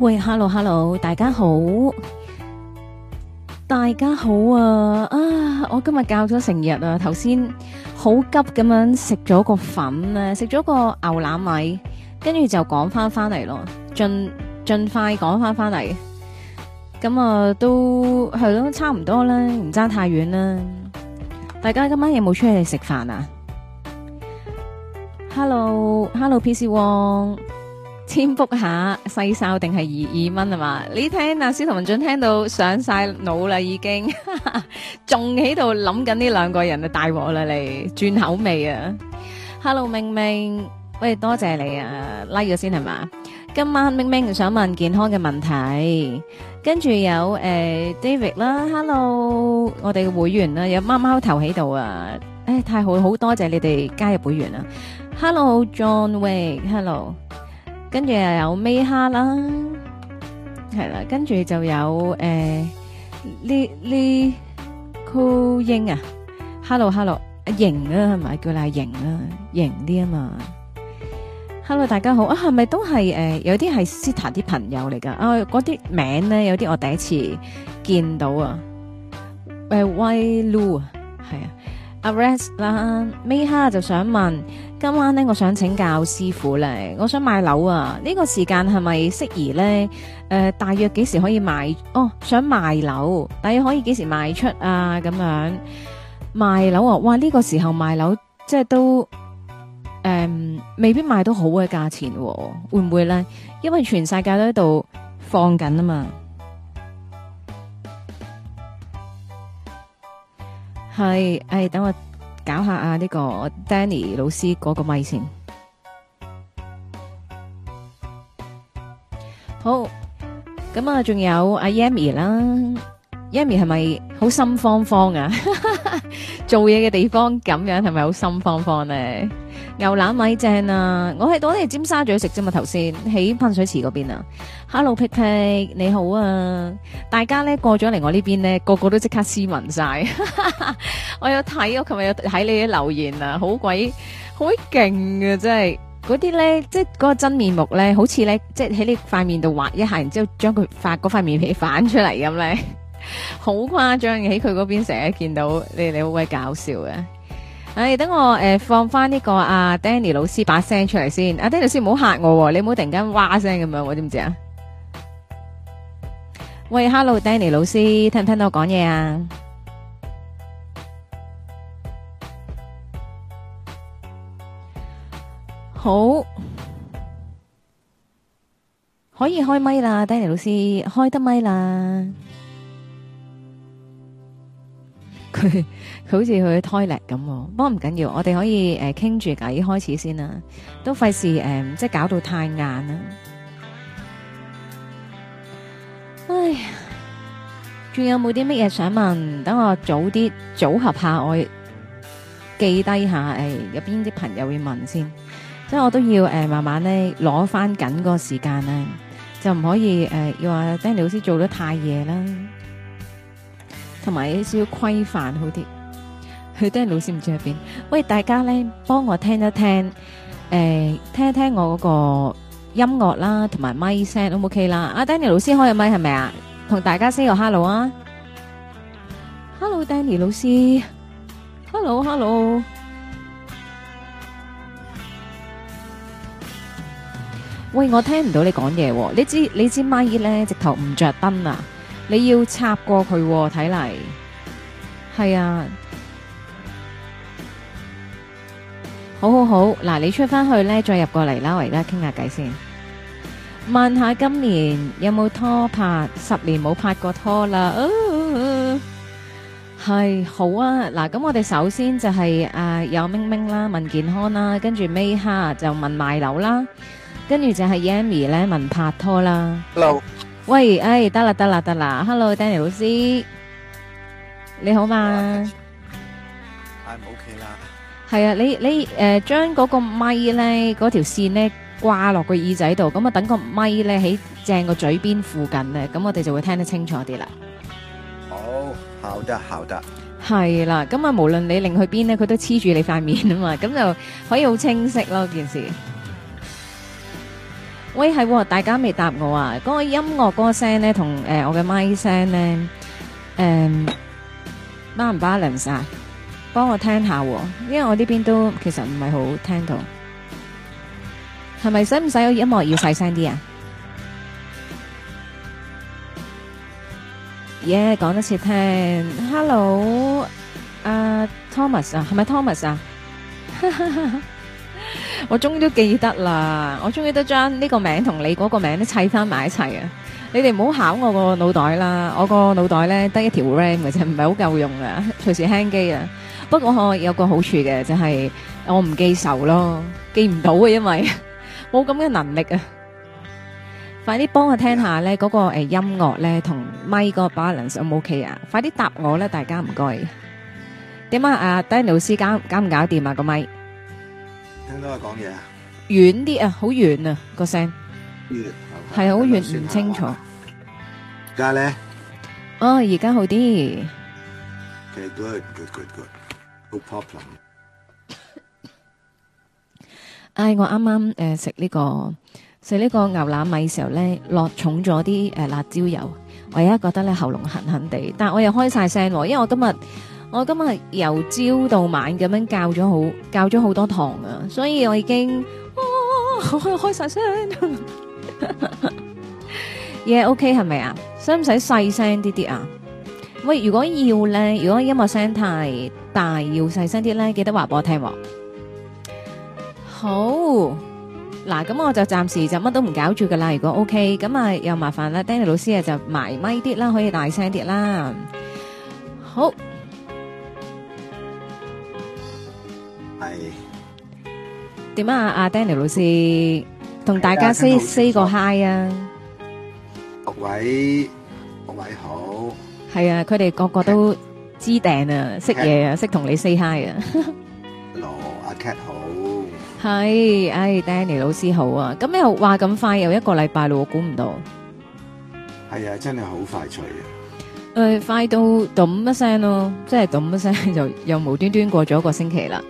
喂，hello，hello，Hello，大家好，大家好啊！啊，我今日教咗成日啊，頭先好急咁樣食咗個粉咧，食咗個牛腩米，跟住就趕翻翻嚟咯，盡盡快趕翻翻嚟。咁啊，都係咯，差唔多啦，唔爭太遠啦。大家今晚有冇出去食飯啊？Hello，Hello，P C 王。Hello, Hello, PC 千卜下細哨定係二二蚊吖嘛？你聽呀，司徒文進聽到上晒腦啦，已經仲喺度諗緊呢兩個人嘅大鑊啦。你轉口味啊！Hello，明明喂，多謝你啊，Like 咗先係嘛？今晚明明想問健康嘅問題，跟住有誒 David 啦。Hello，我哋嘅會員呀，有貓貓頭喺度啊。誒，太好，好多謝你哋加入會員呀。Hello，John Wake，Hello。跟住又有美哈啦，係啦，跟住就有誒呢呢酷英啊，Hello Hello，阿盈啊，係咪叫啦盈啊，盈啲啊嘛，Hello 大家好啊，係咪都係、呃、有啲係 Sita 啲朋友嚟噶啊？嗰啲名咧有啲我第一次見到啊，誒 Why Lu 啊，係啊，Arrest 啦，美哈就想問，今晚咧，我想請教師傅咧，我想賣樓啊！呢、這個時間係咪適宜咧？誒、呃，大約幾時可以賣哦？想賣樓，大約可以幾時賣出啊？咁樣賣樓啊！哇，呢、這個時候賣樓即係都誒、嗯，未必賣到好嘅價錢、啊，會唔會咧？因為全世界都喺度放緊啊嘛。係，係、哎、等我。搞下啊！呢個 Danny 老師嗰個咪先，好咁啊！仲有阿 Yami 啦，Yami 係咪好心慌慌啊？做嘢嘅地方咁樣，係咪好心慌慌咧？牛腩米正啊！我係到啲尖沙咀食啫嘛，頭先喺噴水池嗰邊啊。Hello，Pepe，你好啊！大家咧過咗嚟我呢邊咧，個個都即刻斯文晒。 我有睇，我琴日有睇你啲留言啊，好鬼好勁啊！真係嗰啲咧，即係嗰個真面目咧，好似咧，即係喺你塊面度畫一下，然之後將佢發嗰塊面皮反出嚟咁咧，好誇張嘅，喺佢嗰邊成日見到你哋好鬼搞笑嘅。唉，等我誒放翻呢個阿 Danny 老師把聲出嚟先，阿 Danny 老師唔好吓我，你唔好突然間哇聲咁樣，我知唔知啊？喂，Hello，Danny 老師，聽唔聽到我講嘢啊？好，可以開麥啦，Danny 老師，開得麥啦。佢佢好像似佢嘅胎力咁，不過唔緊要緊，我哋可以誒傾住偈開始先啦，都費事誒，即係搞到太晏啦。唉，仲有冇啲乜嘢想問？等我早啲組合一下，下，一下，我記低下誒，有邊啲朋友會問先，即係我都要誒、呃、慢慢咧攞翻緊個時間啦，就唔可以誒、呃、要話 Danny 老師做得太夜啦。同埋有少少規範好啲，佢 Danny 老師唔知喺邊。喂，大家咧，幫我聽一聽，誒、欸，聽一聽我嗰個音樂啦，同埋咪聲 O 唔 OK 啦？阿、啊、Danny 老師開個咪係咪啊？同大家 say 個 hello 啊！Hello，Danny 老師，Hello，Hello hello。喂，我聽唔到你講嘢，你知你知咪咧，直頭唔着燈啊！你要插過佢睇嚟，係啊，好好好，嗱你出翻去咧，再入過嚟啦，我而家傾下偈先，問下今年有冇拖拍，十年冇拍過拖啦，係好啊，嗱，咁我哋首先就係誒有明明啦問健康啦，跟住 May 哈就問賣樓啦，跟住就係 Yami 咧問拍拖啦。Hello。喂，哎，得啦得啦得啦，Hello Danny 老師，你好嘛？I'm OK 啦。係啊，你你誒，將嗰個咪咧，嗰條線咧掛落個耳仔度，咁啊等個咪咧喺正個嘴邊附近咧，咁我哋就會聽得清楚啲啦。好，考得考得。係啦，咁啊，無論你擰去邊咧，佢都黐住你塊面啊嘛，咁就可以好清晰咯，件事。喂，係、哦、大家未答我啊？嗰、那個音樂歌聲咧，同誒、呃、我嘅咪聲咧，誒、嗯，巴唔巴梁晒，幫我聽下、啊，因為我呢邊都其實唔係好聽到，係咪使唔使有音樂要細聲啲啊？耶、yeah,，講多次聽，Hello，阿、uh, Thomas, Thomas 啊，係咪 Thomas 啊？我終於都記得啦，我終於都將呢個名同你嗰個名都砌翻埋一齊啊！你哋唔好考我個腦袋啦，我個腦袋咧得一條 RAM，其實唔係好夠用啊，隨時輕機啊。不過我有個好處嘅就係我唔記仇咯，記唔到啊，因為冇咁嘅能力啊。快啲幫我聽下咧，嗰個誒音樂咧同咪嗰個 balance，O 唔 OK 啊？快啲答我啦，大家唔該。點啊？阿 Danny 老師，搞搞唔搞掂啊？個咪。聽到我講嘢啊，遠啲啊，好遠啊個聲，遠係啊，好遠唔清楚。而家咧，哦，而家好啲。Okay, good, good, good, good, no problem. 哎，我啱啱誒食呢個食呢個牛腩米嘅時候咧，落重咗啲誒辣椒油，我而家覺得咧喉嚨痕痕地，但我又開晒聲喎，因為我今日。我今日由朝到晚咁樣教咗好教咗好多堂啊，所以我已經哦，可以開晒聲，耶，OK 係咪啊？使唔使細聲啲啲啊？喂，如果要咧，如果音樂聲太大，要細聲啲咧，記得話畀我聽喎。好，嗱，咁我就暫時就乜都唔搞住噶啦。如果 OK，咁啊又麻煩啦，Danny 老師啊就埋咪啲啦，可以大聲啲啦。好。係點啊？阿 Danny 老師同大家 say say 個 hi 啊！各位各位好，係啊！佢哋個個都知定啊，識嘢啊，識同你 say hi 啊！Hello，阿 Cat 好，係，唉，Danny 老師好啊！咁又話咁快又一個禮拜咯，我估唔到。係啊，真係好快脆啊！誒，快到噏一聲咯，即係噏一聲就又無端端過咗一個星期啦。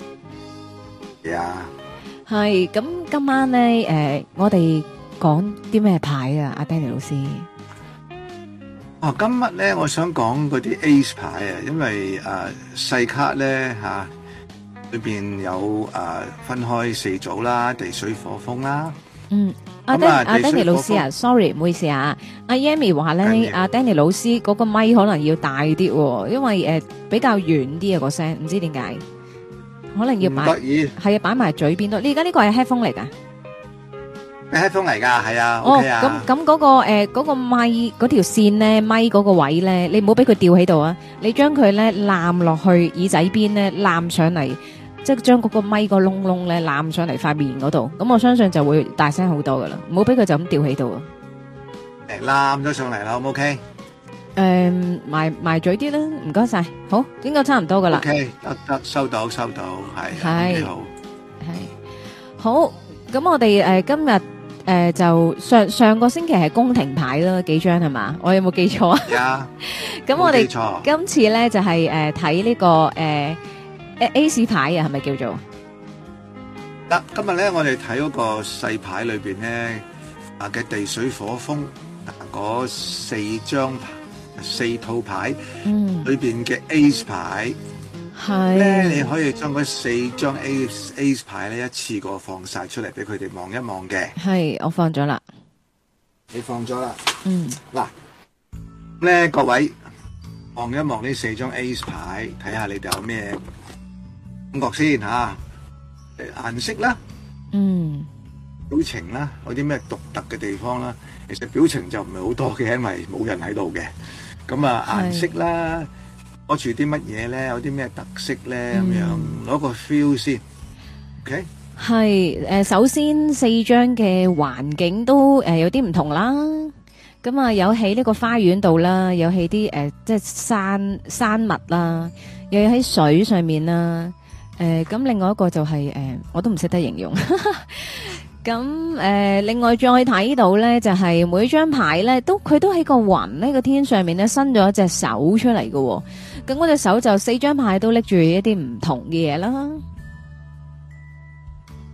係，咁今晚咧，誒，我哋講啲咩牌啊？阿 Danny 老師，啊，今日咧，我想講嗰啲 ACE 牌啊，因為誒細卡咧吓，裏邊有誒分開四組啦，地水火風啦。嗯，阿阿 Danny 老師啊，sorry，唔好意思啊，阿 Yami 話咧，阿 Danny 老師嗰個咪可能要大啲，因為誒比較遠啲啊個聲，唔知點解。可能要擺係啊，擺埋嘴邊度。你而家呢個係 headphone 嚟噶？咩 headphone 嚟噶？係啊，O K 啊。哦，咁咁嗰個誒，嗰個咪嗰條線咧，咪嗰個位咧，你唔好俾佢吊喺度啊！你將佢咧攬落去耳仔邊咧，攬上嚟，即係將嗰個咪個窿窿咧攬上嚟塊面嗰度。咁我相信就會大聲好多噶啦，唔好俾佢就咁吊喺度啊！誒，攬咗上嚟啦，好唔 OK？誒，埋埋嘴啲啦，唔該晒。好，應該差唔多噶啦。OK，得得，收到收到，係，你好，係，好，咁我哋誒今日誒就上上個星期係宮廷牌啦，幾張係嘛？我有冇記錯啊？有。咁我哋記錯。今次咧就係誒睇呢個誒誒 ACE 牌啊，係咪叫做？得，今日咧我哋睇嗰個細牌裏邊咧啊嘅地水火風嗱，嗰四張牌。四套牌，嗯，裏邊嘅 Ace 牌，係咧，你可以將嗰四張 Ace Ace 牌咧一次過放晒出嚟俾佢哋望一望嘅。係，我放咗啦。你放咗啦。嗯。嗱，咧各位望一望呢四張 Ace 牌，睇下你哋有咩感覺先吓。啊，顏色啦，嗯，表情啦，有啲咩獨特嘅地方啦。其實表情就唔係好多嘅，因為冇人喺度嘅。咁啊，顏色啦，攞住啲乜嘢咧？有啲咩特色咧？咁樣攞個 feel 先，OK？係誒，首先四張嘅環境都誒有啲唔同啦。咁啊，有喺呢個花園度啦，有喺啲誒即係山山物啦，又有喺水上面啦。誒咁，另外一個就係誒，我都唔識得形容。咁誒、呃，另外再睇到咧，就係、是、每張牌咧，都佢都喺個雲呢個天上面咧，伸咗一隻手出嚟嘅、哦。咁嗰隻手就四張牌都拎住一啲唔同嘅嘢啦。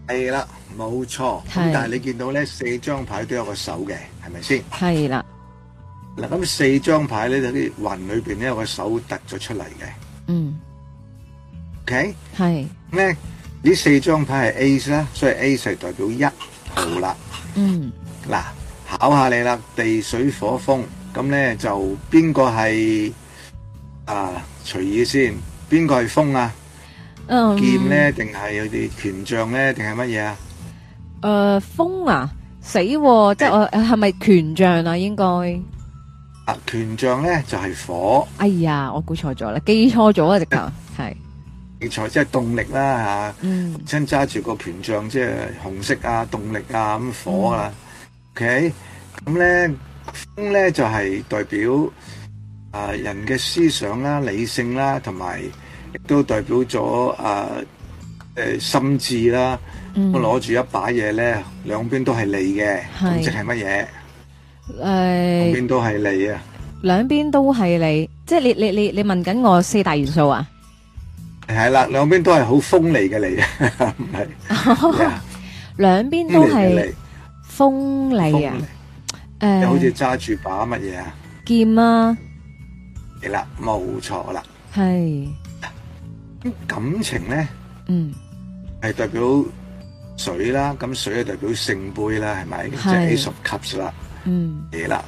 係啦，冇錯。咁但係你見到咧，四張牌都有個手嘅，係咪先？係啦。嗱，咁四張牌咧，就啲雲裏邊咧有個手凸咗出嚟嘅。嗯。OK。係、嗯。咩？呢四張牌係 A 啦，所以 A 就係代表一號啦。嗯，嗱，考下你啦，地水火風，咁咧就邊個係啊？隨意先，邊個係風啊？嗯，劍咧定係嗰啲權杖咧定係乜嘢啊？誒，風啊，死，即係我係咪權杖啊？應該啊，權杖咧就係火。哎呀，我估錯咗啦，記錯咗啊！直頭係。器材即係動力啦吓，親揸住個權杖，即係紅色啊，動力啊，咁火啊，OK，咁咧風咧就係代表誒人嘅思想啦、理性啦，同埋亦都代表咗誒誒心智啦。嗯，我攞住一把嘢咧，兩邊都係你嘅，即係乜嘢？係兩邊都係你啊！兩邊都係你，即係你你你你問緊我四大元素啊？係啦，兩邊都係好鋒利嘅你，唔 係不是？兩 邊都係鋒利啊！又好似揸住把乜嘢啊？劍啊！係啦，冇錯啦。係感情咧，嗯，係代表水啦，咁水係代表聖杯啦，係咪？即係 Ace of Cups 啦。嗯，係啦。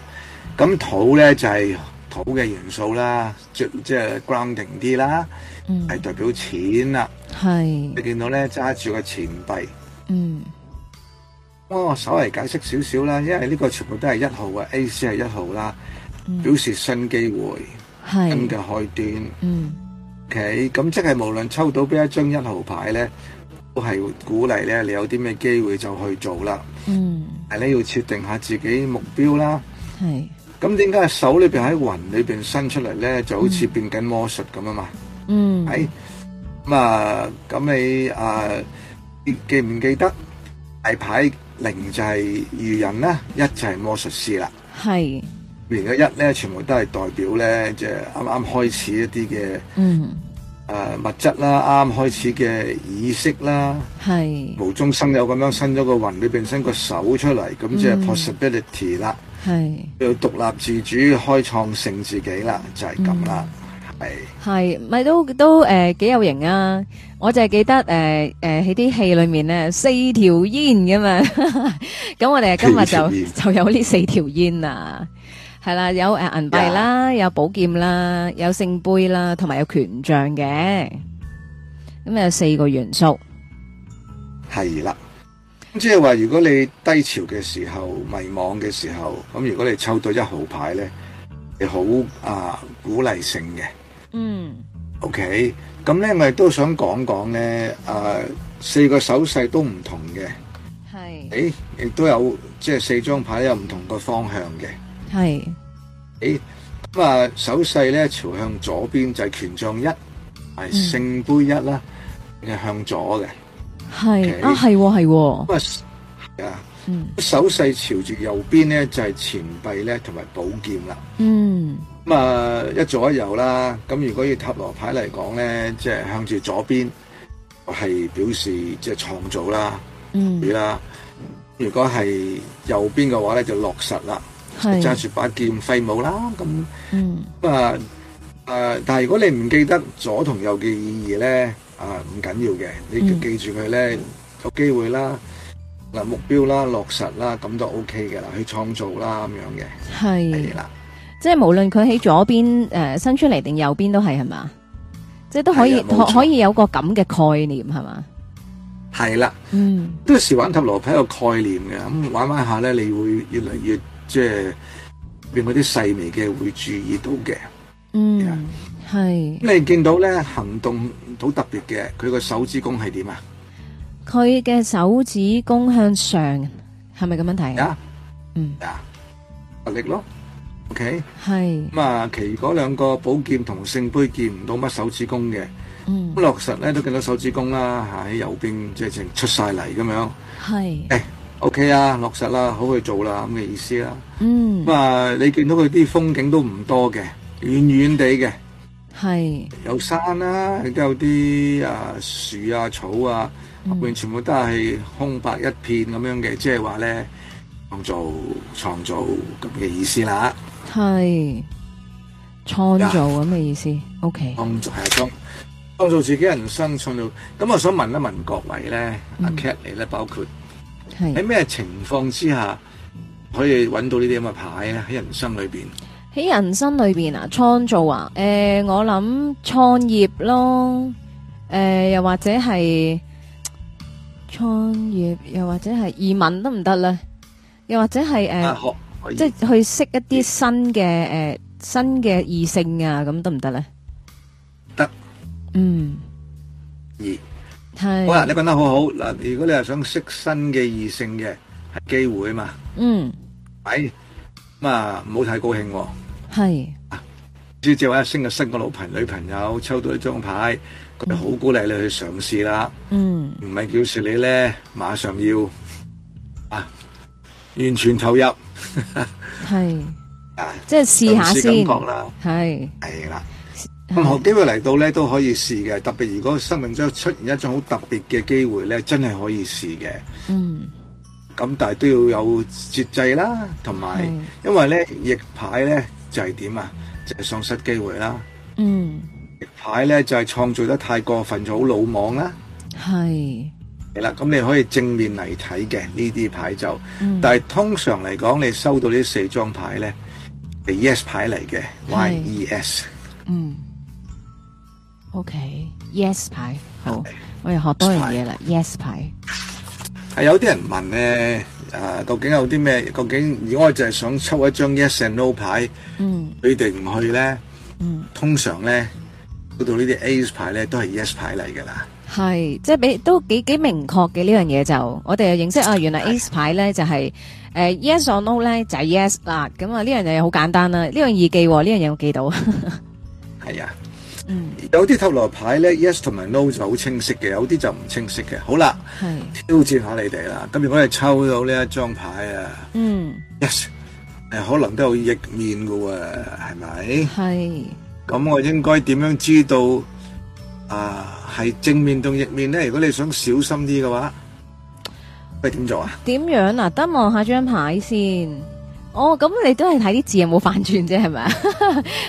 咁土咧就係、是。好嘅元素啦，即係 grounding 啲啦，係、嗯、代表錢啦。係你見到咧揸住個錢幣。嗯，我、哦、稍微解釋少少啦，因為呢個全部都係一號嘅 AC 係一號啦，嗯、表示新機會，新嘅開端。嗯，OK，咁即係無論抽到邊一張一號牌咧，都係鼓勵咧你有啲咩機會就去做啦。嗯，但係你要設定下自己目標啦。係。咁點解手裏邊喺雲裏邊伸出嚟咧？就好似變緊魔術咁啊嘛！嗯，係咁啊，咁你啊記唔記得大牌零就係愚人啦，一就係魔術師啦。係。零個一咧，全部都係代表咧，即係啱啱開始一啲嘅嗯，誒物質啦，啱啱開始嘅意識啦，係無中生有咁樣伸咗個雲裏邊伸個手出嚟，咁即係 possibility 啦。係要獨立自主，開創性自己啦，就係咁啦，係係咪都都誒幾有型啊？我就係記得誒誒喺啲戲裏面呢四條煙嘅嘛，咁我哋今日就就有呢四條煙啊，係啦，有誒銀幣啦，有寶劍啦，有聖杯啦，同埋有權杖嘅，咁有四個元素，係啦。即係話，如果你低潮嘅時候，迷惘嘅時候，咁如果你抽到一號牌咧，係好啊鼓勵性嘅。嗯。OK，咁咧我亦都想講講咧，啊四個手勢都唔同嘅。係。誒，亦都有即係四張牌有唔同個方向嘅。係。誒，咁啊手勢咧朝向左邊就係權杖一係聖杯一啦，係向左嘅。係啊，係係咁啊！啊，手勢朝住右邊咧，就係錢幣咧，同埋寶劍啦。嗯。咁啊，一左一右啦。咁如果以塔羅牌嚟講咧，即係向住左邊係表示即係創造啦。嗯。啊，如果係右邊嘅話咧，就落實啦。係。揸住把劍揮舞啦。咁。嗯。咁啊誒，但係如果你唔記得左同右嘅意義咧？啊，唔緊要嘅，你記住佢咧、嗯，有機會啦，嗱目標啦，落實啦，咁都 O K 嘅啦，去創造啦咁樣嘅，係啦，即係無論佢喺左邊誒、呃、伸出嚟定右邊都係係嘛，即係都可以、啊、可，可以有個咁嘅概念係嘛，係啦，嗯，都係試玩塔羅牌個概念嘅，咁玩玩下咧，你會越嚟越即係、呃，變嗰啲細微嘅會注意到嘅，嗯。Yeah 係咁，你見到咧，行動好特別嘅，佢個手指公係點啊？佢嘅手指公向上，係咪咁樣睇啊？嗯，啊，發力咯，OK。係咁啊，其餘嗰兩個寶劍同聖杯見唔到乜手指公嘅。嗯，咁落實咧都見到手指公啦，喺右邊即係直情出晒嚟咁樣。係誒，OK 啊，落實啦，好去做啦咁嘅意思啦。嗯，咁啊，你見到佢啲風景都唔多嘅，遠遠地嘅。係有山啦、啊，亦都有啲啊樹啊草啊，後邊全部都係空白一片咁樣嘅，即係話咧創造、創造咁嘅意思啦。係創造咁嘅意思。O K。創造係創創造自己人生創造。咁我想問一問各位咧，阿 Cat 嚟咧，包括喺咩情況之下可以揾到呢啲咁嘅牌咧？喺人生裏邊。喺人生裏邊啊，創造啊，誒，我諗創業咯，誒，又或者係創業，又或者係移民得唔得咧，又或者係誒，即係去識一啲新嘅誒新嘅異性啊，咁得唔得咧？得，嗯，而係好啦，你講得好好嗱，如果你係想識新嘅異性嘅，係機會啊嘛，嗯，係咁啊，唔好太高興。係啊，即係話升個新個老朋女朋友，抽到一張牌，佢好鼓勵你去嘗試啦。嗯，唔係表示你咧，馬上要啊，完全投入。係啊，即係試下先。感覺啦。係。係啦，任何機會嚟到咧都可以試嘅，特別如果生命中出現一種好特別嘅機會咧，真係可以試嘅。嗯。咁但係都要有節制啦，同埋因為咧逆牌咧。就係點啊？就係、是、喪失機會啦。嗯，牌咧就係、是、創造得太過分，就好魯莽啦。係，係啦。咁你可以正面嚟睇嘅呢啲牌就，嗯、但係通常嚟講，你收到這四張牌，呢四張牌咧係 yes 牌嚟嘅。Y E S。嗯。O、okay. K. Yes 牌好，我又學多樣嘢啦。Yes 牌，係有啲人問咧。啊，究竟有啲咩？究竟如果我就係想抽一張 yes or no 牌，嗯，佢哋唔去咧，嗯，通常咧，到呢啲 ace 牌咧，都係 yes 牌嚟噶啦。係，即係俾都幾幾明確嘅呢樣嘢就，我哋又認識啊，原來 ace 牌咧就係、是、誒、呃、yes or no 咧就係、是、yes 啦，咁啊呢樣嘢好簡單啦，呢樣易記、哦，呢樣嘢我記到。係 啊。嗯，有啲塔羅牌咧，yes 同埋 no 就好清晰嘅，有啲就唔清晰嘅。好啦，係挑戰下你哋啦。咁如果我抽到呢一張牌啊，嗯，yes，誒，可能都係逆面嘅喎，係咪？係。咁我應該點樣知道啊？係正面定逆面咧？如果你想小心啲嘅話，喂，點做啊？點樣啊？得望下張牌先。哦，咁你都係睇啲字有冇反轉啫？係咪啊？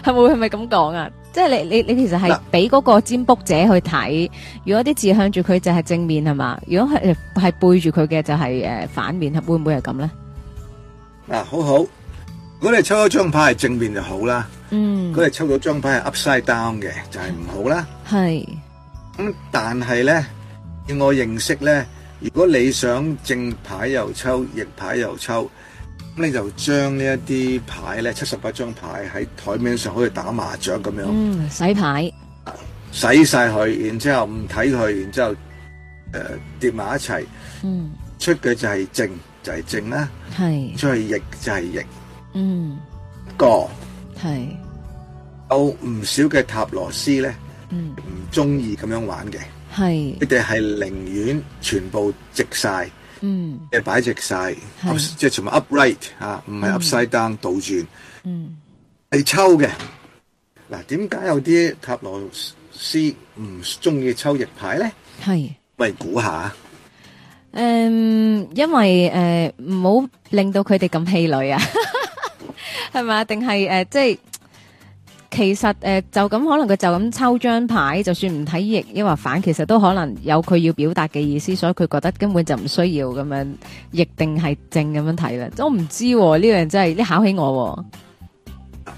係咪係咪咁講啊？即係你你你其實係俾嗰個占卜者去睇、啊，如果啲字向住佢就係正面係嘛，如果係係背住佢嘅就係、是、誒、呃、反面，會唔會係咁咧？嗱、啊，好好，如果你抽咗張牌係正面就好啦。嗯。如果你抽咗張牌係 upside down 嘅，就係、是、唔好啦。係。咁但係咧，以我認識咧，如果你想正牌又抽，逆牌又抽。你就將呢一啲牌咧，七十八張牌喺台面上，好似打麻雀咁樣。嗯，洗牌。洗晒佢，然之後唔睇佢，然之後誒疊埋一齊。嗯。出嘅就係正，就係正啦。係。出去逆，就係逆。嗯。個係。有唔少嘅塔羅師咧，嗯，唔中意咁樣玩嘅。係。佢哋係寧願全部直晒。嗯，即係擺直晒，即係全部 upright 啊，唔係 upside down 倒轉，嗯，係抽嘅。嗱，點解有啲塔羅師唔中意抽逆牌咧？係，咪估下？誒，因為誒，唔好令到佢哋咁氣餒啊，係嘛？定係誒，即係。其實誒、呃，就咁可能佢就咁抽張牌，就算唔睇逆亦或反，其實都可能有佢要表達嘅意思，所以佢覺得根本就唔需要咁樣逆定係正咁樣睇啦。我唔知呢、哦這個真係你考起我、哦，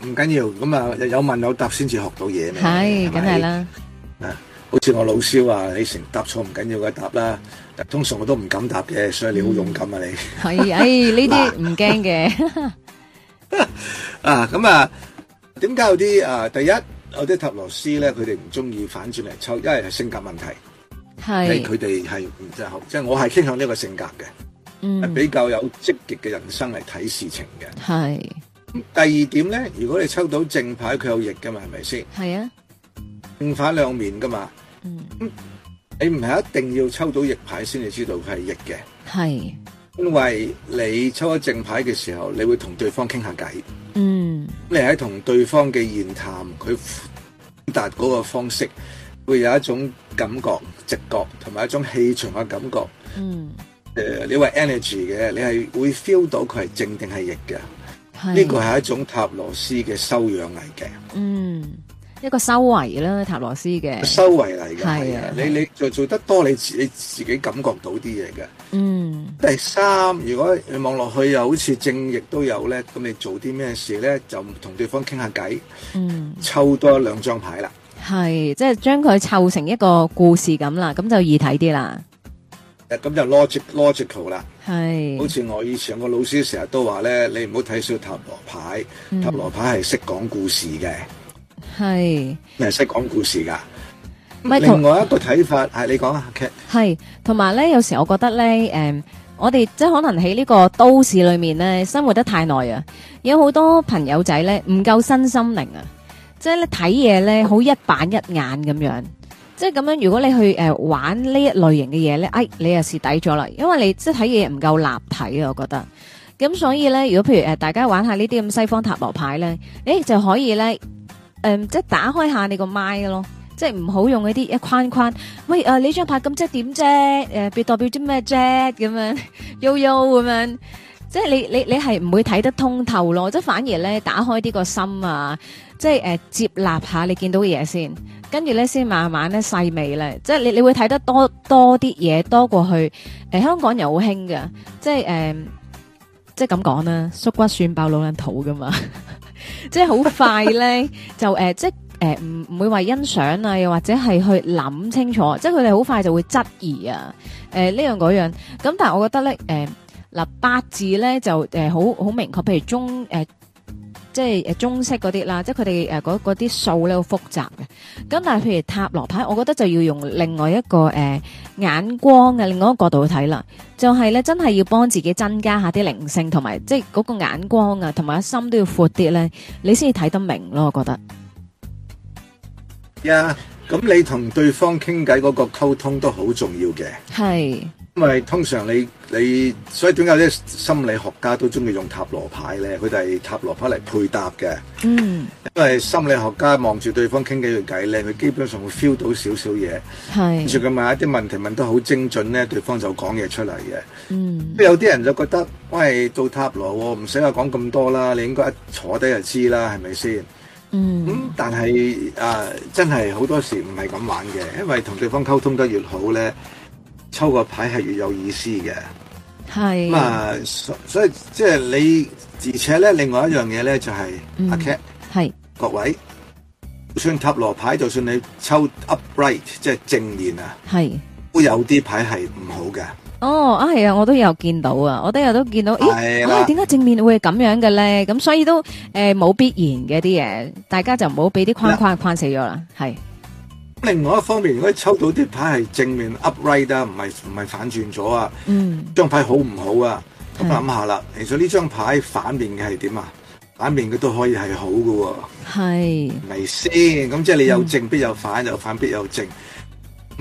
唔緊要。咁啊有問有答先至學到嘢咩？係，梗係啦。好似我老蕭啊，你成日答錯唔緊要嘅答啦。通常我都唔敢答嘅，所以你好勇敢啊、嗯、你。係， 哎呢啲唔驚嘅。啊，咁啊。點解有啲啊？第一有啲塔羅師咧，佢哋唔中意反轉嚟抽，因為係性格問題。係。佢哋係唔真好，即係我係傾向呢個性格嘅，係比較有積極嘅人生嚟睇事情嘅。係。咁第二點咧，如果你抽到正牌，佢有逆噶嘛，係咪先？係啊。正反兩面噶嘛。嗯。你唔係一定要抽到逆牌先至知道佢係逆嘅。係。因為你抽咗正牌嘅時候，你會同對方傾下偈。嗯，你喺同對方嘅言談，佢達嗰個方式，會有一種感覺、直覺，同埋一種氣場嘅感覺。嗯，誒、呃，你話 energy 嘅，你係會 feel 到佢係正定係逆嘅。呢、呢個係一種塔羅斯嘅修養嚟嘅。嗯，一個修為啦，塔羅斯嘅。修為嚟嘅係啊，你你做做得多，你自你自己感覺到啲嘢嘅。嗯，第三，如果你望落去又好似正逆都有咧，咁你做啲咩事咧？就同對方傾下偈，嗯，湊多兩張牌啦，係，即係將佢湊成一個故事咁啦，咁就易睇啲啦。誒，咁就 logic logical 啦，係，好似我以前個老師成日都話咧，你唔好睇小塔羅牌，嗯、塔羅牌係識講故事嘅，係，誒，識講故事噶，唔係同我一個睇法係 你講啊，劇、okay.。係，同埋咧，有時候我覺得咧，誒、嗯，我哋即係可能喺呢個都市裏面咧，生活得太耐啊，有好多朋友仔咧唔夠身心靈啊，即係咧睇嘢咧好一板一眼咁樣，即係咁樣。如果你去誒、呃、玩呢一類型嘅嘢咧，哎，你又蝕底咗啦，因為你即係睇嘢唔夠立體啊，我覺得。咁所以咧，如果譬如誒大家玩下呢啲咁西方塔羅牌咧，誒就可以咧，誒、嗯、即係打開下你個麥咯。即係唔好用嗰啲一框框，喂，誒、啊，呢張牌咁即係點啫？誒、啊，代表啲咩啫？咁樣，悠悠咁樣，即係你你你係唔會睇得通透咯，即係反而咧打開啲個心啊，即係誒、呃、接納下你見到嘅嘢先，跟住咧先慢慢咧細味咧，即係你你會睇得多多啲嘢多過去，誒、呃，香港又好興噶，即係誒、呃，即係咁講啦，縮骨算爆老人肚噶嘛， 即係好快咧 就誒、呃、即誒、呃，唔唔會話欣賞啊，又或者係去諗清楚，即係佢哋好快就會質疑啊。誒、呃，呢樣嗰樣咁，但係我覺得咧，誒、呃、嗱，八字咧就誒好好明確，譬如中誒、呃、即係誒中式嗰啲啦，即係佢哋誒嗰啲數咧好複雜嘅。咁但係，譬如塔羅牌，我覺得就要用另外一個誒、呃、眼光嘅、啊、另外一個角度去睇啦。就係、是、咧，真係要幫自己增加下啲靈性，同埋即係嗰個眼光啊，同埋心都要闊啲咧，你先至睇得明咯、啊。我覺得。呀，咁你同對方傾偈嗰個溝通都好重要嘅。係，因為通常你你，所以點解啲心理學家都中意用塔羅牌呢？佢哋係塔羅牌嚟配搭嘅。嗯，因為心理學家望住對方傾幾句偈呢，佢基本上會 feel 到少少嘢。係，跟住佢問一啲問題問得好精準呢，對方就講嘢出嚟嘅。嗯，有啲人就覺得，喂，到塔羅唔使話講咁多啦，你應該一坐低就知啦，係咪先？嗯，咁但係誒、呃，真係好多時唔係咁玩嘅，因為同對方溝通得越好咧，抽個牌係越有意思嘅。係咁、嗯、啊，所以即係你，而且咧，另外一樣嘢咧，就係阿 Cat，係各位，就算塔羅牌，就算你抽 upright，即係正面啊，係都有啲牌係唔好嘅。哦啊係啊，我都有見到啊，我都有都見到，咦，點解正面會係咁樣嘅咧？咁所以都誒冇必然嘅啲嘢，大家就唔好俾啲框框框死咗啦。係另外一方面，如果抽到啲牌係正面 upright 啊，唔係唔係反轉咗啊，嗯，張牌好唔好啊？咁諗下啦，其實呢張牌反面嘅係點啊？反面嘅都可以係好㗎喎，係咪先，咁即係你有正必有反，有反必有正。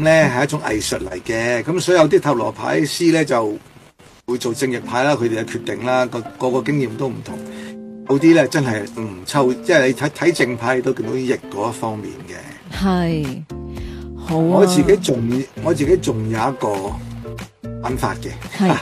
咧係一種藝術嚟嘅，咁所以有啲塔羅牌師咧就會做正逆牌啦，佢哋嘅決定啦，個個個經驗都唔同，有啲咧真係唔抽，即係你睇睇正牌都見到啲逆嗰一方面嘅。係，好啊！我自己仲我自己仲有一個諗法嘅，係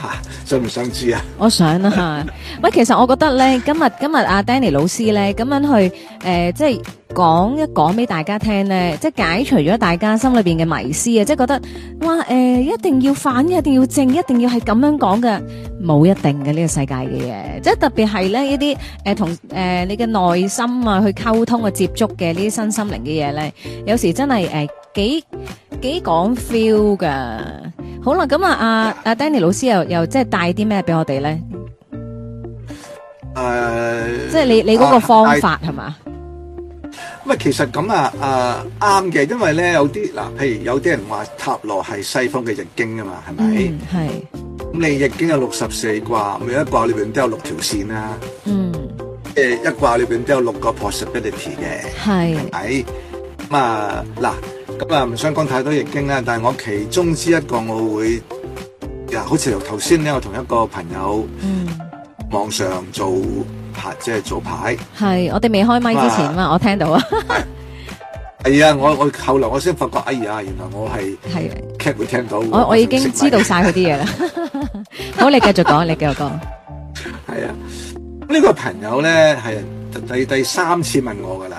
想唔想知啊？我想啊，喂，其實我覺得咧，今日今日阿 Danny 老師咧，咁樣去誒，即係講一講俾大家聽咧，即係解除咗大家心裏邊嘅迷思啊！即係覺得哇，誒，一定要反，一定要正，一定要係咁樣講嘅，冇一定嘅，呢個世界嘅嘢，即係特別係咧一啲誒，同誒你嘅內心啊去溝通啊接觸嘅呢啲新心靈嘅嘢咧，有時真係誒。幾幾講 feel 噶，好啦，咁啊，阿、yeah. 阿、啊、Danny 老師又又帶、uh, 即係帶啲咩俾我哋咧？誒，即係你你嗰個方法係嘛、uh,？其實咁啊，誒啱嘅，因為咧有啲嗱，譬如有啲人話塔羅係西方嘅易經啊嘛，係、mm, 咪？係。咁你易經有六十四卦，每一卦裏邊都有六條線、啊 mm. 呃是是啊、啦。嗯。一卦裏邊都有六個 possibility 嘅。係。咪？咁啊嗱。咁、嗯、啊，唔想講太多易經啦，但係我其中之一個我會，啊，好似由頭先咧，我同一個朋友網上做牌，即係做牌。係，我哋未開麥之前啊，我聽到啊。係啊，我我後來我先發覺，哎呀，原來我係劇會聽到。我我，我已經知道晒佢啲嘢啦。 好，你繼續講， 你繼續講。係啊，呢、這個朋友咧係第第三次問我噶啦。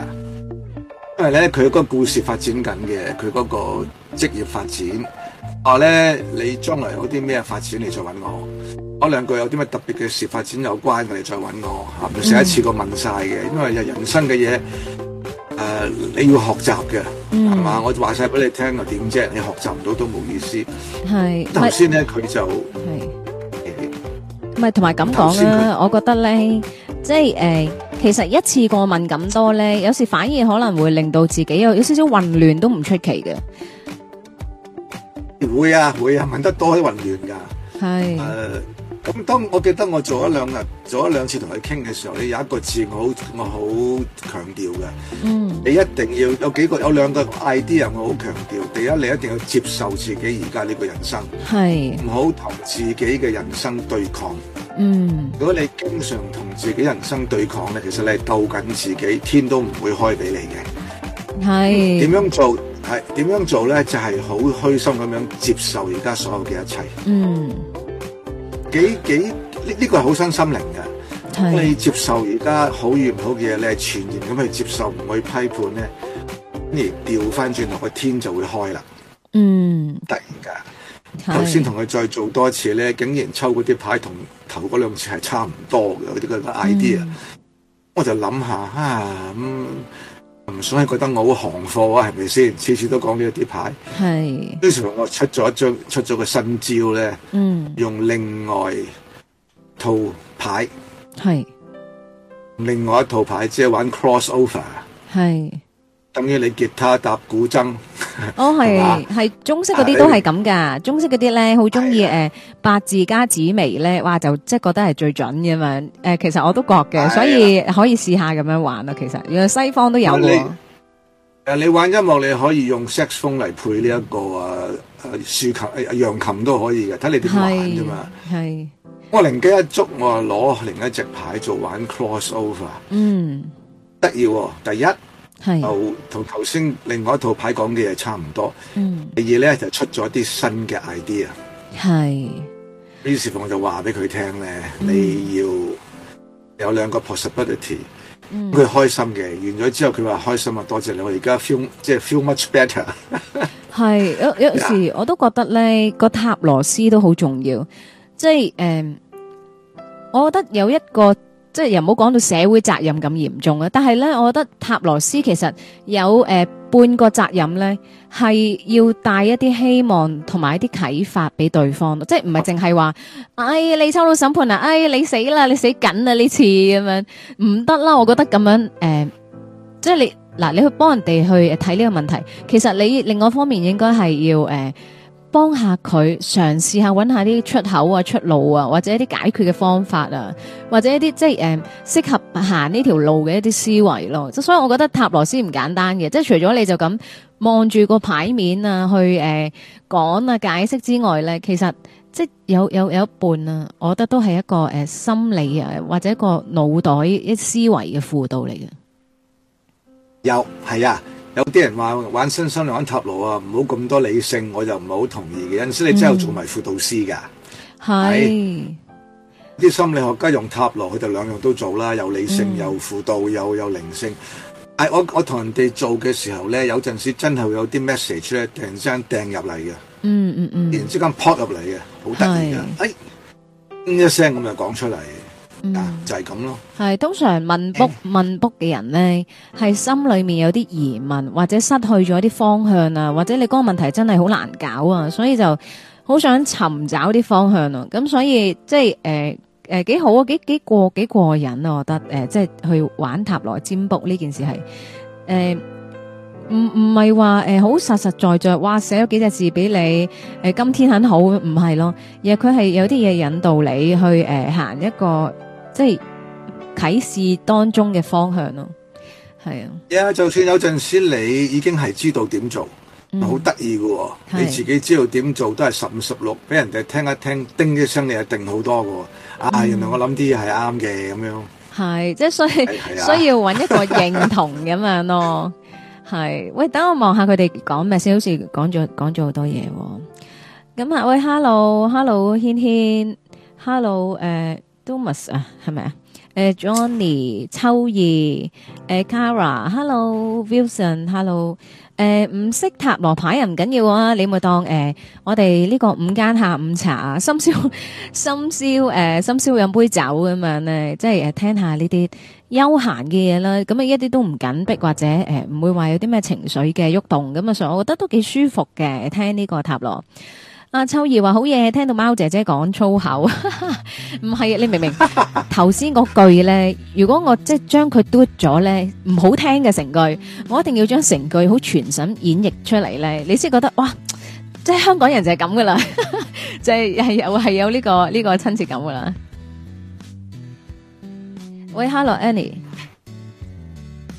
因為咧，佢嗰個故事發展緊嘅，佢嗰個職業發展，我、啊、咧，你將來有啲咩發展，你再搵我。我兩句有啲咩特別嘅事發展有關嘅，你再搵我。吓，唔使一次過問晒嘅，嗯，因為人生嘅嘢，誒、呃，你要學習嘅，係、嗯、嘛？我話晒俾你聽又點啫？你學習唔到都冇意思。係頭先咧，佢就係唔係同埋咁講啊？我覺得咧，即係誒。欸其實一次過問咁多咧，有時反而可能會令到自己有有少少混亂，都唔出奇嘅。會啊會啊，問得多混亂噶。係。咁當我記得我做咗兩日，做咗兩次同佢傾嘅時候，你有一個字我好，我好強調嘅。嗯，你一定要有幾個有兩個 idea，我好強調。第一，你一定要接受自己而家呢個人生。係。唔好同自己嘅人生對抗。嗯。如果你經常同自己人生對抗咧，其實你係鬥緊自己，天都唔會開俾你嘅。係。點樣做？係點樣做咧？就係好虛心咁樣接受而家所有嘅一切。嗯。幾幾呢？呢、這個係好傷心靈嘅，你接受而家好與唔好嘅嘢，你全然咁去接受，唔去批判咧，而調翻轉落個天就會開啦。嗯，突然噶，頭先同佢再做多次咧，竟然抽嗰啲牌同頭嗰兩次係差唔多嘅，嗰啲個 idea，、嗯、我就諗下哈咁。啊嗯唔想係覺得我好行貨啊，係咪先？次次都講呢一啲牌，係。呢時我出咗一張，出咗個新招咧，嗯，用另外一套牌，係。另外一套牌即係、就是、玩 cross over，係。等於你吉他搭古箏，哦係係 中式嗰啲都係咁噶中式嗰啲咧好中意誒八字加紫薇咧，哇就即係覺得係最準嘅嘛。誒、呃、其實我都覺嘅，所以可以試下咁樣玩咯。其實原來西方都有嘅。誒、啊、你，你玩音樂你可以用 saxophone 嚟配呢、這、一個啊豎、啊、琴誒揚、啊、琴都可以嘅，睇你點玩啫嘛。係我靈機一觸我攞另一隻牌做玩 crossover，嗯，得意喎，第一。就同頭先另外一套牌講嘅嘢差唔多。嗯，第二咧就出咗啲新嘅 idea。係，於是我就話俾佢聽咧，你要有兩個 possibility，嗯。佢開心嘅，完咗之後佢話開心啊，多謝你，我而家 feel 即係 feel much better。係有有時 我都覺得咧個塔羅斯都好重要，即係誒，我覺得有一個。即係又唔好講到社會責任咁嚴重啊，但係咧，我覺得塔羅師其實有誒、呃、半個責任咧，係要帶一啲希望同埋一啲啟發俾對方，即係唔係淨係話，哎你抽到審判啊，哎你死啦，你死緊啊呢次咁樣唔得啦。我覺得咁樣誒、呃，即係你嗱，你幫去幫人哋去睇呢個問題，其實你另外一方面應該係要誒。呃幫下佢嘗試下揾下啲出口啊、出路啊，或者一啲解決嘅方法啊，或者一啲即係誒適合行呢條路嘅一啲思維咯。即、啊、所以我覺得塔羅師唔簡單嘅，即係除咗你就咁望住個牌面啊去誒講啊、啊解釋之外咧，其實即係有有有一半啊，我覺得都係一個誒、啊、心理啊或者一個腦袋一思維嘅輔導嚟嘅。有係啊。有啲人話玩新生玩塔羅啊，唔好咁多理性，我就唔係好同意嘅。有陣時你真係做埋輔導師噶，係、mm、啲 -hmm. 哎、心理學家用塔羅，佢就兩樣都做啦、mm -hmm. 哎，又理性又輔導又有靈性。係我我同人哋做嘅時候咧，有陣時真係會有啲 message 咧，突然之間掟入嚟嘅，嗯嗯嗯，突然之間 pop 入嚟嘅，好得意嘅，誒、mm -hmm. 哎，一聲咁就講出嚟。嗱，就係咁咯。係通常問卜問卜嘅人咧，係心裏面有啲疑問，或者失去咗啲方向啊，或者你個問題真係好難搞啊，所以就好想尋找啲方向啊。咁所以即係誒誒幾好啊，幾幾過幾過癮啊，我覺得誒即係去玩塔羅占卜呢件事係誒唔唔係話誒好實實在在話寫咗幾隻字俾你誒，今天很好唔係咯，而佢係有啲嘢引導你去誒行一個。即係啟示當中嘅方向咯，係啊！而、yeah, 家就算有陣時你已經係知道點做，好得意嘅喎，你自己知道點做都係十五十六，俾人哋聽一聽，叮一聲你就定好多嘅、嗯，啊！原來我諗啲嘢係啱嘅咁樣，係即係需、啊、需要揾一個認同咁樣咯，係 喂，等我望下佢哋講咩先，好似講咗講咗好多嘢、哦，咁啊喂，hello hello，軒軒，hello 誒。Thomas 啊，係咪啊？誒，Johnny，秋怡，誒，Cara，Hello，Wilson，Hello，誒，唔識塔羅牌又唔緊要啊，你咪當誒，我哋呢個午間下午茶啊，深宵深宵誒，深宵飲杯酒咁樣咧，即係誒，聽下呢啲悠閒嘅嘢啦，咁啊一啲都唔緊迫，或者誒唔會話有啲咩情緒嘅喐動，咁啊，所以我覺得都幾舒服嘅，聽呢個塔羅。阿秋兒話好嘢，聽到貓姐姐講粗口，唔 係，你明唔明？頭先嗰句咧，如果我即係將佢嘟咗咧，唔好聽嘅、啊、成句，我一定要將成句好傳神演繹出嚟，咧，你先覺得哇，即係香港人就係咁噶啦，即係係又係有呢、這個呢、這個親切感噶啦。 喂，Hello，Annie，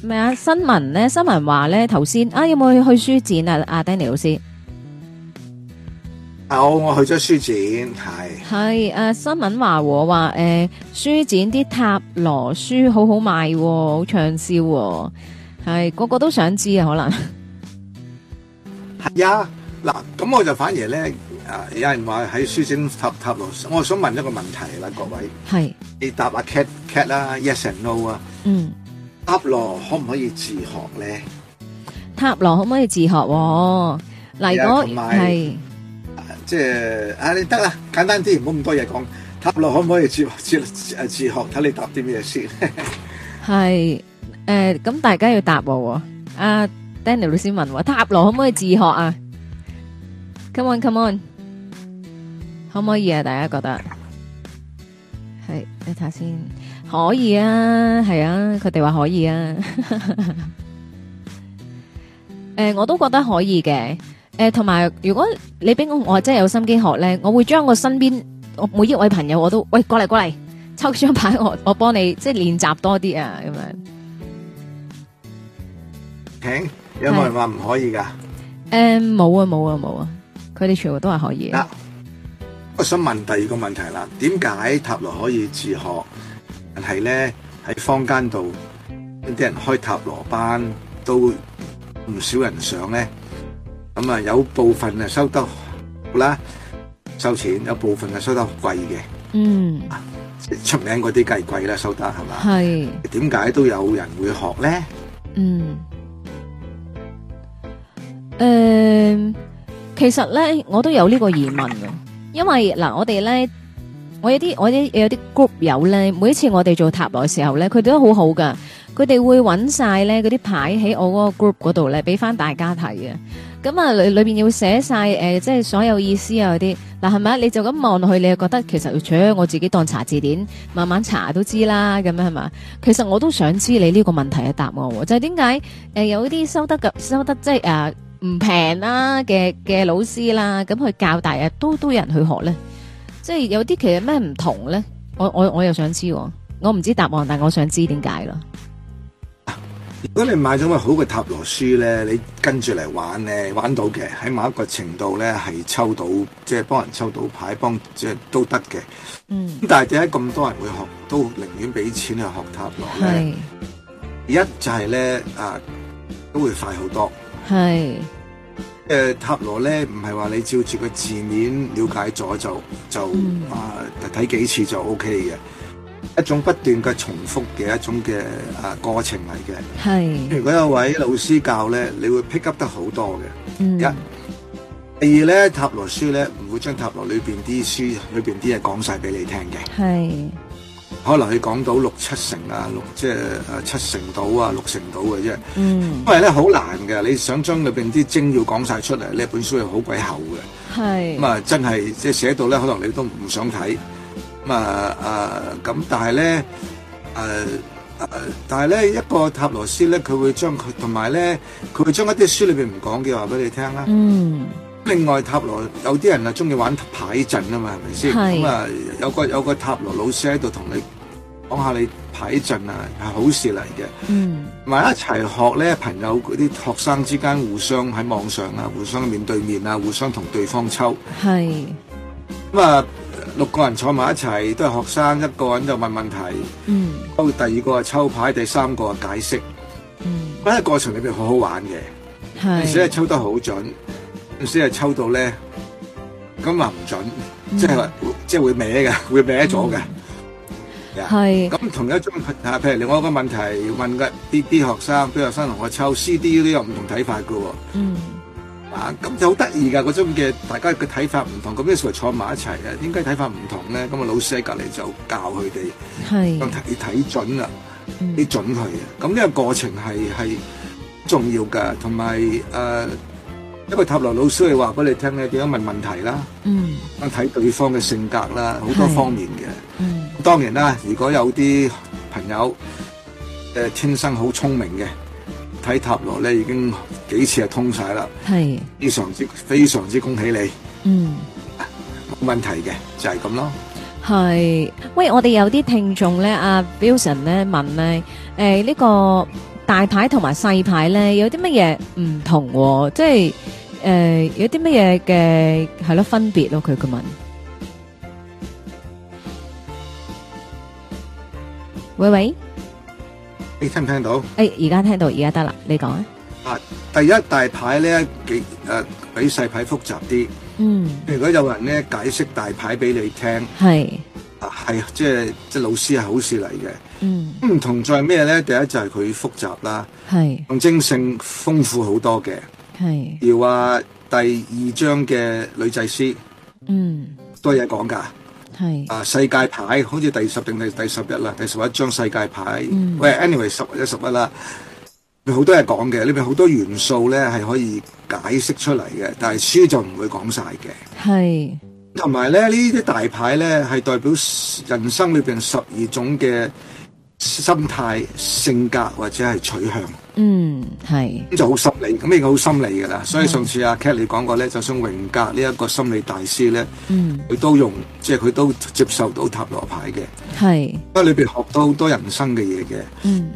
唔係啊？新聞咧，新聞話咧，頭先啊，有冇去書展啊？阿 Danny 老師。好、哦，我去咗書展，係係誒，新聞話話誒，書展啲塔羅書好好賣、哦，好暢銷，係個個都想知啊，可能係啊嗱，咁我就反而咧，誒，有人話喺書展塔塔羅，我想問一個問題啦，各位係你答阿、啊、Cat Cat 啦、啊、，Yes and No 啊，嗯，塔羅可唔可以自學咧？塔羅可唔可以自學、哦？嚟如果係。即係啊，你得啦，簡單啲，唔好咁多嘢講。塔羅可唔可以自學？自，自，自學睇你答啲咩先。係誒，咁、呃、大家要答喎。阿、啊、Daniel 老師問：啊、塔羅可唔可以自學啊？Come on，come on，可唔可以啊？大家覺得係你睇下先，可以啊，係啊，佢哋話可以啊。誒、 呃，我都覺得可以嘅。誒、呃，同埋如果你俾我，我真係有心機學咧，我會將我身邊我每一位朋友，我都喂過嚟過嚟抽張牌我，我我幫你即係練習多啲、呃、啊，咁樣、啊。請、啊，有冇人話唔可以噶？誒，冇啊，冇啊，冇啊，佢哋全部都係可以。我想問第二個問題啦，點解塔羅可以自學，但係咧喺坊間度啲人開塔羅班都唔少人上咧？咁啊，有部分啊收得好啦，收錢；有部分啊收得好貴嘅，嗯，出名嗰啲梗係貴啦，收得係嘛，係點解都有人會學咧？嗯，誒，其實咧我都有呢個疑問嘅，因為嗱，我哋咧，我有啲我有有啲 group 友咧，每一次我哋做塔羅嘅時候咧，佢哋都好好噶，佢哋會搵晒咧嗰啲牌喺我嗰個 group 嗰度咧，俾翻大家睇嘅。咁、嗯、啊，裏裏邊要寫晒誒，即係所有意思啊嗰啲。嗱，係咪？你就咁望落去，你又覺得其實除咗、呃、我自己當查字典，慢慢查都知啦，咁樣係嘛？其實我都想知你呢個問題嘅答案，就係點解誒有啲收得收得即係誒唔平啦嘅嘅老師啦，咁去教大啊都，都有人去學咧，即係有啲其實咩唔同咧？我我我又想知、啊，我唔知答案，但係我想知點解咯。如果你買咗個好嘅塔羅書咧，你跟住嚟玩咧，玩到嘅喺某一個程度咧，係抽到即係幫人抽到牌，幫即係都得嘅。嗯。咁但係點解咁多人會學，都寧願俾錢去學塔羅呢？係。一就係咧啊，都會快好多。係。誒、呃、塔羅咧，唔係話你照住個字面了解咗就就、嗯、啊睇幾次就 OK 嘅。一種不斷嘅重複嘅一種嘅啊過程嚟嘅。係。如果有位老師教咧，你會 pick up 得好多嘅。嗯。一。第二咧，塔羅書咧，唔會將塔羅裏邊啲書裏邊啲嘢講晒俾你聽嘅。係。可能你講到六七成啊，六即係誒七成到啊，六成到嘅啫。嗯。因為咧好難嘅，你想將裏邊啲精要講晒出嚟，呢本書係好鬼厚嘅。係。咁、嗯、啊，真係即係寫到咧，可能你都唔想睇。咁、啊啊，但係咧，誒、啊、誒、啊，但係咧，一個塔羅師咧，佢會將佢同埋咧，佢會將一啲書裏邊唔講嘅話俾你聽啦。嗯。另外塔羅有啲人啊，中意玩牌陣啊嘛，係咪先？係。咁啊，有個有個塔羅老師喺度同你講下你牌陣啊，係好事嚟嘅。嗯。埋一齊學咧，朋友嗰啲學生之間互相喺網上啊，互相面對面啊，互相同對方抽。係。咁、嗯、啊。嗯六個人坐埋一齊，都係學生，一個人就問問題。嗯。包括第二個係抽牌，第三個係解釋。嗯。不過過程裏邊好好玩嘅。係、嗯。即使係抽得好準，即使係抽到咧，咁又唔準，即係即係會歪嘅，會歪咗嘅。係、嗯。咁同一種啊，譬如另外一個問題問嘅啲啲學生，啲學生同我抽 C D 都有唔同睇法㗎喎、哦。嗯。啊，咁就好得意噶，嗰種嘅大家嘅睇法唔同，咁一齊坐埋一齊咧，點解睇法唔同咧？咁啊老師喺隔離就教佢哋，咁睇睇準啦，啲準佢，咁呢個過程係係重要噶，同埋誒，因、呃、為塔羅老師係話俾你聽咧，點樣問問題啦，啊、嗯、睇對方嘅性格啦，好多方面嘅，嗯、當然啦，如果有啲朋友、呃、天生好聰明嘅。睇塔羅咧，已經幾次係通晒啦，係非常之非常之恭喜你，嗯，冇問題嘅就係咁咯。係喂，我哋有啲聽眾咧，阿 Billson 咧問咧，誒呢個大牌同埋細牌咧有啲乜嘢唔同喎？即係誒有啲乜嘢嘅係咯分別咯佢嘅問，喂喂。你、哎、聽唔聽到？誒、哎，而家聽到，而家得啦，你講啊。啊，第一大牌咧，誒、啊，比細牌複雜啲。嗯。如果有人咧解釋大牌俾你聽，係，係、啊、即係即係老師係好事嚟嘅。嗯。唔同在咩咧？第一就係佢複雜啦。係。象徵性豐富好多嘅。係。例如話第二張嘅女祭司。嗯。多嘢講噶。係啊，世界牌好似第十定係第十一啦，第十一張世界牌。喂、嗯，anyway 十或者十一啦，好多嘢講嘅，呢邊好多元素咧係可以解釋出嚟嘅，但係書就唔會講晒嘅。係同埋咧，呢啲大牌咧係代表人生裏邊十二種嘅心態、性格或者係取向。嗯，係咁就好心理，咁個好心理噶啦。所以上次阿、啊、Cat 你講過咧，就算榮格呢一個心理大師咧，嗯，佢都用即係佢都接受到塔羅牌嘅，係，因為裏邊學到好多人生嘅嘢嘅，嗯，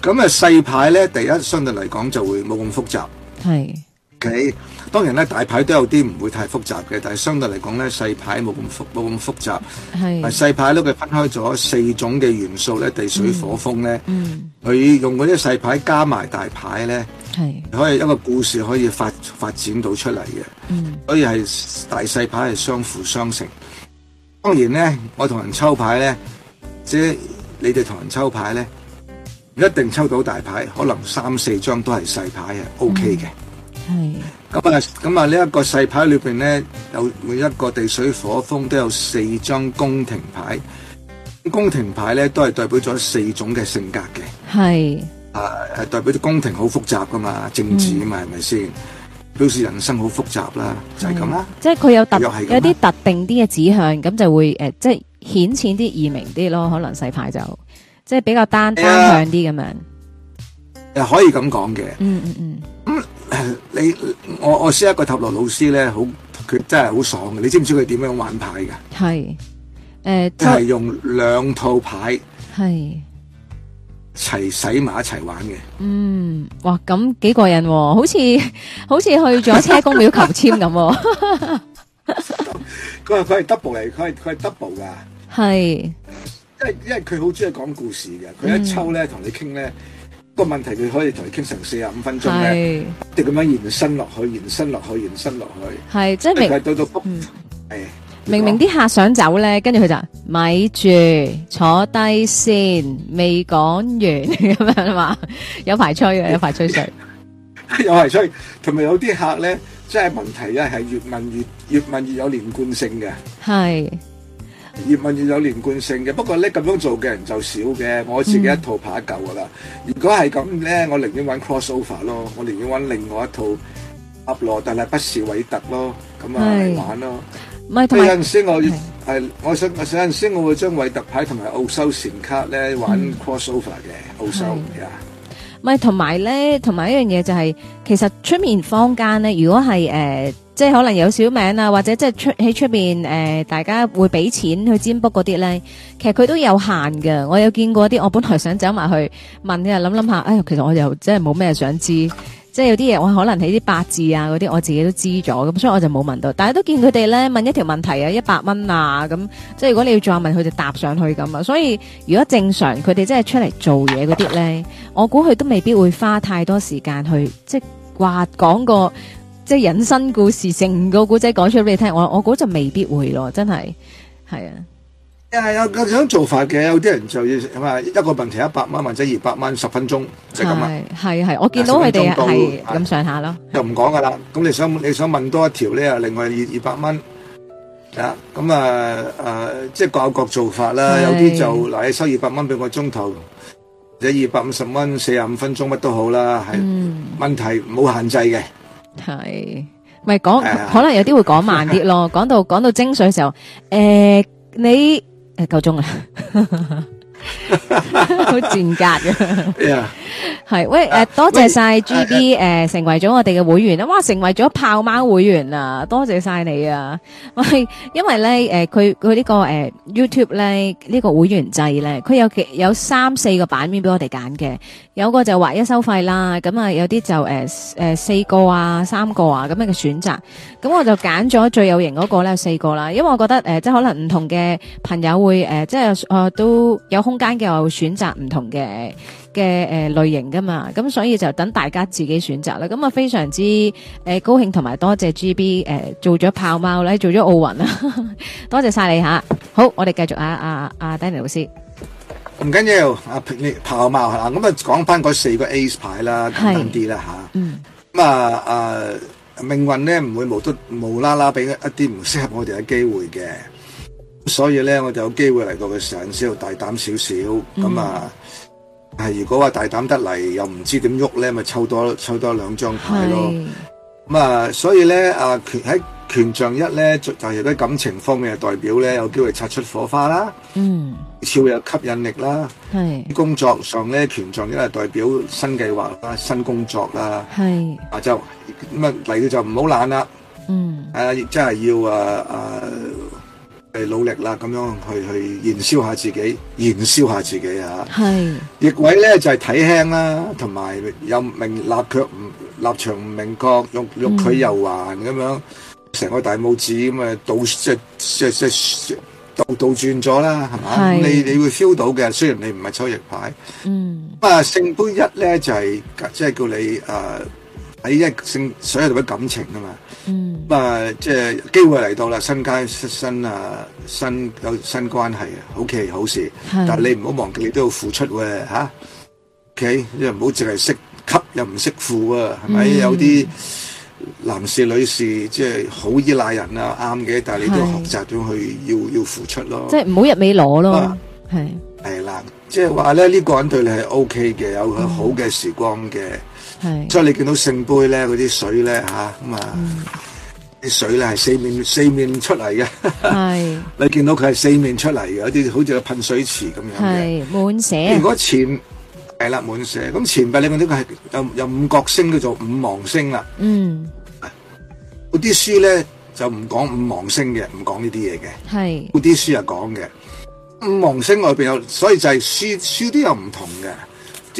咁啊細牌咧，第一相對嚟講就會冇咁複雜，係。OK，當然咧，大牌都有啲唔會太複雜嘅，但係相對嚟講咧，細牌冇咁複冇咁複雜。係，細牌咧，佢分開咗四種嘅元素咧，地水火風咧，佢、嗯嗯、用嗰啲細牌加埋大牌咧，係，可以一個故事可以發發展到出嚟嘅、嗯，所以係大細牌係相輔相成。當然咧，我同人抽牌咧，即係你哋同人抽牌咧，一定抽到大牌，可能三四張都係細牌係 OK 嘅。嗯係咁啊，咁啊，呢一、這個細牌裏邊咧，有每一個地水火風都有四張宮廷牌。宮廷牌咧，都係代表咗四種嘅性格嘅。係啊，係代表咗宮廷好複雜噶嘛，政治嘛，係咪先？表示人生好複雜啦，就係、是、咁啦。即係佢有特有啲特定啲嘅指向，咁就會誒、呃，即係顯淺啲、易明啲咯。可能細牌就即係比較單、哎、單向啲咁樣。又可以咁講嘅，嗯嗯嗯。咁、嗯、你我我識一個塔羅老師咧，好佢真係好爽嘅。你知唔知佢點樣玩牌嘅？係誒、係、即係、用兩套牌，係齊洗埋一齊玩嘅。嗯，哇，咁幾過癮、哦，好似好似去咗車公廟求簽咁。佢佢係 double 嚟，佢係佢係 double 噶。係，因為因為佢好中意講故事嘅，佢一抽咧同你傾咧，個問題佢可以同你傾成四啊五分鐘咧，即係咁樣延伸落去，延伸落去，延伸落去，係即係明到到 book，係明明啲客想走咧，跟住佢就咪住坐低先，未講完咁樣啊嘛，有排吹啊，有排吹水，有排吹，同埋有啲客咧，即係問題咧係越問越越問越有連貫性嘅，係。越問越有連貫性嘅，不過咧，咁樣做嘅人就少嘅。我自己一套牌夠噶啦。如果係咁咧，我寧願玩 crossover 咯，我寧願玩另外一套塔羅，但係不是偉特咯，咁啊玩咯。咪有陣時我係我想，有陣時我會將偉特牌同埋澳洲閃卡咧玩 crossover 嘅、嗯、澳洲唔咪同埋咧，同埋一樣嘢就係、是，其實出面坊間咧，如果係誒。呃即係可能有小名啊，或者即係出喺出面誒、呃，大家會俾錢去占卜嗰啲咧，其實佢都有限嘅。我有見過啲，我本來想走埋去問嘅，諗諗下，哎，其實我又真係冇咩想知，即係有啲嘢我可能喺啲八字啊嗰啲，我自己都知咗，咁所以我就冇問到。但係都見佢哋咧問一條問題100啊，一百蚊啊，咁即係如果你要再問佢就答上去咁啊。所以如果正常佢哋真係出嚟做嘢嗰啲咧，我估佢都未必會花太多時間去即係話講個。即係引申故事，成個古仔講出俾你聽。我我估就未必會咯，真係係啊。啊有各種做法嘅，有啲人就要咁啊。一個問題一百蚊，或者二百蚊，十分鐘就咁啊。係係係，我見到佢哋係咁上下咯。就唔講噶啦。咁你想你想問多一條咧，啊，另外二二百蚊啊。咁啊啊，即係各有各做法啦。有啲就嗱，你收二百蚊半個鐘頭，或者二百五十蚊四十五分鐘乜都好啦。係問題冇限制嘅。係，咪講可能有啲會講慢啲咯，講 到講到精髓嘅時候，誒、呃，你誒夠鐘啦。呃 好賤格嘅、yeah. 係喂誒，呃 uh, 多謝晒 G B 誒，成為咗我哋嘅會員啊！哇，成為咗泡貓會員啊！多謝晒你啊！我因為咧誒，佢、呃、佢、這個呃、呢個誒 YouTube 咧呢個會員制咧，佢有幾有三四個版面俾我哋揀嘅，有個就劃一收費啦，咁啊有啲就誒誒、呃、四個啊，三個啊咁樣嘅選擇，咁我就揀咗最有型嗰個咧四個啦，因為我覺得誒、呃，即係可能唔同嘅朋友會誒、呃，即係誒、呃、都有空。間嘅選擇唔同嘅嘅誒類型噶嘛，咁所以就等大家自己選擇啦。咁啊非常之誒高興同埋多謝 G B 誒、呃、做咗豹貓，做咗奧運啦，多謝晒你吓。好，我哋繼續阿阿阿 Danny 老師。唔緊要，阿平豹貓係啦，咁啊講翻嗰四個 ACE 牌啦，簡單啲啦吓。嗯。咁啊，啊命運咧唔會無端無啦啦俾一啲唔適合我哋嘅機會嘅。所以咧，我就有機會嚟過佢上先，要大膽少少咁啊。係如果話大膽得嚟，又唔知點喐咧，咪抽多抽多兩張牌咯。咁啊，所以咧啊，喺權杖一咧，就係喺感情方面嘅代表咧，有機會擦出火花啦。嗯，超有吸引力啦。係工作上咧，權杖一係代表新計劃啦、新工作啦。係啊，就咁啊嚟到就唔好懶啦。嗯，係啊，亦真係要啊啊！誒，努力啦，咁樣去去燃燒下自己，燃燒下自己啊！係逆位咧就係睇輕啦，同埋又明立卻唔立場唔明確，欲欲佢又還咁樣，成個大拇指咁啊倒即即即倒倒轉咗啦，係嘛？咁你你會 feel 到嘅，雖然你唔係抽逆牌。嗯。咁啊，聖杯一咧就係即係叫你誒喺一聖水所有嘅感情啊嘛。咁、嗯、啊，即係機會嚟到啦，新街、新啊，新有新，新關係啊，O K，好事。但係你唔好忘記，你都要付出嘅、啊、吓。O K，即係唔好淨係識吸又唔識付啊，係、嗯、咪？有啲男士女士即係好依賴人啊，啱嘅。但係你都學習咗去，要要付出咯。即係唔好一味攞咯，係、啊、係啦，即係話咧呢、這個人對你係 O K 嘅，有佢好嘅時光嘅。嗯所以你見到聖杯咧，嗰啲水咧吓，咁啊啲、嗯、水咧係四面四面出嚟嘅。係 你見到佢係四面出嚟嘅，有啲好似個噴水池咁樣嘅。係滿射。如果錢，係啦，滿寫。咁錢幣你咪呢佢係有五角星叫做五芒星啦。嗯。嗰啲書咧就唔講五芒星嘅，唔講呢啲嘢嘅。係。嗰啲書啊講嘅五芒星外邊有，所以就係書書啲又唔同嘅。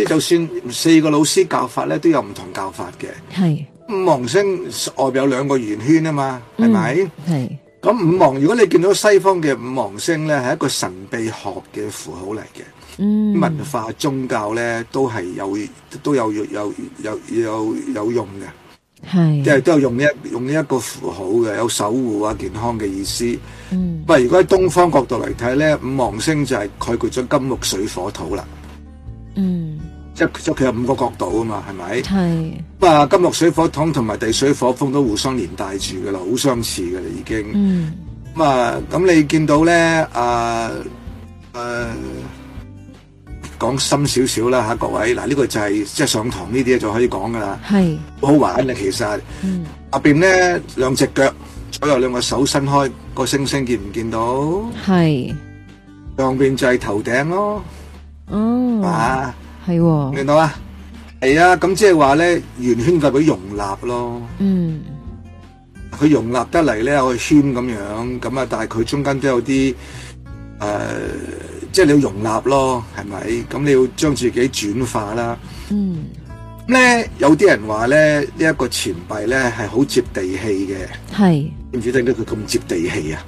即就算四個老師教法咧，都有唔同教法嘅。係五芒星外邊有兩個圓圈啊嘛，係、嗯、咪？係咁五芒，如果你見到西方嘅五芒星咧，係一個神秘學嘅符號嚟嘅、嗯。文化宗教咧都係有都有有有有有用嘅。係即係都有用呢一用呢一個符號嘅，有守護啊健康嘅意思。嗯，不過如果喺東方角度嚟睇咧，五芒星就係概括咗金木水火土啦。嗯。即佢有五個角度啊嘛，係咪？係。咁啊，金木水火土同埋地水火風都互相連帶住噶啦，好相似噶啦，已經。嗯。咁、嗯、啊，咁你見到咧啊？誒、呃呃，講深少少啦嚇，各位嗱，呢、啊呢個就係即係上堂呢啲嘢就可以講噶啦。係。好玩啊，其實。嗯。下邊咧兩隻腳，左右兩個手伸開，個星星見唔見到？係。上邊就係頭頂咯。哦、oh。啊！係、哦，明唔明到啊？係啊，咁即係話咧，圓圈代表容納咯。嗯，佢容納得嚟咧，好似個圈咁樣，咁啊，但係佢中間都有啲誒，即係你要容納咯，係咪？咁你要將自己轉化啦。嗯，咁咧有啲人話咧，這個、前呢一個錢幣咧係好接地氣嘅。係，點解得佢咁接地氣啊？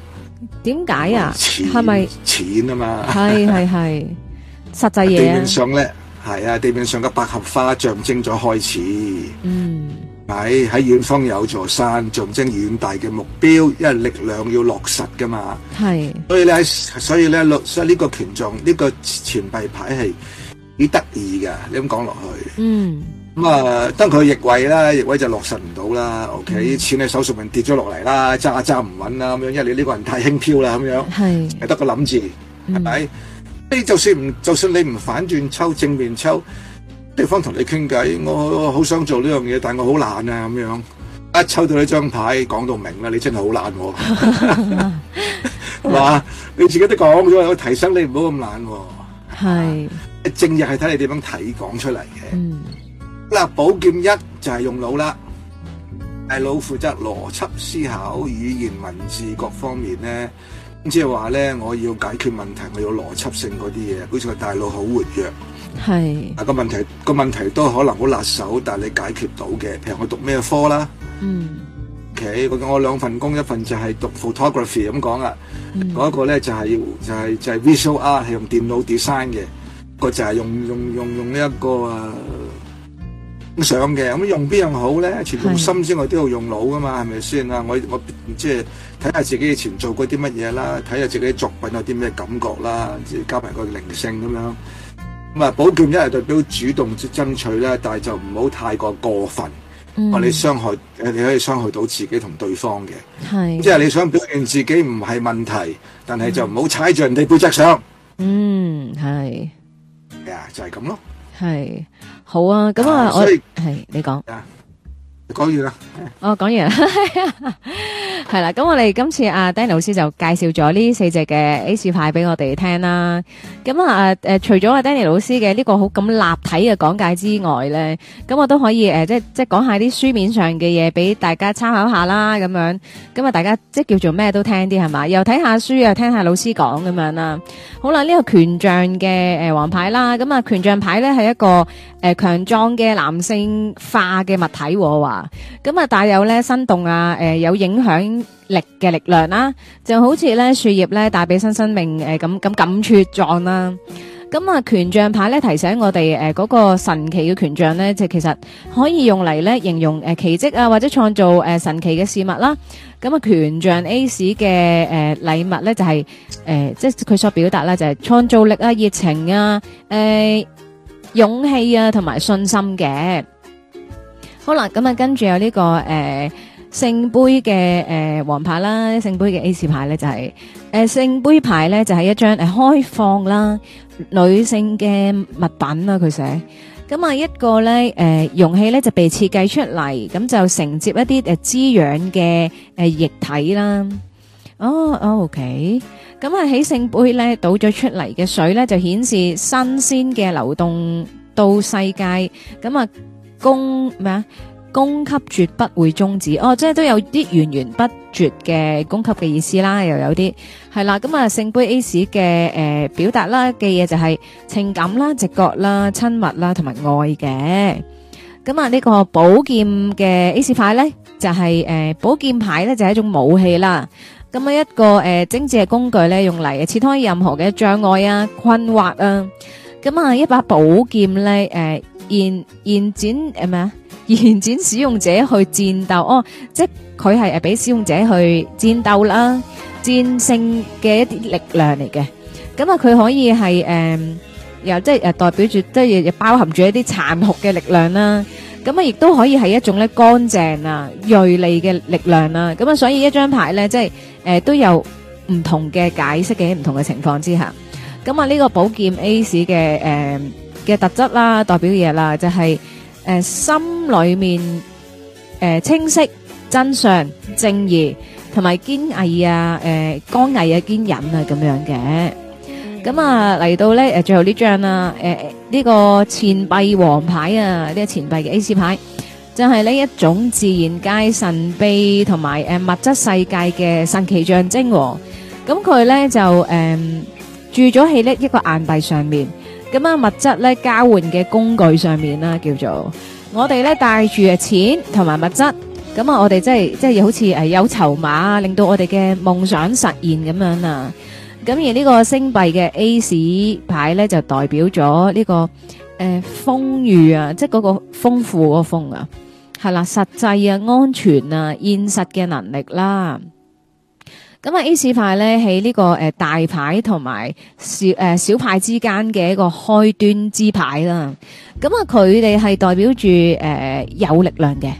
點解啊？係咪錢啊？是是錢嘛，係係係，實際嘢。上咧。係啊，地面上嘅百合花象徵咗開始。嗯，係喺遠方有座山，象徵遠大嘅目標，因為力量要落實噶嘛。係。所以咧，所以咧落，所以呢個權杖，呢個錢幣牌係幾得意噶。你咁講落去。嗯。咁啊，當佢逆位啦，逆位就落實唔到啦。O K，錢喺手上面跌咗落嚟啦，揸啊揸唔穩啦，咁樣，因為你呢個人太輕飄啦，咁樣。係。係得個諗字，係咪？你就算唔，就算你唔反轉抽正面抽，對方同你傾偈，我好想做呢樣嘢，但係我好懶啊，咁樣一抽到呢張牌，講到明啦，你真係好懶，喎。 你自己都講咗，我提升你、啊，唔好咁懶。係正日係睇你點樣睇講出嚟嘅。嗱、嗯，寶劍一就係用腦啦，係腦負責邏輯思考、語言、文字各方面咧。即係話咧，我要解決問題，我要邏輯性嗰啲嘢。好似個大腦好活躍，係。嗱，個問題個問題都可能好辣手，但係你解決到嘅。譬如我讀咩科啦，嗯，OK。我我兩份工，一份就係讀 photography 咁講啊，嗰一個咧就係要就係就係 visual art，係用電腦 design 嘅。個就係用用用用呢一個啊上嘅。咁用邊樣好咧？全部用心之外，我都要用腦噶嘛，係咪先啊？我我即係。睇下自己以前做過啲乜嘢啦，睇下自己作品有啲咩感覺啦，即係加埋個靈性咁樣。咁啊，寶劍一係代表主動爭取啦，但係就唔好太過過分，話、嗯、你傷害，你可以傷害到自己同對方嘅。係，即係你想表現自己唔係問題，嗯、但係就唔好踩住人哋背脊上。嗯，係。啊，就係、是、咁咯。係，好啊。咁啊，我係你講。講完啦。哦，講完啦，係 啦，咁我哋今次阿 Danny 老師就介紹咗呢四隻嘅 Ace 牌俾我哋聽啦。咁啊誒，除咗阿 Danny 老師嘅呢個好咁立體嘅講解之外咧，咁我都可以誒、呃，即係即係講下啲書面上嘅嘢俾大家參考下啦。咁樣，咁啊大家即係叫做咩都聽啲係嘛，又睇下書啊，又聽下老師講咁樣啦。好啦，呢、這個權杖嘅誒皇牌啦，咁啊權杖牌咧係一個誒強壯嘅男性化嘅物體喎、哦。咁啊，帶有咧生動啊，誒有影響力嘅力量啦，就好似咧樹葉咧帶俾新生命誒咁咁感觸狀啦。咁啊權杖牌咧提醒我哋誒嗰個神奇嘅權杖咧，就其實可以用嚟咧形容誒奇跡啊或者創造誒神奇嘅事物啦。咁啊權杖 Ace 嘅誒禮物咧就係誒即係佢所表達啦，就係創造力啊、熱情啊、誒勇氣啊同埋信心嘅。好啦，咁啊，跟住有呢個誒聖杯嘅誒王牌啦，聖杯嘅 A 字牌咧就係誒聖杯牌咧就係一張誒開放啦，女性嘅物品啦，佢寫，咁啊一個咧誒容器咧就被設計出嚟，咁就承接一啲誒滋養嘅誒液體啦。哦，OK，咁啊喺聖杯咧倒咗出嚟嘅水咧就顯示新鮮嘅流動到世界，咁啊。供咩啊？供給絕不會終止哦，即係都有啲源源不絕嘅供給嘅意思啦，又有啲係啦。咁啊，聖杯 Ace 嘅誒表達啦嘅嘢就係情感啦、直覺啦、親密啦同埋愛嘅。咁啊，呢個寶劍嘅 Ace 牌咧就係誒寶劍牌咧就係一種武器啦。咁啊一個誒精緻嘅工具咧用嚟切開任何嘅障礙啊、困惑啊。咁啊，一把寶劍咧，誒，延延展誒咩啊？延展使用者去戰鬥哦，即係佢係誒俾使用者去戰鬥啦，戰勝嘅一啲力量嚟嘅。咁啊，佢可以係誒，又即係又代表住，即係又包含住一啲殘酷嘅力量啦。咁啊，亦都可以係一種咧乾淨啊、銳利嘅力量啦。咁啊，所以一張牌咧，即係誒都有唔同嘅解釋嘅，唔同嘅情況之下。咁啊，呢個寶劍 Ace 嘅誒嘅特質啦，代表嘢啦，就係誒心裏面誒清晰、真相、正義、同埋堅毅啊，誒剛毅啊，堅忍啊咁樣嘅。咁啊，嚟到咧誒最後呢張啦，誒呢個錢幣王牌啊，呢個錢幣嘅 Ace 牌，就係呢一種自然界、神秘同埋誒物質世界嘅神奇象徵喎。咁佢咧就誒，住咗喺呢一個硬幣上面，咁啊物質咧交換嘅工具上面啦，叫做我哋咧帶住嘅錢同埋物質，咁啊我哋即係即係好似誒有籌碼，令到我哋嘅夢想實現咁樣啊！咁而呢個星幣嘅 Ace 牌咧就代表咗呢個誒豐裕啊，即係嗰個豐富嗰個豐啊，係啦實際啊安全啊現實嘅能力啦。咁啊，Ace 牌咧喺呢、這個誒、呃、大牌同埋小誒、呃、小牌之間嘅一個開端之牌啦。咁啊，佢哋係代表住誒、呃、有力量嘅。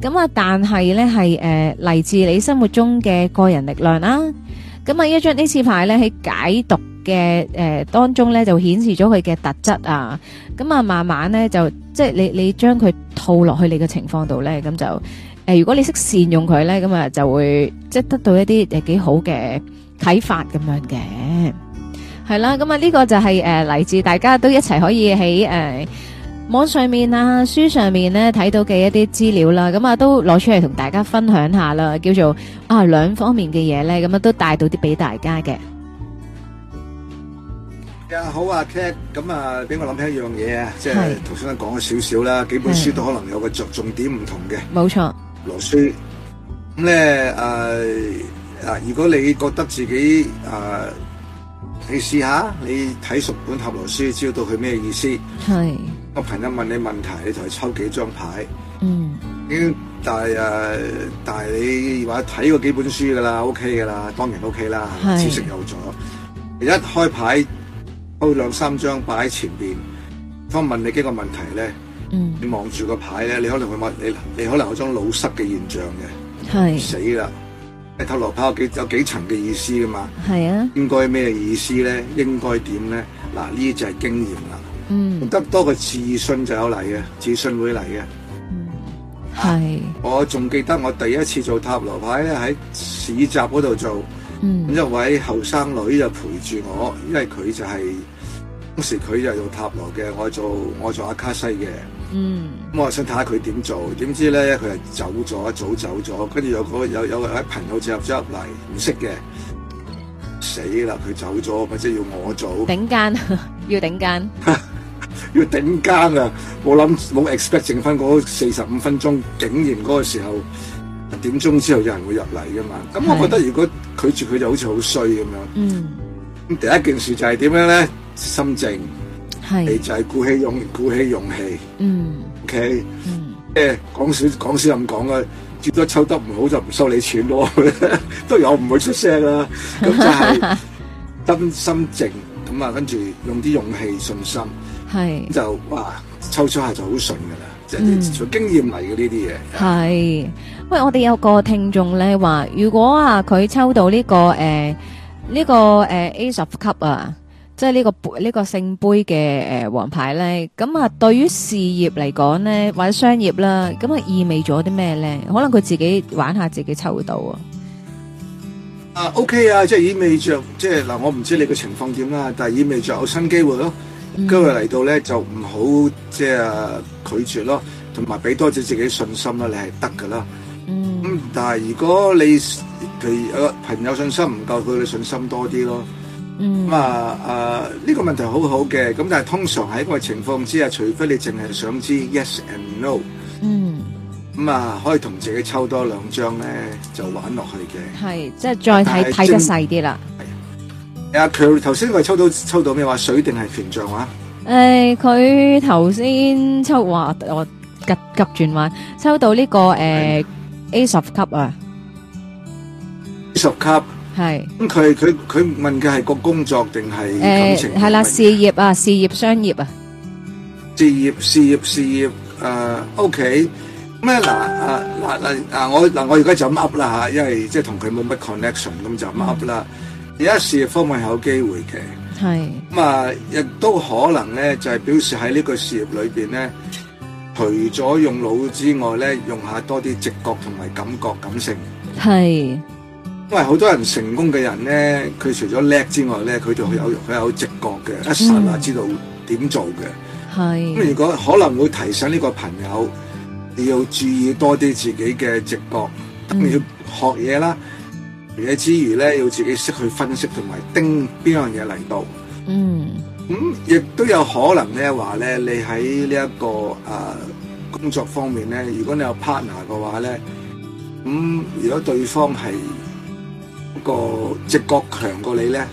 咁啊，但係咧係誒嚟自你生活中嘅個人力量啦、啊。咁啊，一張 Ace 牌咧喺解讀嘅誒、呃、當中咧就顯示咗佢嘅特質啊。咁啊，慢慢咧就即係你你將佢套落去你嘅情況度咧，咁就。誒，如果你識善用佢咧，咁啊就會即係得到一啲誒幾好嘅啟發咁樣嘅，係啦。咁啊呢個就係誒嚟自大家都一齊可以喺誒網上面啊書上面咧睇到嘅一啲資料啦。咁啊都攞出嚟同大家分享下啦，叫做啊兩方面嘅嘢咧，咁啊都帶到啲俾大家嘅。你好啊，Cat。咁啊，俾我諗起一樣嘢啊，即係頭先咧講咗少少啦，幾本書都可能有個著重點唔同嘅。冇錯。羅書咁咧誒啊！如果你覺得自己誒、呃，你試下，你睇熟本塔羅書，知道佢咩意思。係。個朋友問你問題，你就係抽幾張牌。嗯。已經但係誒，但係、呃、你話睇過幾本書噶啦，OK 噶啦，當然 OK 啦，知識有咗。一開牌抽兩三張擺喺前邊，當問你幾個問題咧。嗯，你望住個牌咧，你可能會問你，你可能有種腦塞嘅現象嘅，係死啦！塔羅牌有幾有幾層嘅意思噶嘛？係啊，應該咩意思咧？應該點咧？嗱、啊，呢啲就係經驗啦。嗯，得多個自信就有嚟嘅，自信會嚟嘅。嗯，係、啊。我仲記得我第一次做塔羅牌咧，喺市集嗰度做。嗯。一位後生女就陪住我，因為佢就係、是、當時佢就係做塔羅嘅，我做我做阿卡西嘅。嗯，咁我想睇下佢點做，點知咧，佢係走咗，早走咗，跟住有嗰個有有喺朋友接入咗入嚟，唔識嘅，死啦！佢走咗，或者要我做頂更，要頂更，要頂更啊！我諗冇 expect 剩翻嗰四十五分鐘，竟然嗰個時候點鐘之後有人會入嚟噶嘛？咁我覺得如果拒絕佢就好似好衰咁樣。嗯，咁第一件事就係點樣咧？心靜。係你就係鼓起勇鼓起勇氣，嗯，OK，嗯，即、欸、講少講少咁講啦，最多抽得唔好就唔收你錢咯， 都有唔會出聲啦，咁 就係、是、登 心靜，咁啊跟住用啲勇氣信心，係就哇抽出下就好順㗎喇，即、嗯、係、就是、經驗嚟嘅呢啲嘢。係喂，我哋有個聽眾咧話，如果啊佢抽到呢、這個誒呢、呃這個誒 A 十級啊。即係、這、呢個呢、這個聖杯嘅誒、呃，王牌咧，咁啊，對於事業嚟講咧，或者商業啦，咁啊，意味咗啲咩咧？可能佢自己玩下自己抽到啊、哦。啊、uh，OK 啊，即、就、係、是、意味着，即係嗱，我唔知你嘅情況點啦、嗯，但係意味着有新機會咯。嗯、今日嚟到咧，就唔好即係拒絕咯，同埋俾多啲自己信心啦，你係得噶啦。咁、嗯、但係如果你譬如個朋友信心唔夠，佢你信心多啲咯。咁啊誒，呢個問題好好嘅，咁但係通常喺個情況之下，除非你淨係想知 yes and no，嗯，咁啊可以同自己抽多兩張咧，就玩落去嘅，係即係再睇睇得細啲啦。阿強頭先我抽到抽到咩話？水定係權杖話？誒，佢頭先抽話我急急轉彎，抽到呢個誒 ace of cup 啊，ace of cup。係咁佢佢佢問嘅係個工作定係感情？誒，係啦，事業啊，事業商業啊，事業事業事業誒，OK。咁咧嗱誒嗱嗱嗱我嗱我而家就咁 up 啦吓，因為即係同佢冇乜 connection，咁就咁 up 啦。而家事業方面係有機會嘅，係咁啊，亦都可能咧就係表示喺呢個事業裏邊咧，除咗用腦之外咧，用下多啲直覺同埋感覺感性。係。因為好多人成功嘅人咧，佢除咗叻之外咧，佢就有佢有直覺嘅、嗯，一剎那知道點做嘅。係咁，如果可能會提醒呢個朋友，你要注意多啲自己嘅直覺，嗯、要學嘢啦。嘢之餘咧，要自己識去分析同埋盯邊樣嘢嚟到。嗯，咁、嗯、亦都有可能咧，話咧你喺呢一個誒、呃、工作方面咧，如果你有 partner 嘅話咧，咁、嗯、如果對方係。那個直覺強過你咧，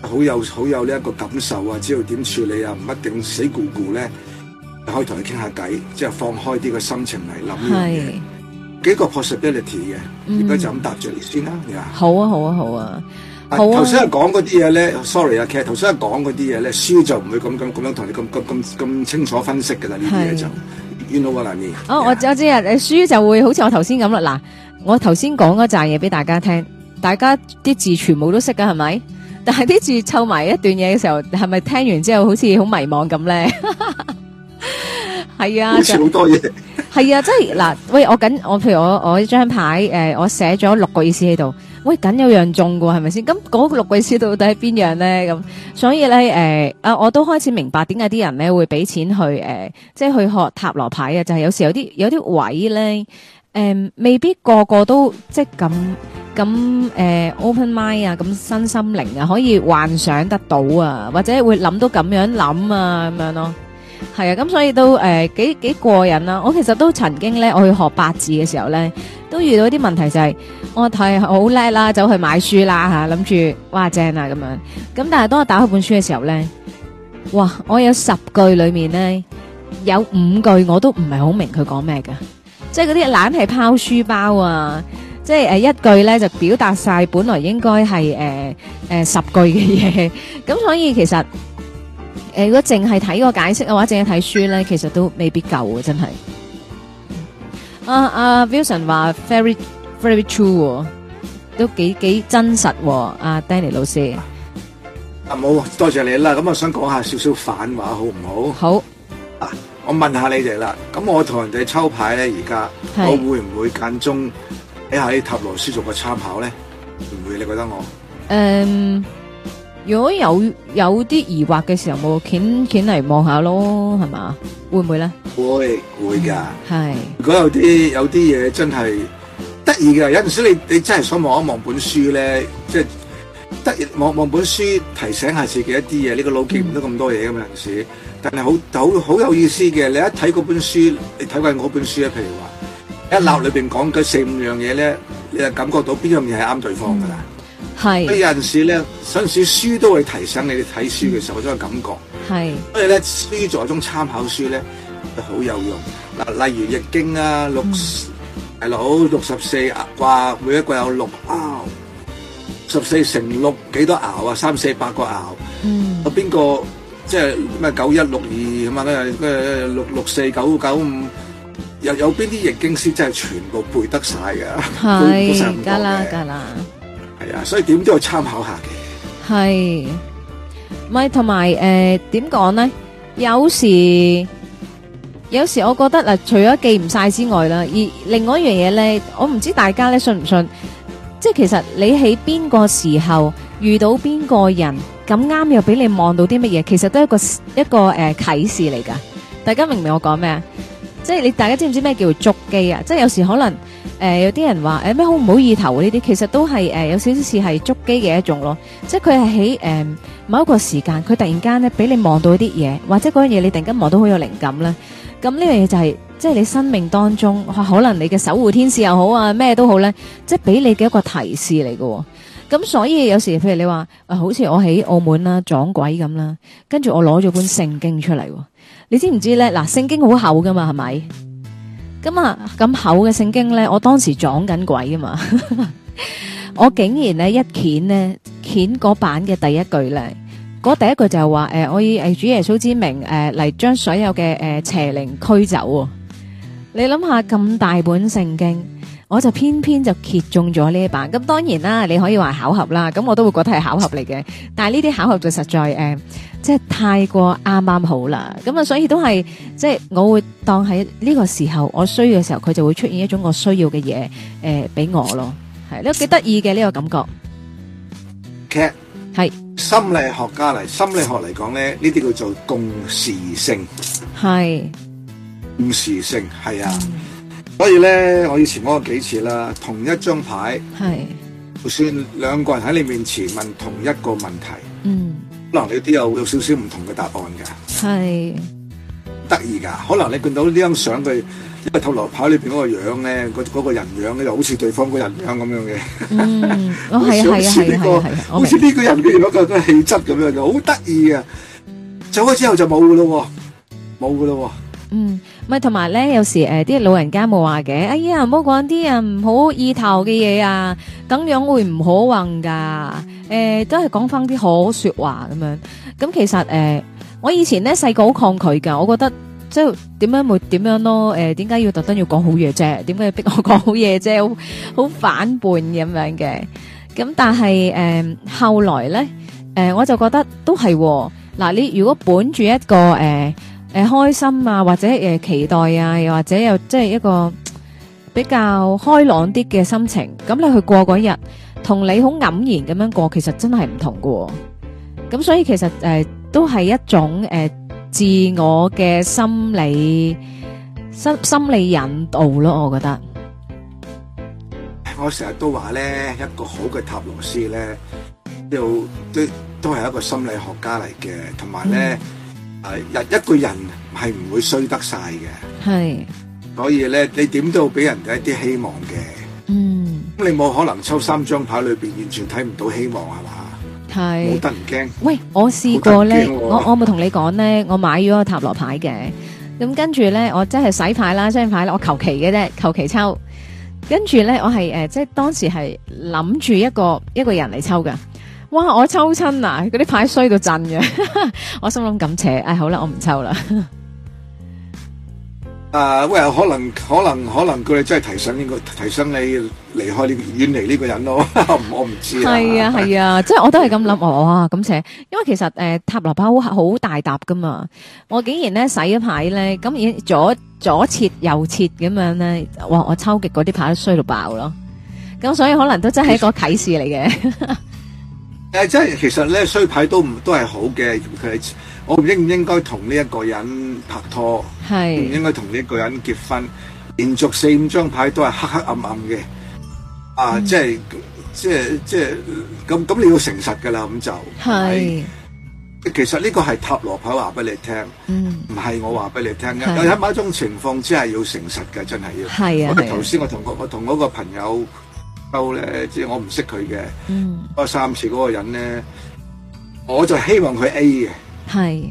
好有好有呢一個感受啊，知道點處理啊，唔一定死咕咕咧。可以同佢傾下偈，即係放開啲個心情嚟諗嘅嘢，幾個 possibility 嘅，而、嗯、家就咁答著你先啦。呀，好啊，好啊，好啊，頭先講嗰啲嘢咧，sorry 啊，好啊 Sorry, 其實頭先講嗰啲嘢咧，書就唔會咁咁咁樣同你咁咁咁咁清楚分析噶啦，呢啲嘢就怨到我啦，你 you know what I mean? 哦，yeah、我我知啊，書就會好似我頭先咁啦。嗱，我頭先講嗰扎嘢俾大家聽。大家啲字全部都識㗎係咪？但係啲字湊埋一段嘢嘅時候，係咪聽完之後好似好迷茫咁咧？係 啊，好似好、就是、多嘢。係啊，即係嗱，喂，我緊我譬如我我呢張牌誒、呃，我寫咗六個意思喺度。喂，緊有樣中嘅係咪先？咁嗰六個意思到底係邊樣咧？咁所以咧誒啊，我都開始明白點解啲人咧會俾錢去誒，即、呃、係、就是、去學塔羅牌啊！就係、是、有時候有啲有啲位咧。誒，未必個個都即係咁咁誒，open mind 啊，咁新心靈啊，可以幻想得到啊，或者會諗到咁樣諗啊咁樣咯，係啊，咁所以都誒幾幾過癮啦。我其實都曾經咧，我去學八字嘅時候咧，都遇到一啲問題就係，我睇好叻啦，走去買書啦吓，諗住哇正啊咁樣，咁但係當我打開本書嘅時候咧，哇，我有十句裏面咧，有五句我都唔係好明佢講咩㗎。即係嗰啲懶係拋書包啊！即係誒一句咧就表達晒，本來應該係誒誒十句嘅嘢，咁 所以其實誒、呃、如果淨係睇個解釋嘅話，淨係睇書咧，其實都未必夠嘅，真係。阿、啊、阿、啊、Wilson 話 very very true，都幾幾真實喎。阿、啊、Danny 老師，啊冇、啊、多謝你啦，咁、嗯、我想講下少少反話，好唔好？好。啊我問下你哋啦，咁我同人哋抽牌咧，而家我會唔會間中喺塔羅斯做個參考咧？唔會？你覺得我？誒、嗯，如果有有啲疑惑嘅時候，冇鉗鉗嚟望下咯，係嘛？會唔會咧？會會㗎。係。如果有啲有啲嘢真係得意嘅，有陣時你你真係想望一望本書咧，即係得意望望本書提醒下自己一啲嘢，呢個腦記唔得咁多嘢㗎、嗯、有陣時。但係好好好有意思嘅，你一睇嗰本書，你睇過我嗰本書咧，譬如話、嗯、一覽裏面講緊四五樣嘢咧，你就感覺到邊樣嘢係啱對方㗎啦。係、嗯，有陣時咧，有陣時書都會提醒你哋睇書嘅時候嗰種感覺。係，所以咧書在中參考書咧就好有用。嗱，例如易經啊，六係咯，六十四卦，每一卦有六爻、哦，十四乘六幾多爻啊？三四百個爻。嗯。有邊個？即係咩九一六二咁啊？誒六六四九九五，又有邊啲易經師真係全部背得晒嘅？係，加啦加啦。係啊，所以點都要參考下嘅。係，咪同埋誒，點講咧？有時，有時我覺得嗱，除咗記唔晒之外啦，而另外一樣嘢咧，我唔知大家咧信唔信？即係其實你喺邊個時候，遇到邊個人咁啱又俾你望到啲乜嘢，其實都係一個一個誒啟示嚟噶。大家明唔明我講咩？即係你大家知唔知咩叫捉機啊？即係有時可能誒有啲人話誒咩好唔好意頭呢啲，其實都係誒有少少似係捉機嘅一種咯。即係佢係喺誒某一個時間，佢突然間咧俾你望到啲嘢，或者嗰樣嘢你突然間望到好有靈感咧。咁呢樣嘢就係即係你生命當中，可能你嘅守護天使又好啊咩都好咧，即係俾你嘅一個提示嚟噶。咁所以有時譬如你話，啊好似我喺澳門啦撞鬼咁啦，跟住我攞咗本聖經出嚟，你知唔知咧？嗱，聖經好厚噶嘛，係咪？咁啊，咁厚嘅聖經咧，我當時撞緊鬼啊嘛， 我竟然咧一掀呢，掀嗰版嘅第一句咧，嗰第一句就係話，誒、呃，我以誒主耶穌之名，誒、呃、嚟將所有嘅誒、呃、邪靈驅走。你諗下咁大本聖經。我就偏偏就揭中咗呢一版，咁當然啦，你可以話巧合啦，咁我都會覺得係巧合嚟嘅。但係呢啲巧合就實在誒、呃，即係太過啱啱好啦。咁啊，所以都係即係我會當喺呢個時候，我需要嘅時候，佢就會出現一種我需要嘅嘢誒俾我咯。係都幾得意嘅呢個感覺。Cat 係心理學家嚟，心理學嚟講咧，呢啲叫做共時性，係共時性，係啊。嗯所以咧，我以前講過幾次啦，同一張牌，係，就算兩個人喺你面前問同一個問題，嗯，可能你都有有少少唔同嘅答案噶，係，得意噶，可能你見到呢張相佢、嗯、因為塔羅牌裏邊嗰個樣咧，嗰、嗰個人樣咧就好似對方嗰個人樣咁樣嘅，嗯，我係係係係，我明，好似呢個人面嗰個氣質咁樣嘅，好得意啊，走開之後就冇噶咯，冇噶咯。嗯，唔係同埋咧，有時誒啲老人家冇話嘅，哎呀，唔好講啲人唔好意頭嘅嘢啊，咁樣會唔好運噶。誒，都係講翻啲好說話咁樣。咁其實誒，我以前咧細個好抗拒噶，我覺得即係點樣會點樣咯，誒，點解要特登要講好嘢啫？點解要逼我講好嘢啫？好好反叛咁樣嘅。咁但係誒後來咧，誒我就覺得都係喎，嗱你如果本住一個誒。誒，開心啊，或者誒期待啊，又或者又即係一個比較開朗啲嘅心情，咁你去過嗰日，同你好黯然咁樣過，其實真係唔同㗎。咁所以其實誒，都係一種誒自我嘅心理心心理引導咯，我覺得。我成日都話咧，一個好嘅塔羅師咧，都都都係一個心理學家嚟嘅，同埋咧。係一一個人係唔會衰得晒嘅，係，所以咧，你點都要俾人哋一啲希望嘅。嗯，咁你冇可能抽三張牌裏邊完全睇唔到希望係嘛？係冇得人驚。喂，我試過咧，我我冇同你講咧，我買咗個塔羅牌嘅，咁跟住咧，我真係洗牌啦，洗完牌咧，我求其嘅啫，求其抽。跟住咧，我係誒，即係當時係諗住一個一個人嚟抽㗎。哇！我抽親嗱，嗰啲牌衰到震嘅， 我心諗咁扯，哎好啦，我唔抽啦。 uh, 喂，可能可能可能佢哋真係提醒你、這個，提醒你離開呢，遠離呢個人咯。 我唔知係啊係啊，啊啊 即係我都係咁諗啊。哇、哦，咁扯，因為其實誒、呃、塔羅牌好好大沓噶嘛，我竟然咧洗咗牌咧，咁而左左切右切咁樣咧，哇！我抽極嗰啲牌衰到爆咯，咁所以可能都真係一個啟示嚟嘅。 誒，即係其實咧，衰牌都唔都係好嘅。佢我唔應唔應該同呢一個人拍拖？係唔應該同呢一個人結婚？連續四五張牌都係黑黑暗暗嘅，啊，嗯、即係即係即係咁咁，你要誠實噶啦咁就係。其實呢個係塔羅牌話俾你聽，唔、嗯、係我話俾你聽嘅。有冇某一種情況即係要誠實嘅？真係要。係啊我頭先我同、啊、我我同嗰個朋友。咧，即係我唔識佢嘅。嗯，三次嗰個人咧，我就希望佢 A 嘅。係，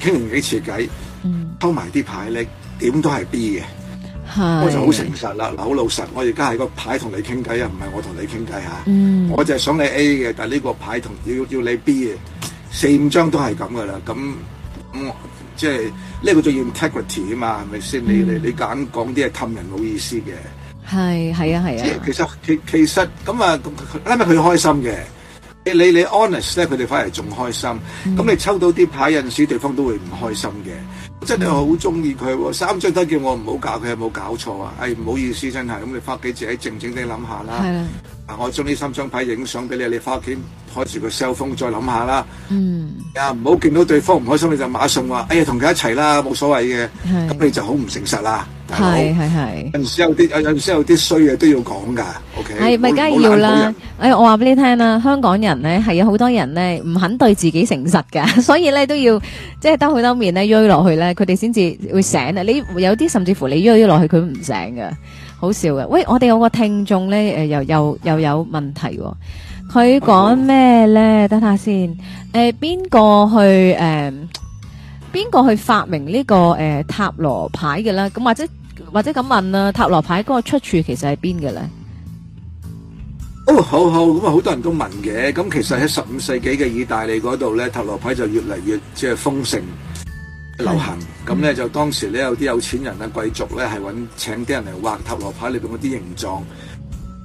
傾完幾次偈，嗯，抽埋啲牌咧，點都係 B 嘅。係，我就好誠實啦，好老實。我而家係個牌同你傾偈啊，唔係我同你傾偈吓。嗯，我就係想你 A 嘅，但係呢個牌同要要你 B 嘅，四五張都係咁噶啦。咁咁即係呢個最 integrity 啊嘛，係咪先？你你你揀講啲係氹人，冇意思嘅。係係啊係啊，即、啊啊、其實其其實咁啊，啱咪佢開心嘅，你你 h o n honest 咧，佢哋反而仲開心。咁、嗯、你抽到啲牌，有時，對方都會唔開心嘅。我真係好中意佢喎，三張都叫我唔好搞佢，有冇搞錯啊？誒，唔好意思，真係，咁你翻屋企自己，靜靜地諗下啦。我將呢三張牌影相俾你，你翻屋企開住個 cell phone 再諗下啦。嗯，啊唔好見到對方唔開心，你就馬上話：哎呀，同佢一齊啦，冇所謂嘅。咁你就好唔誠實啦。係係係。有啲有有時有啲衰嘢都要講㗎。O K 係咪梗係要啦？哎，我話俾你聽啦，香港人咧係有好多人咧唔肯對自己誠實㗎，所以咧都要即係兜好兜面咧，鋥落去咧，佢哋先至會醒啊！你有啲甚至乎你鋥鋥落去，佢唔醒㗎。好笑嘅，喂，我哋有個聽眾咧，誒，又又又有問題，佢講咩咧？等下先，誒，邊個去，誒，邊個去發明呢個誒塔羅牌嘅咧？咁或者或者咁問啦，塔羅牌嗰個出處其實係邊嘅咧？哦，好好，咁啊，好多人都問嘅，咁其實喺十五世紀嘅意大利嗰度咧，塔羅牌就越嚟越即係豐盛。流行咁咧，嗯、就當時咧，有啲有錢人啊、貴族咧係搵請啲人嚟畫塔羅牌裏面嗰啲形狀，咁、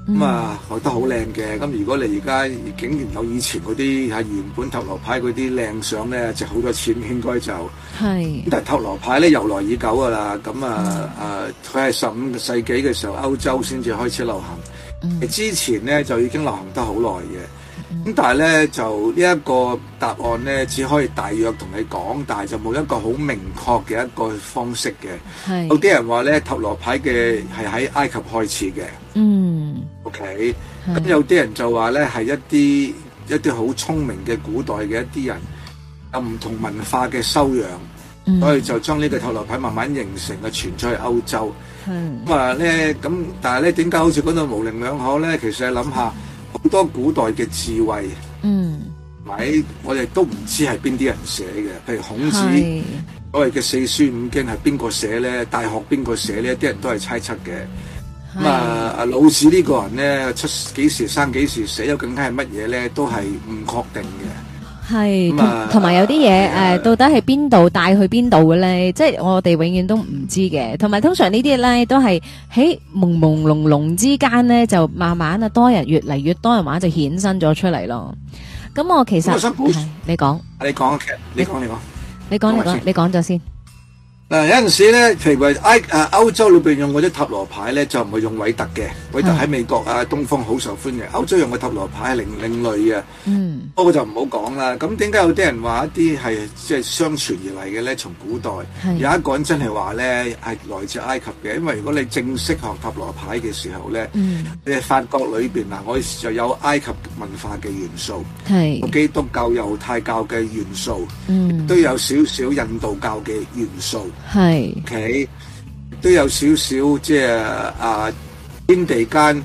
嗯、啊覺得好靚嘅。咁如果你而家竟然有以前嗰啲係原本塔羅牌嗰啲靚相咧，值好多錢，應該就係。但係塔羅牌咧由來已久㗎啦，咁啊、嗯、啊佢係十五世紀嘅時候歐洲先至開始流行，嗯、之前咧就已經流行得好耐嘅。咁但係咧，就呢一個答案咧，只可以大約同你講，但係就冇一個好明確嘅一個方式嘅。係。有啲人話咧，塔羅牌嘅係喺埃及開始嘅。嗯。OK。咁有啲人就話咧，係一啲一啲好聰明嘅古代嘅一啲人，有唔同文化嘅修養，所以就將呢個塔羅牌慢慢形成嘅存在喺歐洲。係。咁啊咧，咁但係咧，點解好似講到模棱兩可咧？其實你諗下。嗯好多古代嘅智慧，嗯，係我哋都唔知係邊啲人寫嘅，譬如孔子所謂嘅四書五經係邊個寫咧？大學邊個寫咧？啲人都係猜測嘅。咁啊，老子呢個人咧，出幾時生幾時死，又究竟係乜嘢咧？都係唔確定嘅。係同埋、嗯、有啲嘢誒，到底係邊度帶去邊度嘅咧？即、就、係、是、我哋永遠都唔知嘅。同埋通常呢啲咧都係喺朦朦朧朧之間咧，就慢慢啊，多人越嚟，越多人玩就衍生咗出嚟咯。咁我其實係你講，你講劇，你講你講，你講你講，你講咗先。嗱有陣時咧，譬如埃誒歐洲裏邊用嗰啲塔羅牌咧，就唔係用韋特嘅，韋特喺美國啊東方好受歡迎。歐洲用嘅塔羅牌係另另類嘅，嗯，不過就唔好講啦。咁點解有啲人話一啲係即係相傳而嚟嘅咧？從古代，有一個人真係話咧係來自埃及嘅，因為如果你正式學塔羅牌嘅時候咧，嗯，你法國裏邊嗱，我就有埃及文化嘅元素，係，基督教、猶太教嘅元素，嗯，都有少少印度教嘅元素。係，都、okay, 有少少即係啊天地間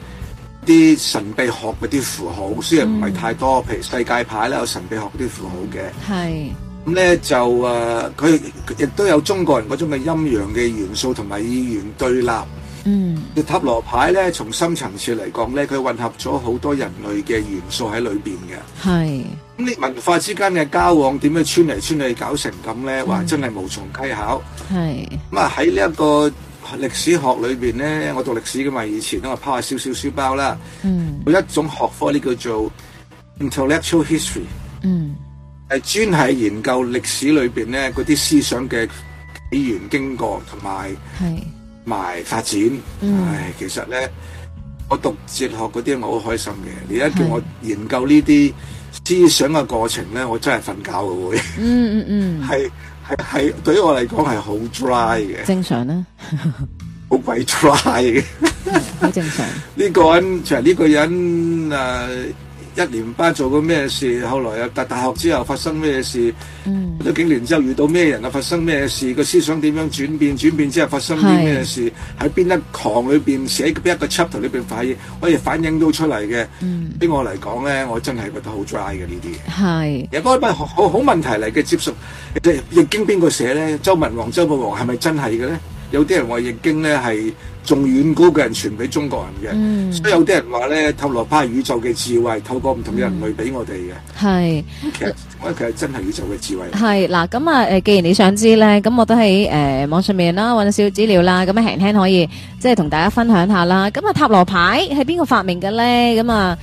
啲神秘學嗰啲符號，雖然唔係太多、嗯。譬如世界牌呢，有神秘學啲符號嘅，係咁咧就誒，佢、呃、亦都有中國人嗰種嘅陰陽嘅元素同埋意願對立。嗯，塔羅牌咧從深層次嚟講咧，佢混合咗好多人類嘅元素喺裏邊嘅。係。呢文化之間嘅交往點樣穿嚟穿去搞成咁咧？話真係無從稽考。係咁啊！喺呢一個歷史學裏邊咧，我讀歷史噶嘛，以前都係拋下少少書包啦。嗯，有一種學科呢，叫做 intellectual history。嗯，係專係研究歷史裏邊咧嗰啲思想嘅起源、經過同埋、同埋發展、嗯。唉，其實咧，我讀哲學嗰啲我好開心嘅，而家叫我研究呢啲。思想嘅過程咧，我真係瞓覺嘅會，嗯嗯嗯，係係係對於我嚟講係好 dry 嘅，正常啦，好 鬼 dry 嘅，好 正常。呢、這個人其實呢個人誒。呃一年班做過咩事？後來大學之後發生咩事？嗯，咁幾年之後遇到咩人啊？發生咩事？個思想點樣轉變？轉變之後發生啲咩事？喺邊一行裏邊寫邊一個 chapter 裏邊反映，可以反映到出嚟嘅。嗯，俾我嚟講咧，我真係覺得好 dry 嘅呢啲嘢。係，有嗰班好好問題嚟嘅，接觸亦經邊個寫咧？周文王、周武王係咪真係嘅咧？有啲人話易經咧係仲遠古嘅人傳俾中國人嘅，所以有啲人話咧，塔羅牌係宇宙嘅智慧透過唔同嘅人類俾我哋嘅。係，其實我覺得佢係真係宇宙嘅智慧。係嗱，咁啊誒，既然你想知咧，咁我都喺誒網上面啦，揾少少資料啦，咁啊，輕輕可以即係同大家分享下啦。咁啊，塔羅牌係邊個發明嘅咧？咁啊？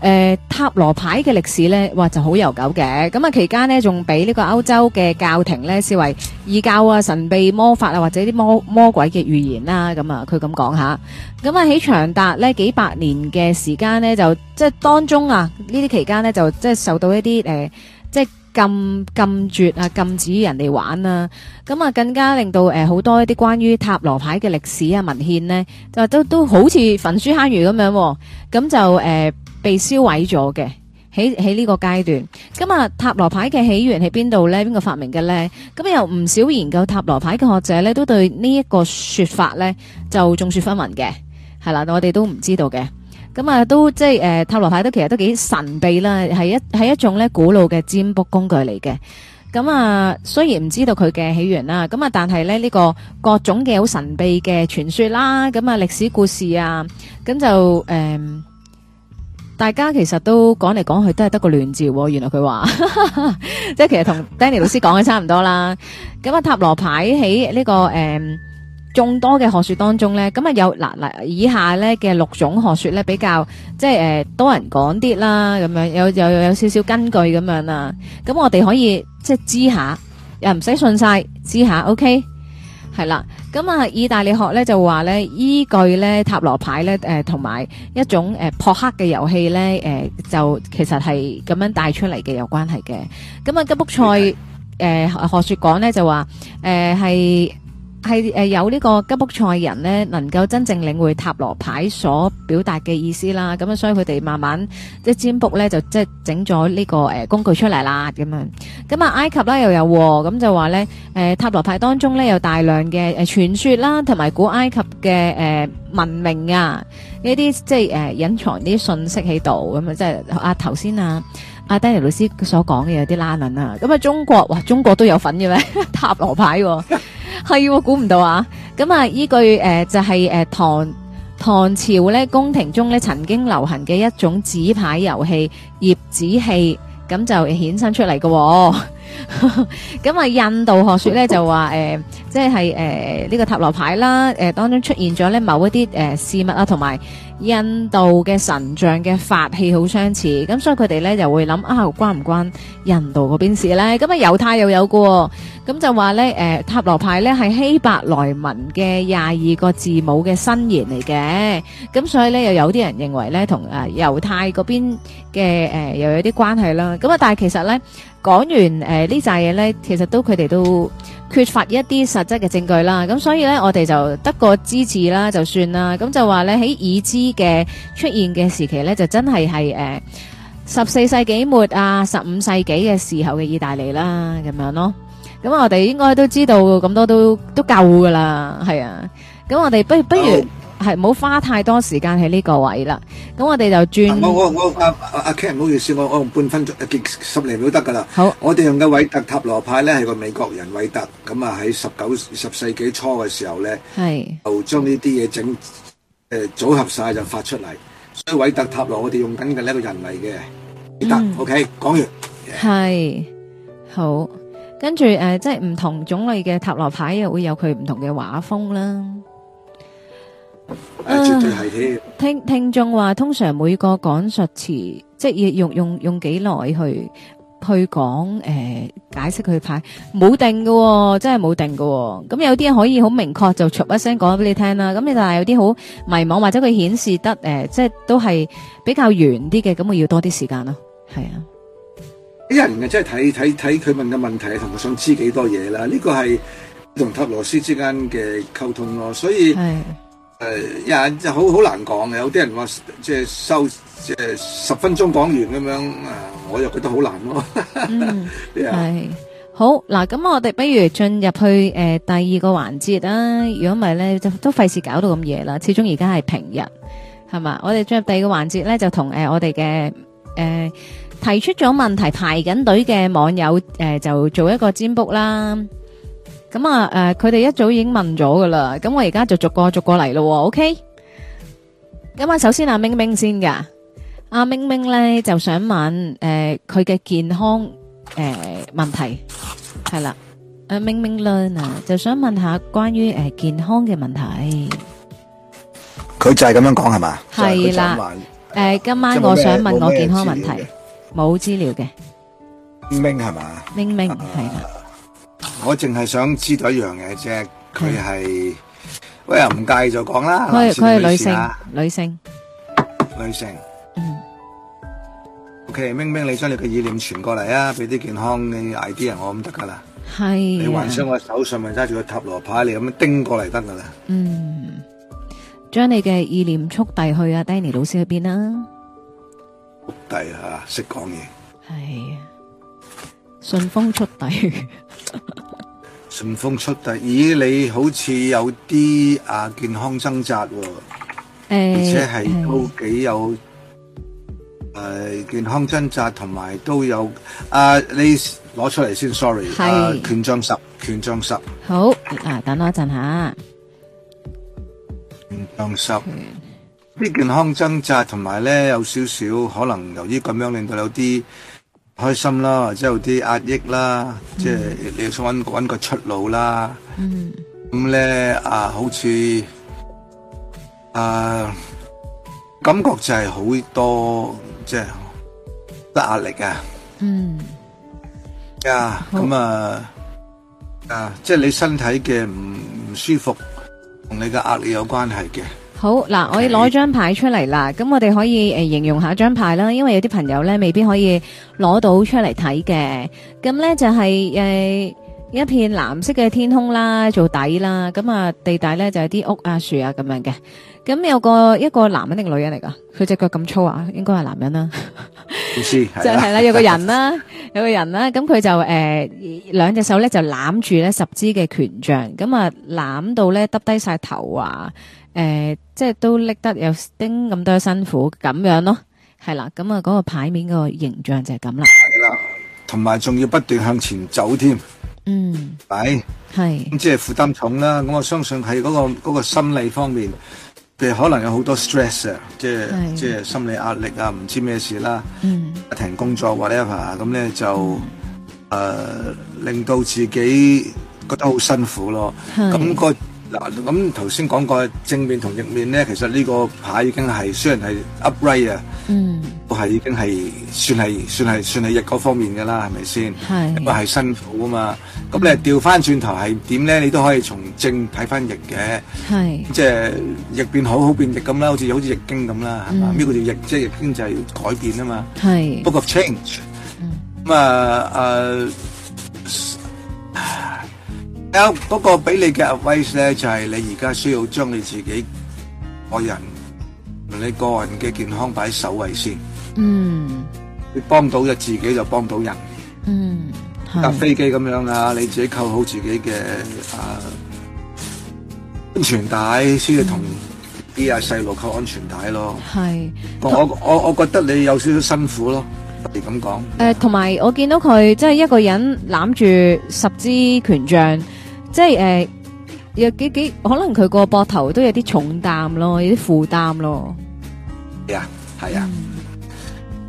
誒，塔羅牌嘅歷史咧，哇就好悠久嘅。咁啊，期間咧仲俾呢個歐洲嘅教廷咧視為異教啊、神秘魔法啊或者啲魔魔鬼嘅預言啦。咁啊，佢咁講吓。咁啊，喺長達咧幾百年嘅時間咧，就即係當中啊呢啲期間咧就即係受到一啲誒即係禁禁絕啊禁止人哋玩啦。咁啊，更加令到誒好多一啲關於塔羅牌嘅歷史啊文獻咧就都都好似焚書坑儒咁樣咁就誒。被銷毀咗嘅，喺喺呢個階段。咁啊，塔羅牌嘅起源喺邊度呢？邊個發明嘅呢？咁有唔少研究塔羅牌嘅學者呢，都對呢一個說法呢，就眾說紛紜嘅，係啦，我哋都唔知道嘅。咁啊，都即係、呃、塔羅牌都其實都幾神秘啦，係一係一種咧古老嘅占卜工具嚟嘅。咁啊，雖然唔知道佢嘅起源啦，咁啊，但係呢呢、這個各種嘅好神秘嘅傳說啦，咁啊歷史故事啊，咁就誒。呃大家其實都講嚟講去都係得個亂字，原來佢話，即係其實同 Danny 老師講嘅差唔多啦。咁啊塔羅牌喺呢個誒眾多嘅學說當中咧，咁啊有嗱嗱以下咧嘅六種學說咧比較即係誒多人講啲啦，咁樣有有有少少根據咁樣啦。咁我哋可以即係知下，又唔使信晒知下，OK？係啦，咁啊，意大利學咧就話咧，依據咧塔羅牌咧，誒、呃，同埋一種誒撲、呃、克嘅遊戲咧，誒、呃，就其實係咁樣帶出嚟嘅有關係嘅。咁啊，吉卜賽誒學說講咧就話，誒、呃、係。係誒有呢個吉卜賽人咧，能夠真正領會塔羅牌所表達嘅意思啦，咁啊，所以佢哋慢慢即占卜咧，就即係整咗呢個誒工具出嚟啦，咁樣，咁啊埃及啦又有，咁就話咧誒塔羅牌當中咧有大量嘅誒傳說啦，同埋古埃及嘅誒文明啊呢啲即係誒隱藏啲信息喺度，咁啊即係阿頭先啊阿 Danny 老師所講嘅有啲拉文啊，咁啊中國哇中國都有份嘅咩塔羅牌，哦？係喎，估唔到啊！咁啊，依句誒、呃、就係、是、誒、呃、唐唐朝咧宮廷中咧曾經流行嘅一種紙牌遊戲葉子戲，咁就衍生出嚟噶、哦。咁 啊、嗯，印度學說呢咧就話誒，即係誒呢個塔羅牌啦，誒、呃、當中出現咗咧某一啲誒、呃、事物啊，同埋印度嘅神像嘅法器好相似，咁、嗯、所以佢哋咧就會諗啊，關唔關印度嗰邊事咧？咁、嗯、啊，猶太又有個、喔，咁、嗯、就話咧誒塔羅牌咧係希伯來文嘅廿二個字母嘅新言嚟嘅，咁、嗯、所以咧又有啲人認為咧同啊猶太嗰邊嘅誒又有啲關係啦。咁、嗯、啊，但係其實咧。講完誒呢扎嘢呢，其實都佢哋都缺乏一啲實質嘅證據啦，咁所以呢，我哋就得個支持啦就算啦，咁就話呢，喺已知嘅出現嘅時期呢，就真係係誒十四世紀末啊，十五世紀嘅時候嘅意大利啦，咁樣咯，咁我哋應該都知道咁多都都夠㗎啦，係啊，咁我哋不如不如。不如係，唔好花太多時間喺呢個位啦。咁我哋就轉。我我我阿阿 Ken，唔好意思，我我用、oh, 半分鐘，十零秒都得噶啦。好，我哋用嘅韋特塔羅牌咧，係個美國人韋特。咁啊喺十九十世紀初嘅時候咧，就將呢啲嘢整誒、呃、組合晒就發出嚟。所以韋特塔羅我哋用緊嘅呢個人嚟嘅，得、嗯、OK。講完。係、yeah. 好，跟住誒、呃，即係唔同種類嘅塔羅牌又會有佢唔同嘅畫風啦。啊、絕對係聽聽眾話，通常每個講述詞，即係要用用用幾耐去去講誒、呃，解釋佢牌冇定嘅、哦，真係冇定嘅、哦。咁有啲可以好明確就一聲講俾你聽啦。咁你但係有啲好迷茫或者佢顯示得誒、呃，即係都係比較圓啲嘅，咁我要多啲時間咯。係啊，啲人啊真係睇睇睇佢問嘅問題，同佢想知幾多嘢啦。呢、這個係同塔羅斯之間嘅溝通咯，所以。誒、嗯，就好好難講嘅，有啲人話即係收即係十分鐘講完咁樣啊，我又覺得難、嗯 yeah. 好難咯。係好嗱，咁我哋不如進入去誒、呃、第二個環節啦。如果唔係咧，就都費事搞到咁夜啦。始終而家係平日係嘛，我哋進入第二個環節咧，就同誒、呃、我哋嘅誒提出咗問題排緊隊嘅網友誒、呃，就做一個占卜啦。咁啊，誒，佢哋一早已經問咗噶啦，咁我而家就逐個逐個嚟咯，OK？咁啊，首先阿明明先噶，阿明明咧就想問，誒，佢嘅健康誒問題係啦，阿明明啦，就想問下關於誒健康嘅問題，佢就係咁樣講係嘛？係啦，誒，今晚我想問我健康問題，冇資料嘅，明明係嘛？明明係啦。我淨係想知道一樣嘢，啫佢係，喂，唔介意就講啦。佢佢係女性，女性，女性。嗯。OK，明明你將你嘅意念傳過嚟啊，俾啲健康嘅 idea 我咁得噶啦。係。你還想我手上咪揸住個塔羅牌嚟咁叮過嚟得噶啦。嗯。將你嘅意念速遞去啊，Danny 老師喺邊啊？速遞啊，識講嘢。係啊，順豐速遞。順 風出得，咦？你好似有啲啊健康掙扎喎，欸，而且係都幾有誒，欸啊，健康掙扎，同埋都有啊！你攞出嚟先，Sorry，啊，權杖十，權杖十，好啊，等我一陣吓，權杖十，嗯，啲健康掙扎同埋咧有少少可能由於咁樣令到有啲。開心啦，即係有啲壓抑啦，嗯、即係你要想搵搵個出路啦。嗯，咁咧啊，好似啊，感覺就係好多即係得壓力啊。嗯，yeah, 啊，咁啊啊，即係你身體嘅唔唔舒服，同你嘅壓力有關係嘅。好嗱，我要攞張牌出嚟啦，咁我哋可以誒、呃、形容下張牌啦，因為有啲朋友咧未必可以攞到出嚟睇嘅。咁咧就係、是、誒、呃、一片藍色嘅天空啦，做底啦。咁啊地底咧就係、是、啲屋啊、樹啊咁樣嘅。咁有個一個男人定女人嚟噶？佢隻腳咁粗啊？應該係男人啦。 就係、是、啦，有個人啦， 有個人啦。咁佢就誒、呃、兩隻手咧就攬住咧十支嘅權杖，咁啊攬到咧耷低晒頭啊。誒，即係都拎得有丁咁多辛苦，咁樣咯，係啦，咁啊嗰個牌面個形象就係咁啦，係啦，同埋仲要不斷向前走添，嗯，係，係，咁即係負擔重啦，咁我相信喺嗰個嗰個心理方面，誒，可能有好多 stress 啊，即係即係心理壓力啊，唔知咩事啦，嗯，家庭工作 whatever，咁咧就誒令到自己覺得好辛苦咯，咁個。嗱，咁頭先講過正面同逆面咧，其實呢個牌已經係雖然係 upright 啊，嗯，都係已經係算係算係算係逆嗰方面嘅啦，係咪先？係，因為係辛苦啊嘛。咁你調翻轉頭係點咧？你都可以從正睇翻逆嘅，係，即係逆變好，好變逆咁啦，好似好似易經咁啦，係嘛？呢個叫逆，即係易經就係改變啊嘛。係，Book ofchange，咁啊啊。有、那、嗰個俾你嘅 advice 咧，就係、是、你而家需要將你自己個人、你個人嘅健康擺首位先。嗯，你幫到嘅自己就幫到人。嗯，搭飛機咁樣啊，你自己扣好自己嘅、嗯、啊安全帶，先至同啲阿細路扣安全帶咯。係、嗯。我我我覺得你有少少辛苦咯，特別咁講。誒，同、呃、埋我見到佢即係一個人攬住十支權杖。即係誒、呃，有幾幾可能佢個膊頭都有啲重擔咯，有啲負擔咯。係啊，係啊。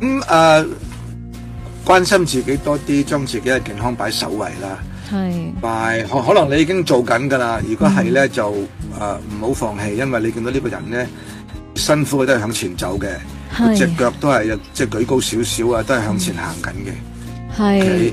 咁、嗯、誒、嗯呃，關心自己多啲，將自己嘅健康擺首位啦。係。同埋，可可能你已經做緊噶啦。如果係咧、嗯，就誒唔好放棄，因為你見到呢個人咧，辛苦都係向前走嘅，隻腳都係即係舉高少少啊，都係向前行緊嘅。係、嗯。Okay?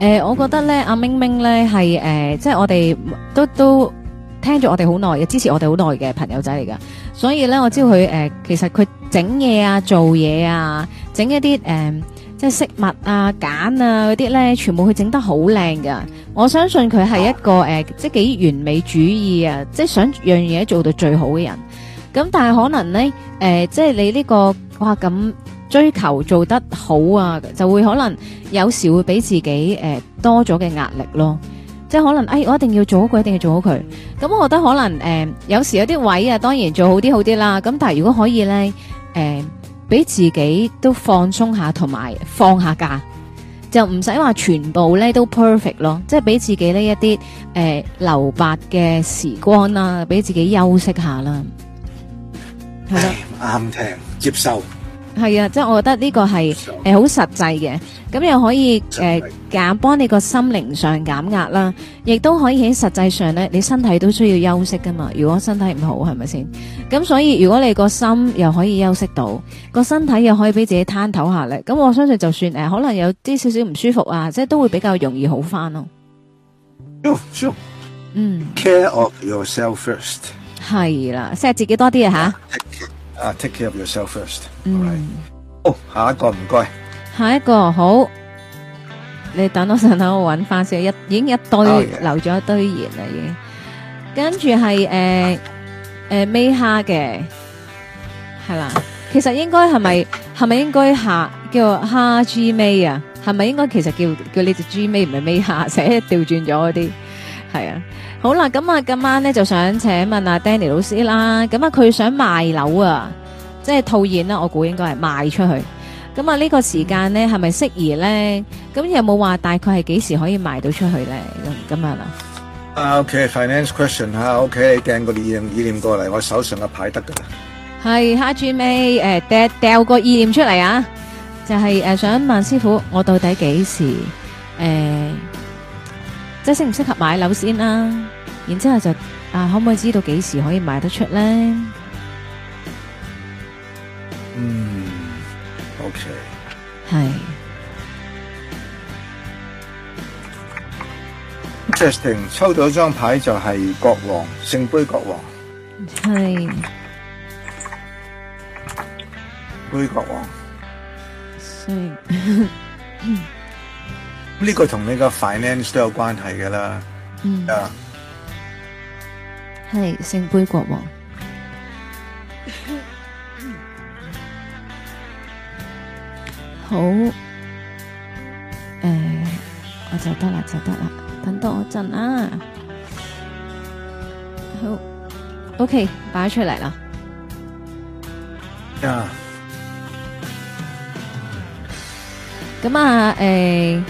誒，我覺得咧，阿明明咧係誒，即係我哋都都聽咗我哋好耐嘅、支持我哋好耐嘅朋友仔嚟噶。所以咧，我知道佢誒，其實佢整嘢啊，做嘢啊，整一啲誒，即係飾物啊、揀啊嗰啲咧，全部佢整得好靚噶。我相信佢係一個誒，即係幾完美主義啊，即係想樣嘢做到最好嘅人。咁但係可能咧，誒，即係你呢個哇咁。追求做得好啊，就會可能有時會俾自己、呃、多咗嘅壓力咯。即係可能誒、哎，我一定要做好佢，一定要做好佢。咁我覺得可能誒、呃，有時有啲位啊，當然做好啲好啲啦。咁但係如果可以呢，誒、呃，俾自己都放鬆下，同埋放下假，就唔使話全部呢都 perfect 咯。即係俾自己呢一啲、呃、留白嘅時光啦，俾自己休息下啦。係啱聽，接受。係啊，即係我覺得呢個係係好實際嘅，咁又可以誒減幫你個心靈上減壓啦，亦都可以喺實際上咧，你身體都需要休息噶嘛。如果身體唔好，係咪先？咁所以如果你個心又可以休息到，個身體又可以俾自己攤頭下咧，咁我相信就算誒、呃、可能有啲少少唔舒服啊，即係都會比較容易好翻咯。Sure, sure. 嗯，care of yourself first，啊。係啦，錫自己多啲啊吓。Yeah. 啊、uh,，take care of yourself first。嗯，哦，下一個唔該，下一個好，你等我上等我搵翻先，一已經一堆，留、oh, 咗、yeah. 一堆鹽啦，已經。跟住係誒誒尾蝦嘅係啦，其實應該係咪係咪應該下叫蝦 g 尾啊？係咪應該其實叫叫你只 g 尾唔係尾蝦，成日調轉咗嗰啲。係啊，好啦，咁啊，今晚咧，就想請問阿 Danny 老師啦，咁啊佢想賣樓啊，即係套現啦、啊，我估應該係賣出去，咁啊呢個時間咧係咪適宜咧？咁有冇話大概係幾時可以賣到出去咧？咁咁啊啊、uh,，OK，finance、okay, question 吓，OK，掟個意念意念過嚟，我手上的牌了是、呃、個牌得噶啦。係，下住尾誒，掉掉個意念出嚟啊，就係、是、誒、呃、想問師傅，我到底幾時誒？呃即係適唔適合買樓先啦，然之後就啊，可唔可以知道幾時可以賣得出咧？嗯，OK，係。Justin 抽到張牌就係國王聖杯國王，係。杯國王，係。呢個同你個 finance 都有關係噶啦，啊，係聖杯國王，好，誒，我就得啦，就得啦，等多我陣啊，好，OK，擺出嚟啦。啊，咁啊，誒。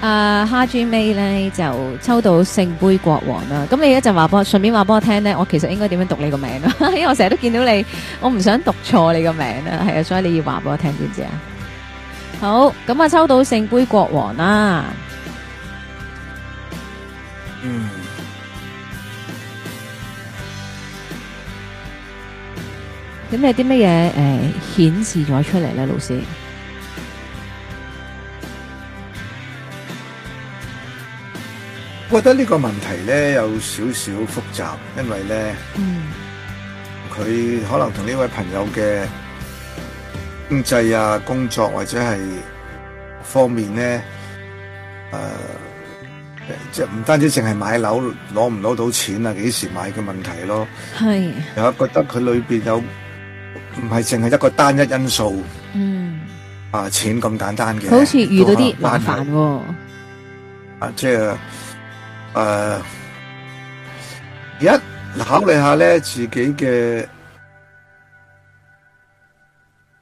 啊，哈 G 妹咧就抽到聖杯國王啦！咁你一陣話，俾我順便話俾我聽咧，我其實應該點樣讀你個名啊？因為我成日都見到你，我唔想讀錯你個名啦。係啊，所以你要話俾我聽，知唔知啊？好，咁啊，抽到聖杯國王啦。嗯。咁你有啲乜嘢誒顯示咗出嚟咧，老師？我覺得呢個問題咧有少少複雜，因為咧，佢、嗯、可能同呢位朋友嘅經濟啊、工作或者係方面咧，誒、呃，即係唔單止淨係買樓攞唔攞到錢啊，幾時買嘅問題咯。係，有覺得佢裏邊有唔係淨係一個單一因素。嗯。啊，錢咁簡單嘅，好似遇到啲麻煩、哦。啊，即係。誒、uh，而家考慮下咧，自己嘅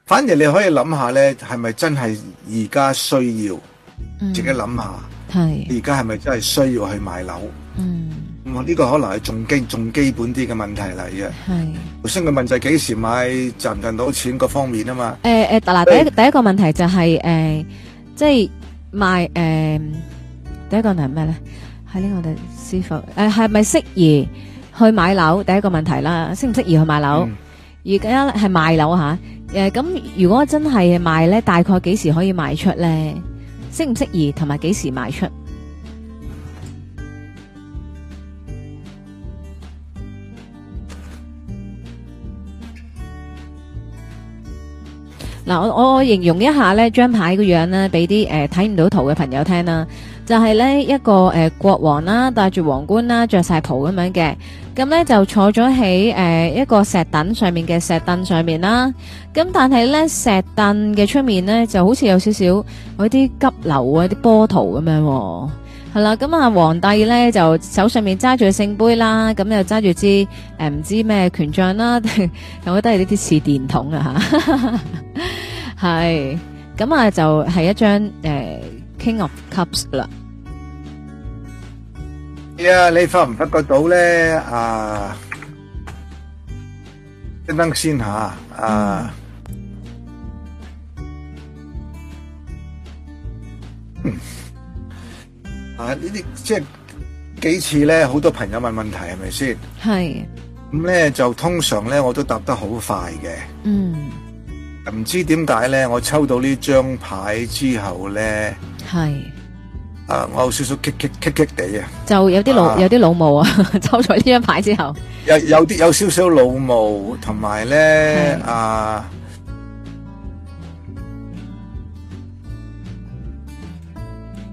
反而你可以諗下咧，係咪真係而家需要、嗯、自己諗下？係而家係咪真係需要去買樓？嗯，咁、嗯、呢、這個可能係仲基仲基本啲嘅問題嚟嘅。係頭先佢問就係幾時買，賺唔賺到錢嗰方面啊嘛。誒、呃、誒，嗱、呃，第一第一個問題就係、是、誒，即、呃、係、就是、賣誒、呃，第一個係咩咧？喺呢我哋師傅，誒，係咪適宜去買樓？第一個問題啦，適唔適宜去買樓？而家係賣樓吓，誒、啊，咁、啊、如果真係賣咧，大概幾時可以賣出咧？適唔適宜同埋幾時賣出？嗱、嗯啊，我我形容一下咧，張牌個樣咧，俾啲誒睇唔到圖嘅朋友聽啦。就係、是、咧一個誒、呃、國王啦，戴住皇冠啦，穿着晒袍咁樣嘅，咁咧就坐咗喺誒一個石凳上面嘅石凳上面啦，咁但係咧石凳嘅出面咧就好似有少少嗰啲急流啊，啲波濤咁樣、哦，係啦，咁啊皇帝咧就手上面揸住聖杯啦，咁又揸住支誒唔、呃、知咩權杖啦， 我覺得係呢啲似電筒啊吓，係， 咁啊就係一張誒。呃 King of Cups 啦，你發唔發覺到咧？啊，點先吓？啊，啊呢啲即係幾次咧，好多朋友問問題係咪先？係咁咧，就通常咧，我都答得好快嘅。嗯，唔知點解咧，我抽到呢張牌之後咧。係，啊、uh，我有少少棘棘棘棘地啊，就有啲老有啲老毛啊，uh, 抽咗呢張牌之後，有有啲有少少老毛，同埋咧啊，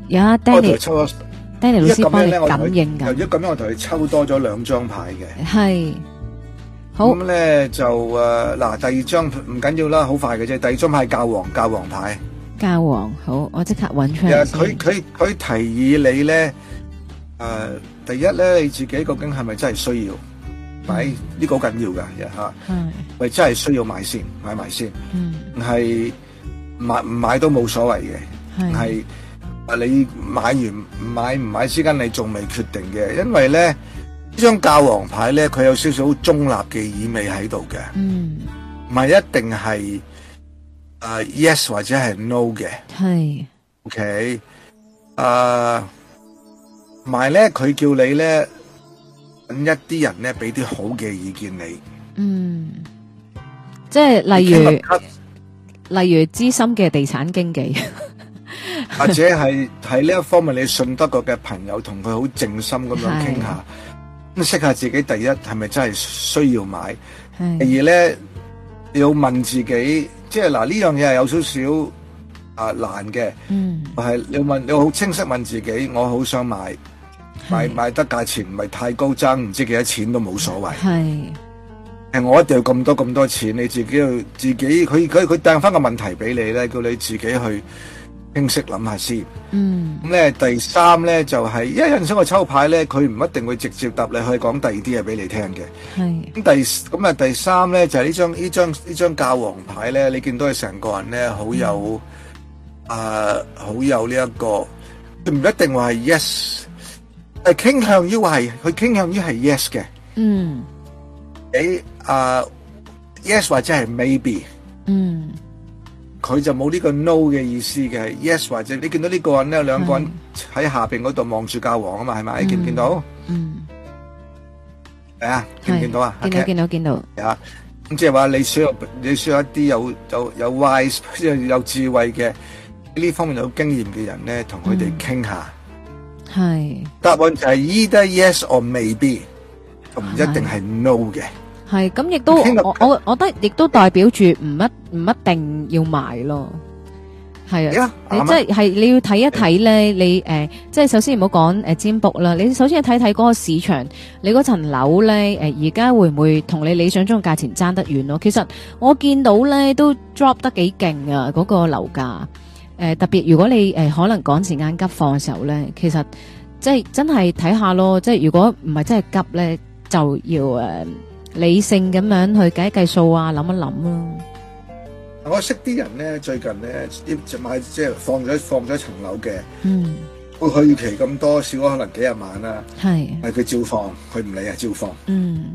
有啊 Danny 抽 Danny 老師幫你感應噶，如果咁樣我同你抽多咗兩張牌嘅。係，好，咁咧就誒嗱、uh, 第二張唔緊要啦，好快嘅啫，第二張牌教皇教皇牌。教皇，好，我即刻揾出嚟。佢佢佢提議你咧，誒，第一咧，你自己究竟係咪真係需要？買呢個好緊要噶，吓，係咪真係需要買先，買埋先。嗯，係買唔買都冇所謂嘅，係你買完買唔買之間，你仲未決定嘅，因為咧呢張教皇牌咧，佢有少少中立嘅意味喺度嘅。嗯，唔係一定係。啊、uh，yes 或者係 no 嘅，係，OK，誒，埋咧佢叫你咧搵一啲人咧，俾啲好嘅意見你，嗯，即係例如，例如資深嘅地產經紀， 或者係喺呢一方面你信得過嘅朋友，談談談，同佢好靜心咁樣傾下，咁識下自己第一係咪真係需要買，第二咧要問自己。即係嗱，呢樣嘢係有少少啊難嘅，係你問你好清晰問自己，我好想買買買得價錢唔係太高，爭唔知幾多錢都冇所謂。係，誒，我一定要咁多咁多錢，你自己要自己，佢佢佢掟返個問題俾你咧，叫你自己去。清晰諗下先。嗯，咁咧第三咧就係，因為人生我抽牌咧，佢唔一定會直接答你，去講第二啲嘢俾你聽嘅。係咁第咁啊第三咧就係呢張呢張呢張教皇牌咧，你見到佢成個人咧好有啊好有呢一個，佢唔一定話係 yes，係傾向於係佢傾向於係 yes 嘅。嗯，誒啊 yes 或者係 maybe。嗯。佢就冇呢個 no 嘅意思嘅，yes 或者你見到呢個人咧，兩個人喺下邊嗰度望住教皇啊嘛，係咪？你見唔見到？嗯，係、嗯、啊，yeah, 見唔見到啊？見到見到見到。啊，咁即係話你需要你需要一啲有有有 wise 即係有智慧嘅呢方面有經驗嘅人咧，同佢哋傾下。係、嗯。答案就係 either yes or maybe，就唔一定係 no 嘅。係咁，亦都我我我覺得亦都代表住唔一唔一定要買咯。係啊，你即係你要睇一睇咧。你誒，即係首先唔好講誒，占卜啦。你首先要睇一睇嗰個市場，你嗰層樓咧誒，而家會唔會同你理想中嘅價錢爭得遠咯？其實我見到咧都 drop 得幾勁啊。嗰個樓價誒，特別如果你誒可能趕時間急放嘅時候咧，其實即係真係睇下咯。即係如果唔係真係急咧，就要誒。理性咁樣去計計數啊，諗一諗啦。我識啲人咧，最近咧啲買即係放咗放咗一層樓嘅，嗯，佢預期咁多少咗可能幾廿萬啦，啊，係，但係佢照放，佢唔理啊，照放，嗯，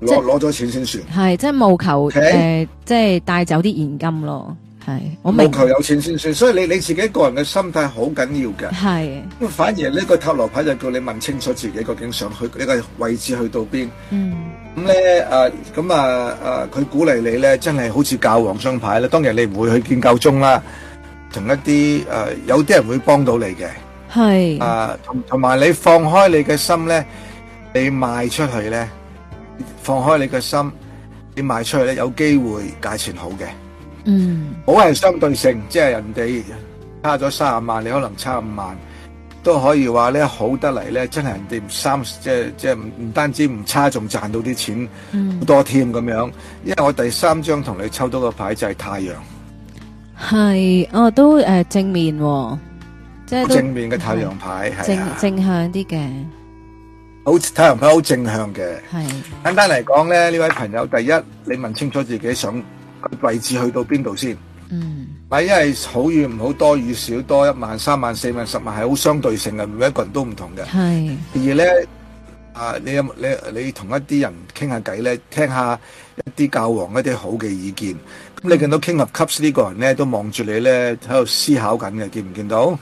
攞攞咗錢先算，係，即係務求誒，okay? 呃，即係帶走啲現金咯，係，我務求有錢先算，所以你你自己個人嘅心態好緊要嘅，係，反而呢個塔羅牌就叫你問清楚自己究竟想去呢個位置去到邊，嗯。咁咧，啊，咁啊，啊，佢鼓勵你咧，真係好似教皇張牌啦。當然你唔會去見教宗啦，同一啲，誒，有啲人會幫到你嘅。係。啊，同同埋你放開你嘅心咧，你賣出去咧，放開你嘅心，你賣出去咧，有機會價錢好嘅。嗯。好係相對性，即係人哋差咗三十萬，你可能差五萬。都可以話咧，好得嚟咧，真係人哋唔三即係即係唔唔單止唔差，仲賺到啲錢多，多添咁樣。因為我第三張同你抽到個牌就係太陽，係哦，都誒、呃、正面、哦，即正面嘅太陽牌，嗯啊、正正向啲嘅，好太陽牌好正向嘅，係簡單嚟講咧，呢位朋友第一，你問清楚自己想個位置去到邊度先，嗯。咪因為好與唔好多與少，多一萬三萬四萬十萬係好相對性嘅，每一個人都唔同嘅。係。而咧，啊，你有你你同一啲人傾下偈咧，聽一下一啲教皇一啲好嘅意見。咁、嗯、你見到 King of Cups 呢個人咧，都望住你咧，喺度思考緊嘅，見唔見到？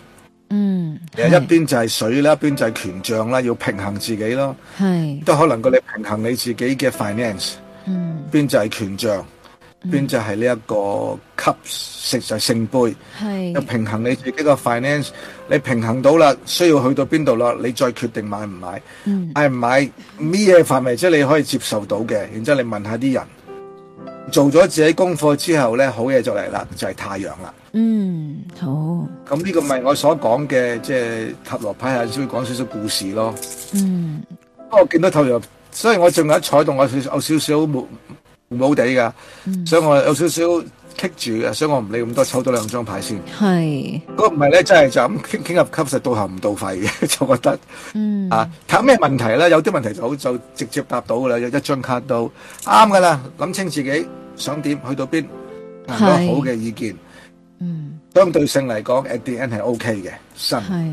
嗯。一邊就係水啦，一邊就係權杖啦，要平衡自己咯。係。都可能畀你平衡你自己嘅 finance。嗯。邊就係權杖。邊、嗯、就係呢一個吸食就聖杯，就平衡你自己個 finance，你平衡到啦，需要去到邊度啦，你再決定買唔買。嗯，買唔買咩嘢範圍，即係、就是、你可以接受到嘅，然之後你問下啲人，做咗自己功課之後咧，好嘢就嚟啦，就係、是、太陽啦。嗯，好。咁呢個咪我所講嘅，即係塔羅牌啊，會講少少故事咯。嗯，我見到太陽，雖然我仲有彩動，我少有少少冇地噶，所以我有少少棘住嘅，所以我唔理咁多，抽多兩張牌先。係，如果唔係咧，真係就咁傾入級，實到喉唔到肺嘅，就覺得，嗯，啊，睇咩問題啦，有啲問題就好就直接答到噶啦，有一張卡都啱噶啦，諗清自己想點去到邊，好多好嘅意見。嗯，相對性嚟講，at the end 係 OK 嘅，新係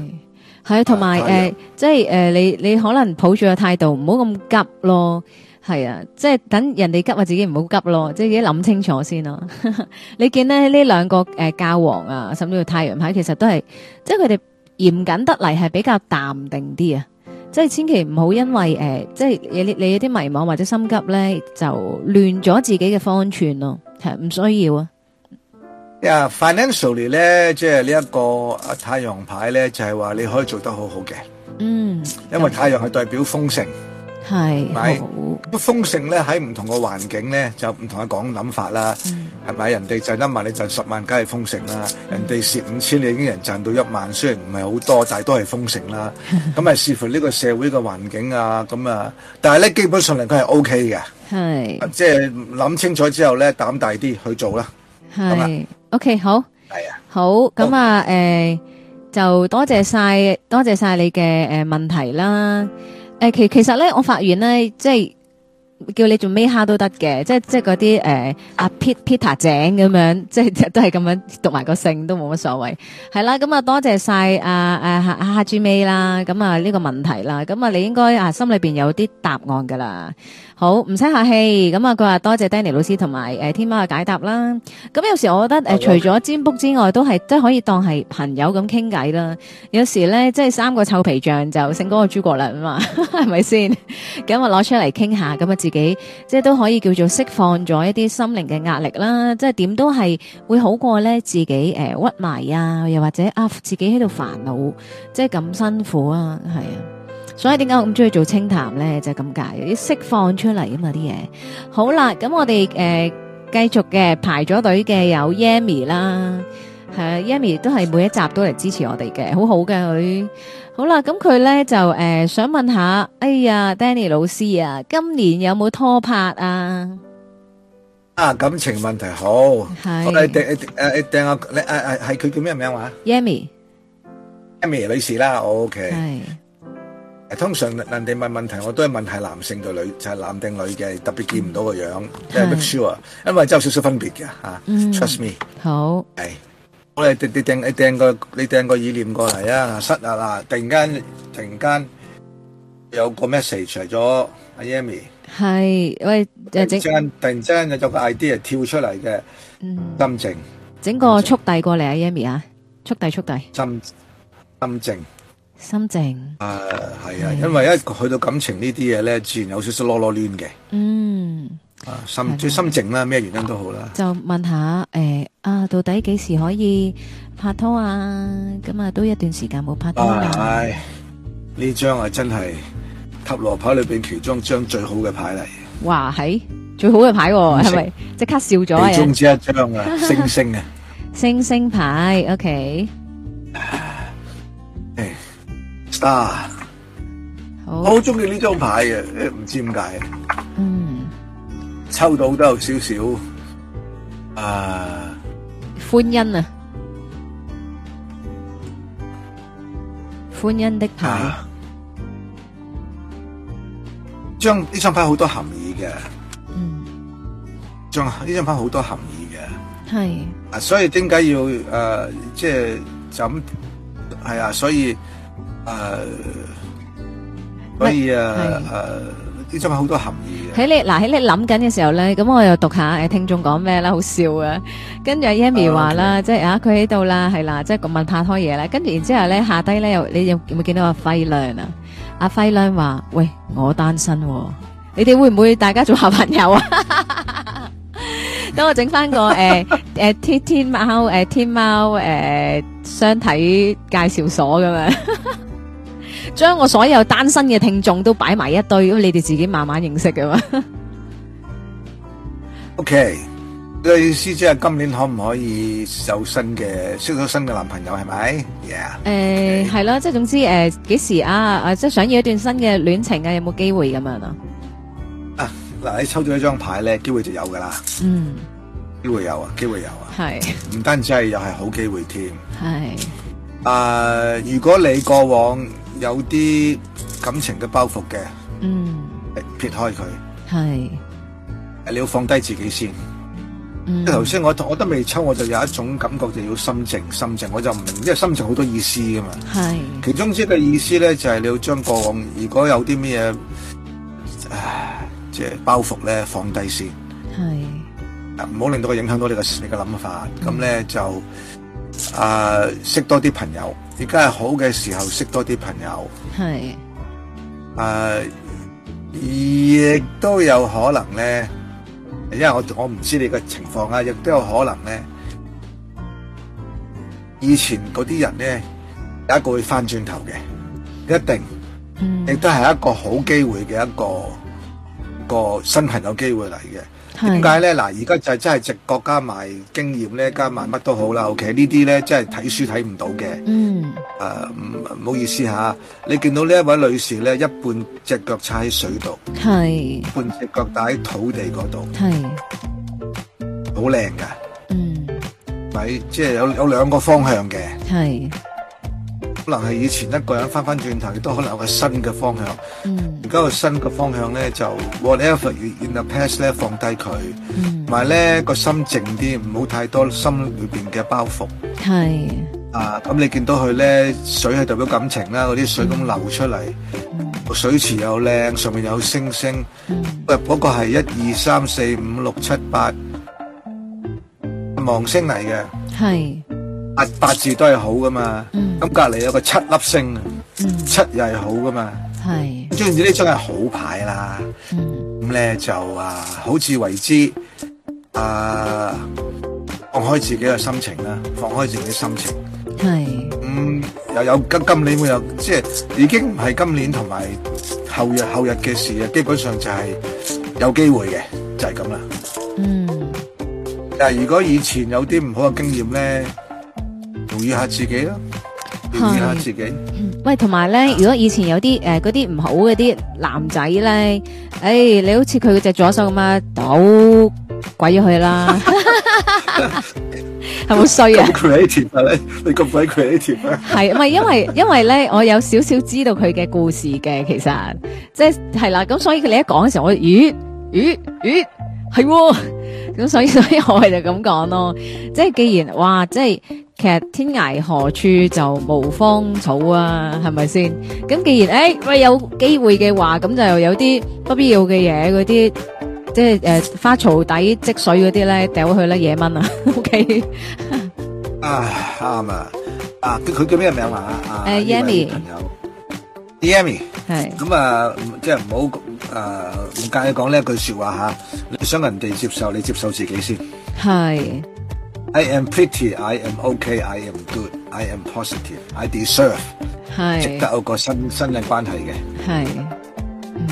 係，同埋誒，即係誒，你你可能抱住個態度唔好咁急咯。係啊，即係等人哋急，自己唔好急咯。即係自己諗清楚先咯。 你見咧呢兩個誒、呃、教皇啊，甚至乎太陽牌，其實都係即係佢哋嚴謹得嚟，係比較淡定啲啊。即係千祈唔好因為誒、呃，即係你，你有啲迷惘或者心急咧，就亂咗自己嘅方寸咯。係唔需要啊。呀、yeah，financially 咧，即係呢一個啊太陽牌咧，就係、是、話你可以做得好好嘅。嗯，因為太陽係代表豐盛。嗯係，咁豐盛咧喺唔同嘅環境咧就唔同嘅講諗法啦，係咪？人哋賺一萬，你就十萬，梗係豐盛啦。人哋蝕五千，你已經人賺到一萬，雖然唔係好多，但係都係豐盛啦。咁啊，視乎呢個社會嘅環境啊，咁啊，但係咧基本上嚟講係 OK 嘅，係，即係諗清楚之後咧，膽大啲去做啦。係，OK，好，係啊，好，咁啊，誒，就多謝晒，多謝晒你嘅誒問題啦。其其實咧，我發現咧，即係叫你做 May 咩蝦都得嘅，即係即係嗰啲誒阿 Peter 井咁樣，即係即係都係咁樣讀埋個姓都冇乜所謂。係啦，咁、嗯、啊多謝晒阿哈哈朱 May 啦，咁、嗯、啊呢、這個問題啦，咁、嗯、啊你應該啊心裏邊有啲答案噶啦。好唔使客氣，咁啊佢話多謝 Danny 老師同埋誒天喵嘅解答啦。咁有時我覺得誒、呃、除咗占卜之外，都係即係可以當係朋友咁傾偈啦。有時咧即係三個臭皮匠就勝嗰個諸葛亮啊嘛，係咪先？咁啊攞出嚟傾下，咁啊自己即係都可以叫做釋放咗一啲心靈嘅壓力啦。即係點都係會好過咧自己誒、呃、屈埋啊，又或者啊自己喺度煩惱，即係咁辛苦啊，係啊。所以點解我咁中意做清談咧？就係咁解，有啲釋放出嚟啊嘛啲嘢。好啦，咁我哋誒繼續嘅排咗隊嘅有 Yami 啦，係啊 Yami 都係每一集都嚟支持我哋嘅，好好嘅佢。好啦，咁佢咧就誒想問下，哎呀 Danny 老師啊，今年有冇拖拍啊？啊感情問題好，我哋訂誒誒訂下誒誒係佢叫咩名話？Yami，Yami 女士啦，OK。通常人哋問問題，我都係問係男性定女，就係男定女嘅，特別見唔到個樣，即係 make sure，因為真有少少分別嘅吓。Trust me。好。誒，我哋你你掟你掟個你掟個意念過嚟啊！失啊啦！突然間突然間有個 message 嚟咗，Amy。係，喂，突然間突然間有咗個 idea 跳出嚟嘅，金靜。整個速遞過嚟，Amy 啊，速遞速遞。金金靜。心靜啊，係啊，因為一去到感情呢啲嘢咧，自然有少少囉囉攣嘅。嗯，啊心最心靜啦，咩原因都好啦。就問下誒啊，到底幾時可以拍拖啊？咁啊，都一段時間冇拍拖啦。呢張啊，真係塔羅牌裏邊其中張最好嘅牌嚟。哇，係最好嘅牌喎，係咪？即刻笑咗。其中之一張啊，星星啊，星星牌。OK。Star，我好中意呢張牌嘅，唔知點解。嗯，抽到都有少少啊，歡欣啊，歡欣的牌，將呢張牌好多含義嘅，嗯，仲呢張牌好多含義嘅，係，啊，所以點解要誒，即係咁，係啊，所以。誒，所以誒誒，啲書係好多含義嘅。喺你嗱喺你諗緊嘅時候咧，咁我又讀下誒聽眾講咩啦，好笑啊！跟住阿 Yamy 話啦，即係啊，佢喺度啦，係啦，即係問拍拖嘢啦。跟住然之後咧下低咧又，你有有冇見到阿輝亮啊？阿輝亮話，喂，我單身喎，你哋會唔會大家做下朋友啊？等我整翻個誒誒天天貓誒天貓誒相睇介紹所咁啊！將我所有單身嘅聽眾都擺埋一堆，咁你哋自己慢慢認識㗎嘛？O K，呢個意思即係今年可唔可以有新嘅識到新嘅男朋友係咪？Yeah，誒係囉，即係總之誒幾時啊？誒即係想要一段新嘅戀情啊？有冇機會咁樣啊？啊嗱，你抽咗一張牌咧，機會就有噶啦。嗯，機會有啊，機會有啊，係唔單止係又係好機會添。係誒，如果你過往，.有啲感情嘅包袱嘅，嗯，撇開佢，係，你要放低自己先。嗯，頭先我我都未抽，我就有一種感覺，就要心靜心靜，我就唔明白，因為心靜好多意思噶嘛。係，其中之一嘅意思咧就係、是、你要將過往如果有啲咩嘢，即係包袱咧放低先。係，唔好令到佢影響到你嘅你個諗法。咁、嗯、咧就。啊、uh，識多啲朋友，而家係好嘅時候識多啲朋友。係，啊，亦都有可能咧，因為我我唔知你嘅情況啊，亦都有可能咧。以前嗰啲人咧，有一個會翻轉頭嘅，一定，亦都係一個好機會嘅一個、嗯、一個新朋友機會嚟嘅。點解咧？嗱，而家就真係直覺加埋經驗咧，加埋乜都好啦。O.K. 呢啲咧，真係睇書睇唔到嘅。嗯。誒、呃，唔好意思吓、啊，你見到呢一位女士咧，一半隻腳踩喺水度，係。一半隻腳踩喺土地嗰度，係。好靚㗎。嗯。咪、即、就、係、是、有有兩個方向嘅。係。可能係以前一個人翻翻轉頭，亦都可能有個新嘅方向。嗯。而家個新嘅方向咧，就 whatever in the past 咧，放低佢。嗯。同埋咧個心靜啲，唔好太多心裏邊嘅包袱。係。啊，咁你見到佢咧，水係代表感情啦，嗰啲水咁流出嚟，個水池又靚，上面有星星。嗯。誒，嗰個係一二三四五六七八芒星嚟嘅。係。啊，八字都係好噶嘛，咁隔籬有個七粒星啊，七又係好噶嘛，係，最緊要呢張係好牌啦，咁咧就啊，好自為之，啊，放開自己嘅心情啦，放開自己嘅心情，係，咁又有今今年會有即係已經唔係今年同埋後日後日嘅事啊，基本上就係有機會嘅，就係咁啦，嗯，但係如果以前有啲唔好嘅經驗咧。留意下自己咯，留意下自己。喂，同埋咧，如果以前有啲誒嗰啲唔好嘅啲男仔咧，誒，你好似佢嗰隻左手咁啊，好鬼咗去啦，係咪衰啊？好 creative 啊你，你咁鬼 creative。係，唔係因為因為咧，我有少少知道佢嘅故事嘅，其實即係係啦，咁所以佢你一講嘅時候，我咦咦咦，係喎，咁所以所以我係就咁講咯，即係既然哇，即係。其實天涯何處就無芳草啊，係咪先？咁既然誒喂有機會嘅話，咁就有啲不必要嘅嘢，嗰啲即係誒花槽底積水嗰啲咧，掉去啦，野蚊啊，OK？啊啱啊，啊佢佢叫咩名話啊？誒，Yamy 朋友，Yamy 係。咁啊，即係唔好誒唔介意講呢一句說話吓，你想人哋接受你，接受自己先。係。I am pretty, I am okay, I am good, I am positive, I deserve，值得有個新新嘅關係嘅。係，嗯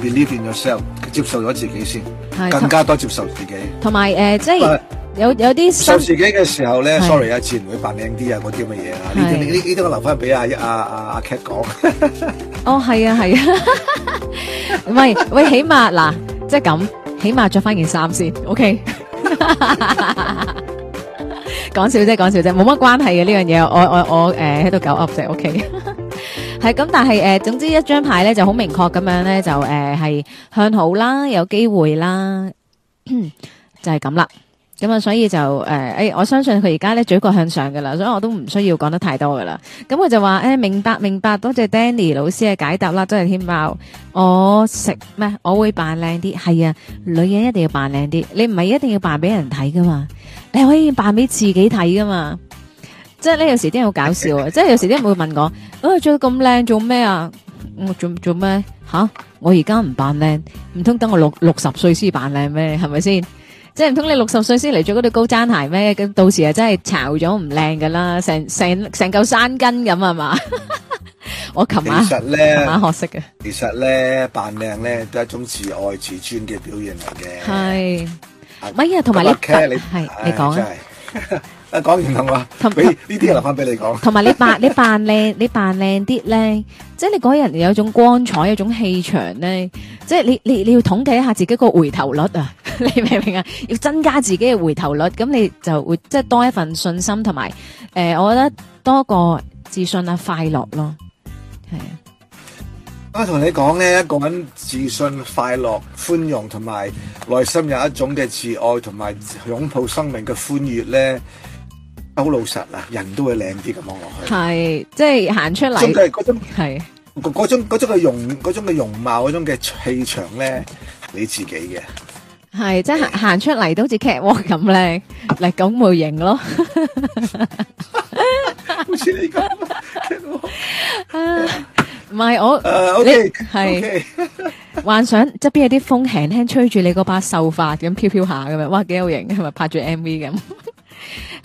，believe in yourself，接受咗自己先，係更加多接受自己。同埋誒，即係有有啲，想自己嘅時候咧，sorry 啊，自然會扮靚啲啊，嗰啲咁嘅嘢啊，呢啲呢啲，呢啲我留翻俾阿阿阿阿 cat 講。哦，係啊，係啊，唔係喂，起碼嗱，即係咁，起碼着翻件衫先，OK。講笑啫， 講笑啫，冇乜關係嘅呢樣嘢。我我我誒，喺、呃、度搞噏仔 OK 係咁，但係誒、呃，總之一張牌咧就好明確咁樣咧，就誒係、呃、向好啦，有機會啦， 就係咁啦。咁、嗯、啊，所以就誒誒、欸，我相信佢而家咧，嘴角向上噶啦，所以我都唔需要講得太多噶啦。咁、嗯、佢就話，誒、欸，明白明白，多謝 Danny 老師嘅解答啦，真係天喵。我食咩？我會扮靚啲，係啊，女人一定要扮靚啲。你唔係一定要扮俾人睇噶嘛，你可以扮俾自己睇噶嘛。即係咧，有時啲人好搞笑啊！即係有時啲人會問我， 啊，着到咁靚做咩啊？我、嗯、做做咩？吓，我而家唔扮靚，唔通等我六六十歲先扮靚咩？係咪先？即係唔通你六十歲先嚟着嗰對高踭鞋咩？咁到時啊，真係巢咗唔靚噶啦，成成成嚿山根咁係嘛？ 我琴晚，琴晚學識嘅。其實咧扮靚咧都係一種自愛自尊嘅表現嚟嘅。係，咪啊？同埋你係你講啊。啊啊 誒，講完啦嘛，俾呢啲留翻俾你講。同、嗯、埋、嗯、你扮你扮靚，你扮靚啲咧， 即係你嗰人有一種光彩，有種氣場咧，即係你你你要統計一下自己個回頭率啊，你明唔明啊？要增加自己嘅回頭率，咁你就會即係多一份信心同埋誒，我覺得多個自信啊，快樂咯，係啊。我同你講咧，講緊自信、快樂、寬、啊、容同埋內心有一種嘅自愛，同埋擁抱生命嘅歡悅咧。好老實啊，人都會靚啲咁望落去。係，即係行出嚟。即係嗰種係，嗰種嗰種嘅容，嗰種嘅容貌，嗰種嘅氣場咧，你自己嘅。係，即係行出嚟都好似劇窩咁靚，嚟咁冇型咯。好似你咁啊？唔係我，你係幻想側邊有啲風輕輕吹住你嗰把秀髮，咁飄飄下咁樣，哇，幾有型，係咪拍住 MV 咁？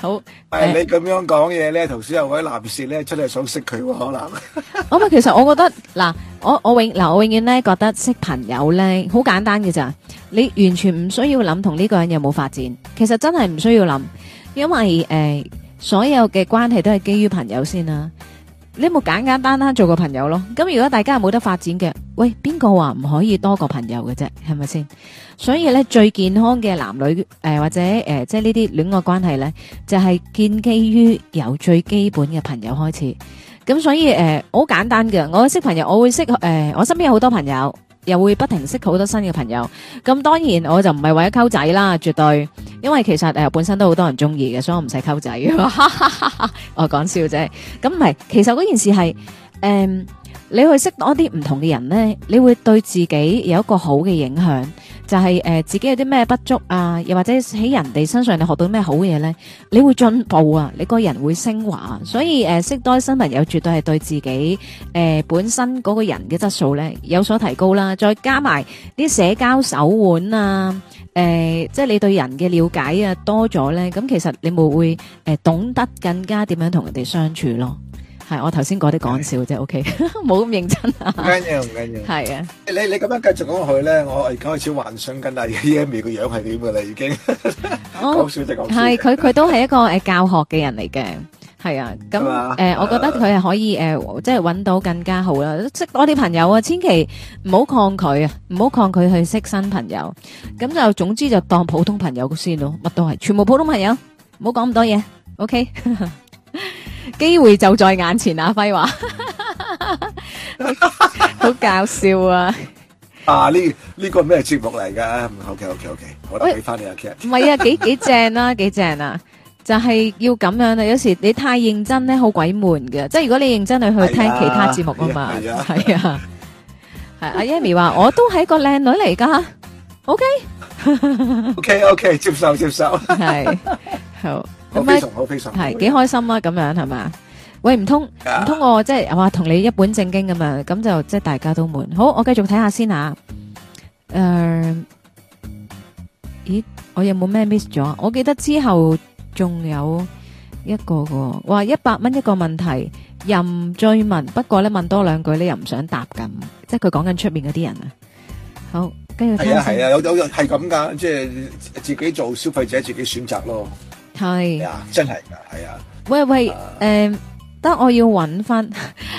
好，誒，你咁樣講嘢咧，頭先有位男士咧出嚟，想識佢，可能。咁啊，其實我覺得嗱， 我我永嗱，我永遠咧覺得識朋友咧好簡單嘅咋，你完全唔需要諗同呢個人有冇發展，其實真係唔需要諗，因為誒、呃，所有嘅關係都係基於朋友先啦、啊。你冇簡簡單單單做個朋友咯，咁如果大家係冇得發展嘅，喂，邊個話唔可以多個朋友嘅啫，係咪先？所以咧，最健康嘅男女，誒、呃、或者誒、呃，即係呢啲戀愛關係咧，就係、是、建基於由最基本嘅朋友開始。咁所以誒，好、呃、簡單嘅，我識朋友，我會識誒、呃，我身邊有好多朋友，又會不停識好多新嘅朋友。咁當然，我就唔係為咗溝仔啦，絕對，因為其實誒、呃、本身都好多人中意嘅，所以我唔使溝仔。我講笑啫。咁唔係，其實嗰件事係誒。呃你去識多啲唔同嘅人呢，你會對自己有一個好嘅影響，就係、是、誒自己有啲咩不足啊，又或者喺人哋身上你學到咩好嘢呢？你會進步啊，你個人會升華，所以誒識多啲新朋友絕對係對自己誒、呃、本身嗰個人嘅質素呢有所提高啦，再加埋啲社交手腕啊，誒即係你對人嘅了解啊多咗呢，咁其實你咪會誒懂得更加點樣同人哋相處咯。我頭先講啲講笑啫，OK，冇咁認真啊。唔緊要，唔緊要。係啊，你你咁樣繼續講落去咧，我而家開始幻想緊啦，Emmy 個樣係點噶啦，已經。我係佢，佢都係一個誒教學嘅人嚟嘅，係啊。咁誒，我覺得佢係可以誒，即係搵到更加好啦，識多啲朋友啊。千祈唔好抗拒啊，唔好抗拒去識新朋友。咁就總之就當普通朋友先咯，乜都係，全部普通朋友，唔好講咁多嘢。OK。機會就在眼前，阿輝話，好搞笑啊！啊，呢呢個咩節目嚟噶？OK OK OK，好，俾翻你啊，姐。唔係啊，幾幾正啊，幾正啊！就係要咁樣啊。有時你太認真咧，好鬼悶噶。即係如果你認真去去聽其他節目啊嘛，係啊，係啊。係阿 Yamy 話，我都係個靚女嚟噶。OK OK OK，接受接受，係好。非常，非常好。係幾開心啊！咁樣係嘛？喂，唔通唔通我即係話同你一本正經咁樣，咁就即係大家都悶。好，我繼續睇下先啊。誒、uh，咦，我有冇咩 miss 咗？我記得之後仲有一個個話一百蚊一個問題任追問，不過咧問多兩句你又唔想答緊，即係佢講緊出面嗰啲人啊。好，跟住係啊係啊，有有係咁噶，即係自己做消費者，自己選擇咯。係、哎，真係噶，係、哎、啊。喂喂，誒、呃，得我要揾翻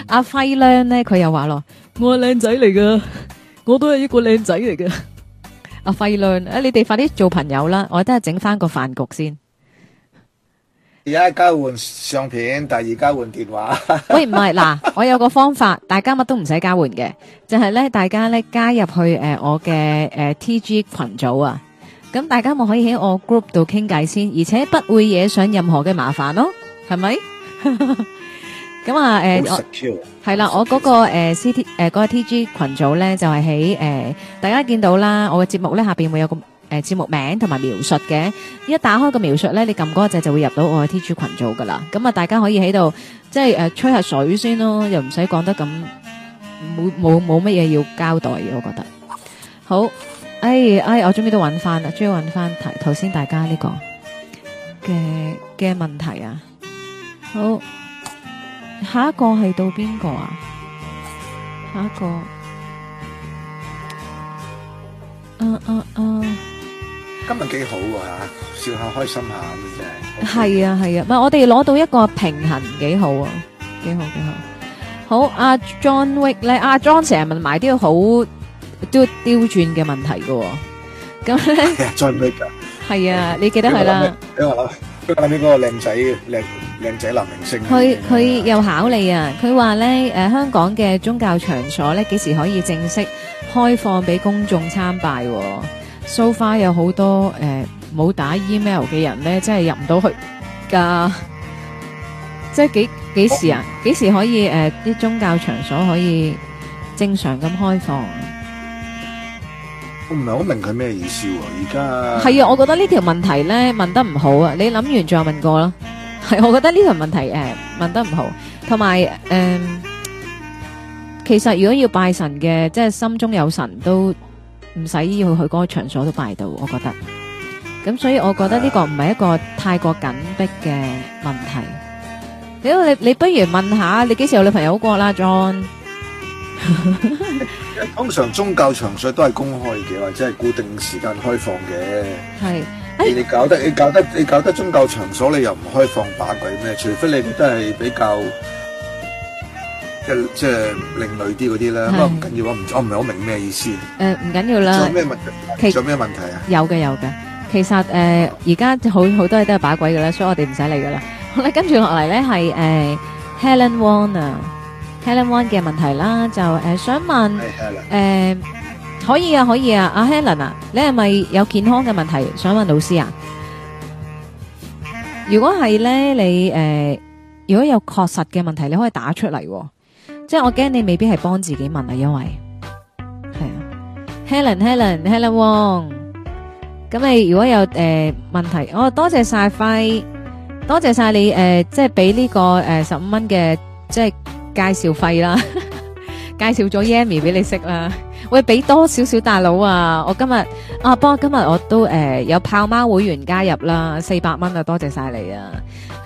阿輝亮咧，佢、嗯啊、又話咯，我係靚仔嚟噶，我都係一個靚仔嚟噶。阿輝亮，誒，你哋快啲做朋友啦，我都係整翻個飯局先。而家交換相片，第二交換電話。 喂，唔係嗱，我有個方法， 大家乜都唔使交換嘅，就係、是、咧，大家咧加入去誒、呃、我嘅誒、呃、T G 群組啊。咁大家咪可以喺我 group 度傾偈先，而且不會惹上任何嘅麻煩咯，係咪？咁啊，誒，係啦，我嗰個誒 C T 誒嗰個 T G 群組咧，就係喺誒大家見到啦，我嘅節目咧下邊會有個誒節目名同埋描述嘅，一打開個描述咧，你撳嗰個掣就會入到我嘅 T G 群組噶啦。咁啊，大家可以喺度即係誒吹下水先咯，又唔使講得咁冇冇冇乜嘢要交代嘅，我覺得好。哎哎，我終於都揾翻啦，終於揾翻，提頭先大家呢個嘅嘅問題啊。好，下一個係到邊個啊？下一個，嗯嗯嗯，今日幾好啊吓，笑下開心下咁啫。係啊係啊，唔係、啊、我哋攞到一個平衡，幾好啊，幾好幾好。好，阿、啊、John Wick 咧，阿、啊、John 成日問埋啲好。.都刁鑽嘅問題噶、哦，咁咧係啊，啊、嗯，你記得佢啦。你話啦，佢後邊嗰個靚仔，靚靚仔男明星、啊。佢佢又考你啊，佢話咧誒，香港嘅宗教場所咧幾時可以正式開放俾公眾參拜、啊、？so far 有好多誒冇、呃、打 email 嘅人咧，真係入唔到去噶。 即幾幾時啊？幾、哦、時可以誒啲宗教場所可以正常咁開放？我唔係好明佢咩意思喎，而家係啊，我覺得呢條問題咧問得唔好啊，你諗完再問過咯，係我覺得呢條問題誒問得唔好，同埋誒，其實如果要拜神嘅，即係心中有神都唔使要去嗰個場所都拜到，我覺得。咁所以我覺得呢個唔係一個太過緊迫嘅問題。屌你你不如問下你幾時有女朋友好過啦，John。 通常宗教場所都係公開嘅，或者係固定時間開放嘅。係、哎、你搞得你搞得你搞得宗教場所，你又唔開放把鬼咩？除非你都係比較一 即係另類啲嗰啲啦。咁啊唔緊要，我唔我唔我明咩意思。誒唔緊要啦。仲有咩問題？有咩問題啊？有嘅有嘅。其實誒而家好好多嘢都係把鬼噶啦，所以我哋唔使理噶啦。好 啦，跟住落嚟咧係誒 Helen Warner，Helen Wong 嘅問題啦，就誒、呃、想問誒可以啊可以啊，阿、啊啊、Helen 啊，你係咪有健康嘅問題想問老師啊？如果係咧，你誒、呃、如果有確實嘅問題，你可以打出嚟，哦，即係我驚你未必係幫自己問啊，因為係啊，Helen Helen Helen Wong，咁你如果有誒、呃、問題，我多謝晒費，多謝晒你誒、呃，即係俾呢個誒十五蚊嘅即係。介紹費啦，介紹咗 Yami 俾你識啦，喂，俾多少少大佬啊？我今日啊，幫我今日我都誒、呃、有豹貓會員加入啦，四百蚊啊，多謝晒你啊，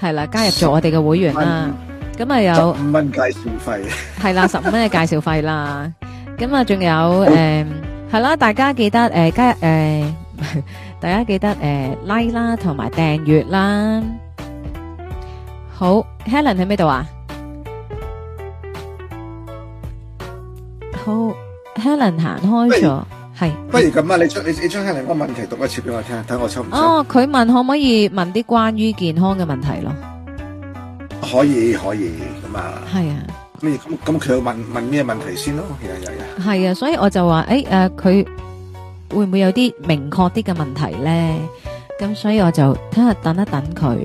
係啦，加入咗我哋嘅會員啦，咁啊有五蚊介紹費，係啦，十五蚊嘅介紹費啦，咁啊仲有誒係、呃、啦，大家記得誒加入誒，大家記得誒拉、呃呃呃 like、啦同埋訂閱啦，好，Helen 喺咩度啊？好，Helen 行開咗。係，不如咁啊，你你你將 Helen 個問題讀一次俾我聽下，睇我抽唔？哦，佢問可唔可以問啲關於健康嘅問題咯？可以可以，咁啊，係啊，咩咁咁佢要問問咩問題先咯？其實又又係啊，所以我就話誒誒，佢會唔會有啲明確啲嘅問題咧？咁所以我就睇下等一等佢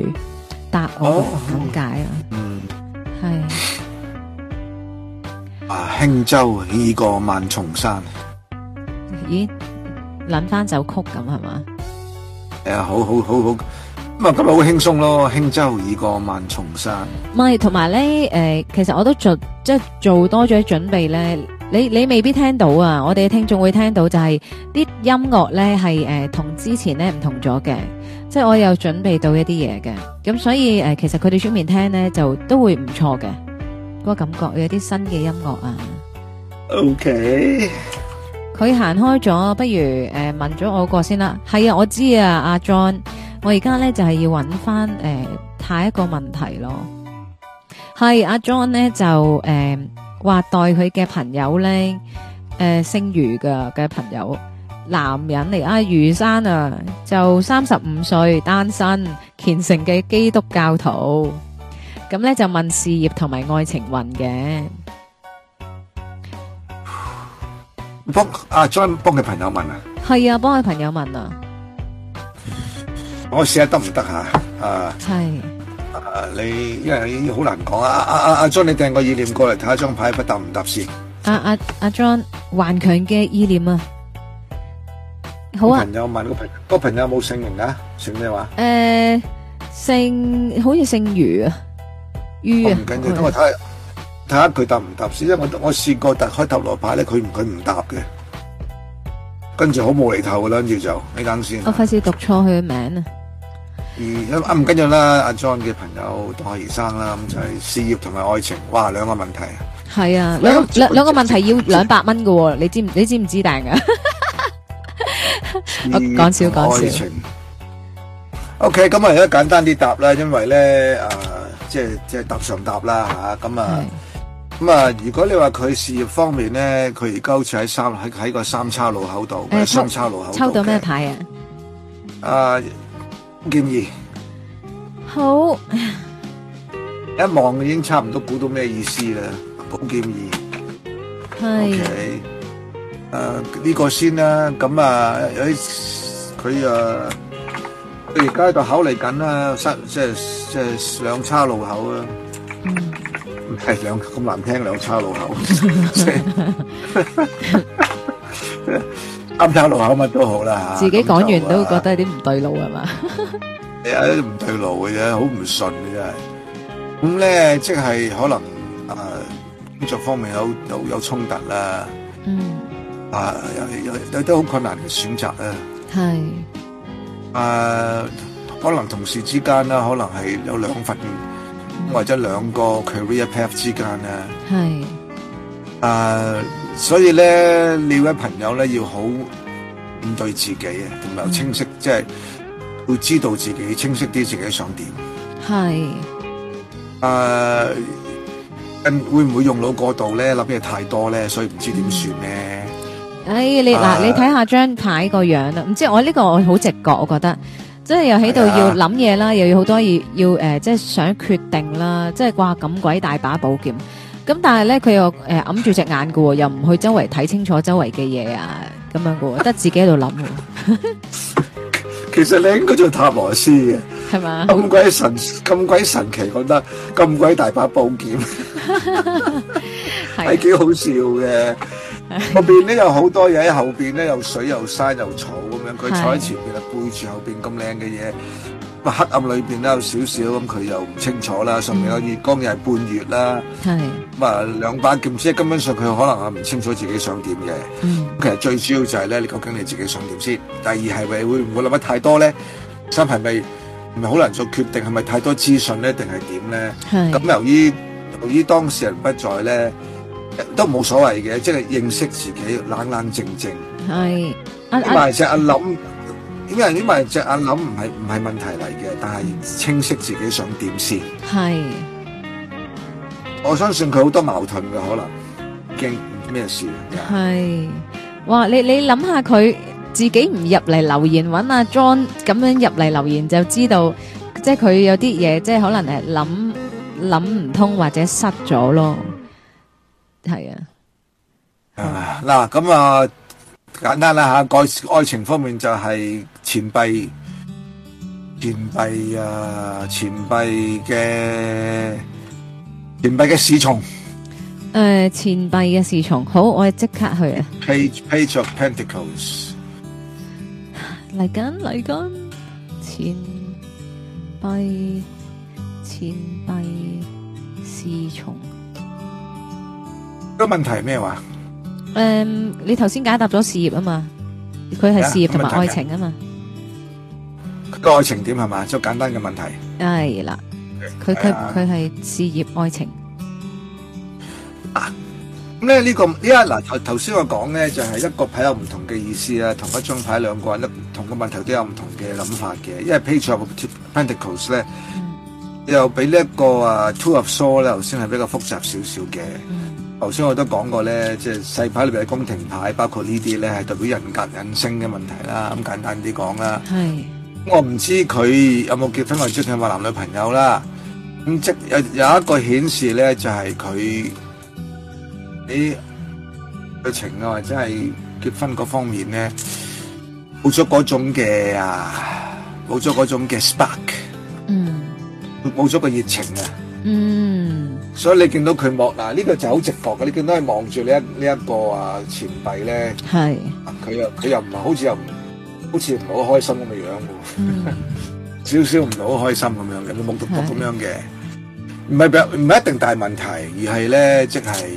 答我點解啊？啊！輕舟已過萬重山。咦？諗翻首曲咁係嘛？誒、哎，好好好好，咁啊今日好輕鬆咯。輕舟已過萬重山。唔係，同埋咧誒，其實我都做即係、就是、做多咗準備咧。你你未必聽到啊，我哋嘅聽眾會聽到就係啲音樂咧係誒同之前咧唔同咗嘅，即、就、係、是、我有準備到一啲嘢嘅，咁所以誒、呃、其實佢哋出面聽咧就都會唔錯嘅。嗰個感覺有啲新嘅音樂啊！OK，佢行開咗，不如誒、呃、問咗我個先啦。係啊，我知啊，阿、啊、John，我而家咧就係、是、要搵翻誒下一個問題咯。係阿、啊、John 咧就誒話代佢嘅朋友咧誒、呃、姓余嘅嘅朋友，男人嚟啊，余生啊，就三十五歲，單身，虔誠嘅基督教徒。咁咧就問事業同埋愛情運嘅，幫阿 John 幫佢朋友問啊，係啊，幫佢朋友問啊，我試下得唔得啊？啊，係，你因為好難講啊，阿阿阿 John，你掟個意念過嚟睇下張牌，答唔答先？阿阿阿 John，頑強嘅意念啊，好啊。朋友問個朋個朋友有冇姓名啊？姓咩話？誒，姓好似姓餘啊。唔緊要，等我睇睇下佢答唔答先，因為我我試過答開塔羅牌咧，佢佢唔答嘅，跟住好無厘頭啦，跟住就你等先。我費事讀錯佢嘅名啊！而一唔緊要啦，阿 John 嘅朋友董學儒生啦，咁就係事業同埋愛情，哇，兩個問題。係啊，兩兩兩個問題要兩百蚊㗎，你知唔你知唔知定噶？講笑講笑。OK，咁啊，而家簡單啲答啦，因為咧啊。即係即係搭上搭啦吓，咁啊咁啊、嗯！如果你話佢事業方面咧，佢而家好似喺三喺喺個三叉路口度、欸、三叉路口。抽到咩牌啊？啊，建議好，一望已經差唔多估到咩意思啦。好建議係，誒、呢、okay, 啊呢個先啦。咁啊，佢啊。我而家喺度考慮緊啦，即係即係兩叉路口啊，唔係兩咁難聽兩叉路口，啱叉路口乜都好啦吓。自己講完都覺得有啲唔對路係嘛？係啊，唔對路嘅啫，好唔順嘅真係。咁咧，即係可能啊，工作方面有有有衝突啦，嗯，啊有有有啲好困難嘅選擇啦，係。誒、uh,，可能同事之間啦，可能係有兩份，mm. 或者兩個 career path 之間咧。係。誒，所以咧，你位朋友咧要好面對自己啊，同埋清晰，即係會知道自己，清晰啲自己想點。係。誒，會唔會用腦過度咧？諗嘢太多咧，所以唔知點算咧？Mm. 哎，你嗱、啊，你睇下張太個樣啦，唔知我呢個我好直覺、啊呃呃我， 我覺得，即係又喺度要諗嘢啦，又要好多嘢，要誒，即係想決定啦，即係掛咁鬼大把寶劍，咁但係咧佢又誒揞住隻眼嘅，又唔去周圍睇清楚周圍嘅嘢啊，咁樣嘅，得自己喺度諗。其實你應該做塔羅師嘅，係嘛？咁鬼神咁鬼神奇，覺得咁鬼大把寶劍，係幾好笑嘅。後邊咧有好多嘢，後邊咧又水又山又草咁樣，佢坐喺前邊啊背住後邊咁靚嘅嘢，咁啊黑暗裏邊咧有少少，咁佢又唔清楚啦。上面個月光又係半月啦，係咁啊兩把劍，即係根本上佢可能啊唔清楚自己想點嘅。嗯，其實最主要就係咧，你究竟你自己想點先？第二係咪會唔會諗得太多咧？三係咪唔係好難做決定？係咪太多資訊咧，定係點咧？係咁，由於由於當事人不在咧。都冇所謂嘅，即係認識自己，冷冷靜靜。係，點埋只阿諗，點解點埋只阿諗唔係唔係問題嚟嘅？但係清晰自己想點先。係，我相信佢好多矛盾嘅可能驚咩事？係，哇！你你諗下佢自己唔入嚟留言，搵阿 John 咁樣入嚟留言，就知道即係佢有啲嘢，即係可能係諗諗唔通或者失咗咯。係啊，嗱咁啊，簡單啦吓，愛愛情方面就係錢幣，錢幣啊，錢幣嘅錢幣嘅侍從，誒，錢幣嘅侍從，好，我哋即刻去啊，Page Page of Pentacles，嚟緊嚟緊，錢幣，錢幣侍從。個問題係咩話？誒，你頭先解答咗事業啊嘛，佢係事業同埋愛情啊嘛。個愛情點係嘛？最簡單嘅問題。係啦，佢佢佢係事業愛情。嗱，咁咧呢個呢一嗱頭頭先我講咧就係一個牌有唔同嘅意思啊，同一張牌兩個人一，同個問題都有唔同嘅諗法嘅，因為 Page of Pentacles 咧又畀呢一個啊 Two of Swords 咧頭先係比較複雜少少嘅。頭先我都講過咧，即係細牌裏邊嘅宮廷牌，包括呢啲咧係代表人格、人性嘅問題啦，咁簡單啲講啦。係，我唔知佢有冇結婚或者係話男女朋友啦。咁即有一個顯示咧，就係佢你愛情啊，或者係結婚嗰方面咧，冇咗嗰種嘅啊，冇咗嗰種嘅 spark 嗯。嗯。冇咗個熱情啊。嗯。所以你見到佢望，嗱呢個就好直覺嘅，你見到佢望住呢一呢一個啊錢幣咧，佢又佢又唔係好似又好似唔係好開心咁嘅樣喎，少少唔係好開心咁樣嘅，目督督咁樣嘅，唔係唔係一定大問題，而係咧即係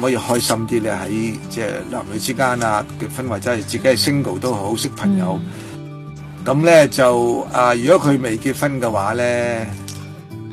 可以開心啲咧喺即係男女之間啊結婚或者係自己係 single 都好識朋友，咁咧就啊如果佢未結婚嘅話咧。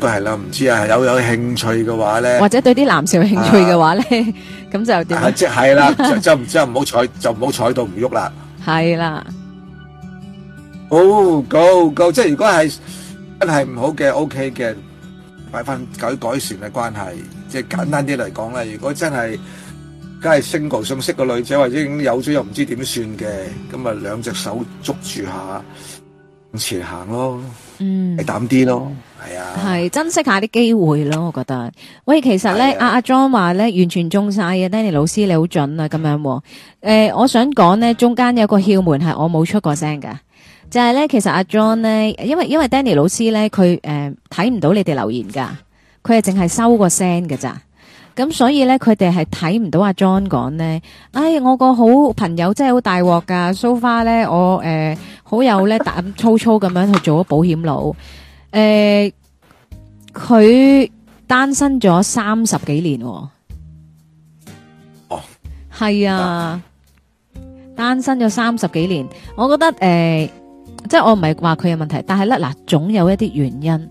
都係啦，唔知啊，有有興趣嘅話咧，或者對啲男性有興趣嘅話咧，咁就點？即係啦，就就唔好彩，就唔好彩到唔喐啦。係啦，哦，go go，即係如果係真係唔好嘅，OK 嘅，擺翻改改善嘅關係，即係簡單啲嚟講啦。如果真係，梗係 single 想識個女仔，或者已經有咗又唔知點算嘅，咁啊兩隻手捉住下，向前行咯，嗯，大膽啲咯。係珍惜下啲機會咯，我覺得。喂，其實咧阿阿 John 話咧完全中晒嘅、yeah. Danny 老師你好準啊，咁樣、啊。誒、呃，我想講咧中間有個竅門係我冇出過聲噶，就係、是、咧其實阿、啊、John 咧，因為因為 Danny 老師咧佢誒睇唔到你哋留言噶，佢係淨係收個聲噶咋。咁所以咧佢哋係睇唔到阿、啊、John 講咧，哎我個好朋友真係好大鑊噶，so far 咧我誒、呃、好有咧膽粗粗咁樣去做咗保險佬。 誒、呃，佢單身咗三十幾年哦，哦，係啊，單身咗三十幾年，我覺得誒、呃，即係我唔係話佢有問題，但係咧嗱，總有一啲原因，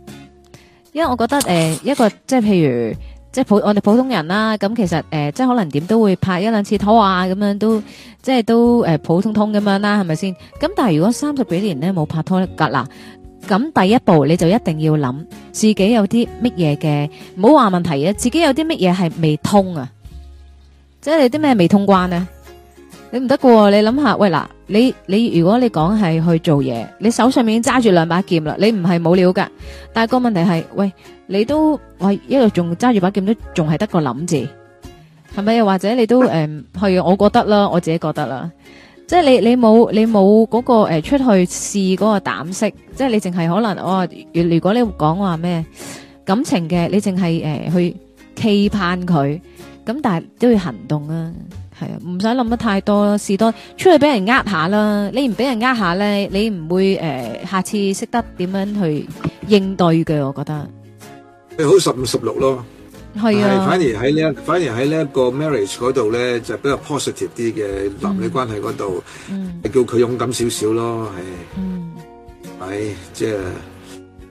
因為我覺得誒、呃，一個即係譬如即係普我哋普通人啦、啊，咁、嗯、其實誒、呃，即係可能點都會拍一兩次拖啊，咁樣都即係都誒、呃、普通通咁樣啦，係咪先？咁但係如果三十幾年呢，冇拍拖，隔啦。咁第一步你就一定要諗自己有啲乜嘢嘅，唔好話問題啊！自己有啲乜嘢係未通啊？即係你啲咩未通關啊？你唔得噶，你諗下，喂嗱，你你如果你講係去做嘢，你手上面已經揸住兩把劍啦，你唔係冇料噶，但係個問題係，喂，你都喂一路仲揸住把劍都仲係得個諗字，係咪？又或者你都誒，係我覺得啦，我自己覺得啦。即係你你冇你冇嗰個誒出去試嗰個膽識，即係你淨係可能我、哦、如果你講話咩感情嘅，你淨係誒去期盼佢，咁但係都要行動啊，係啊，唔使諗得太多啦，試多出去俾人呃下啦，你唔俾人呃下咧，你唔會誒、呃、下次識得點樣去應對嘅，我覺得。你好十五十六咯。係，反而喺呢一個，反而喺呢一個 marriage 嗰度咧，就比較 positive 啲嘅男女關係嗰度，係叫佢勇敢少少咯，係。嗯。係，即係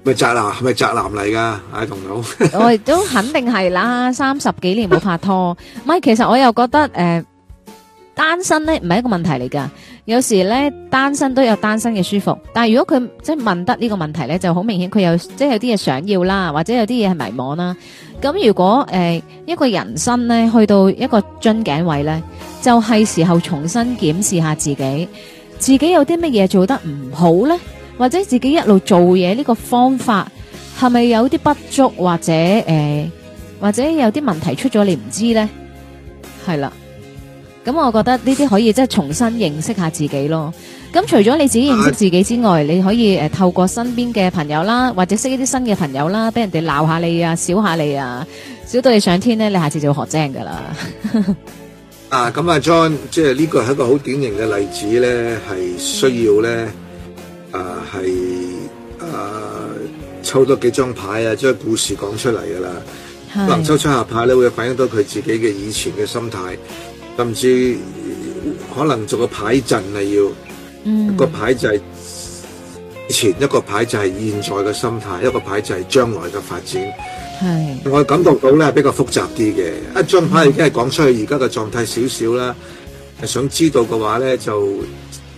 咪宅男？係咪宅男嚟㗎？阿彤嫂。我亦都肯定係啦，三十幾年冇拍拖。咪其實我又覺得誒，單身咧唔係一個問題嚟㗎。有時咧單身都有單身嘅舒服，但係如果佢即係問得呢個問題咧，就好明顯佢有即係有啲嘢想要啦，或者有啲嘢係迷惘啦。咁如果誒、呃、一個人生咧去到一個樽頸位咧，就係、是、時候重新檢視下自己，自己有啲乜嘢做得唔好呢？或者自己一路做嘢呢個方法係咪有啲不足，或者誒、呃、或者有啲問題出咗你唔知呢？係啦，咁我覺得呢啲可以即係重新認識下自己咯。咁除咗你自己認識自己之外，啊、你可以透過身邊嘅朋友啦，或者識一啲新嘅朋友啦，俾人哋鬧下你啊，笑下你啊，笑到你上天咧，你下次就會學精噶啦、啊。啊，咁啊，John，即係呢個係一個好典型嘅例子咧，係需要咧，啊，係啊，抽多幾張牌啊，將故事講出嚟噶啦，可能抽出下牌咧，會反映到佢自己嘅以前嘅心態，甚至可能做個牌陣啊，要。一個牌就係前一個牌就係現在嘅心態，一個牌就係將來嘅發展。係，我感覺到咧比較複雜啲嘅、嗯，一張牌已經係講出去，而家嘅狀態少少啦。係想知道嘅話咧就。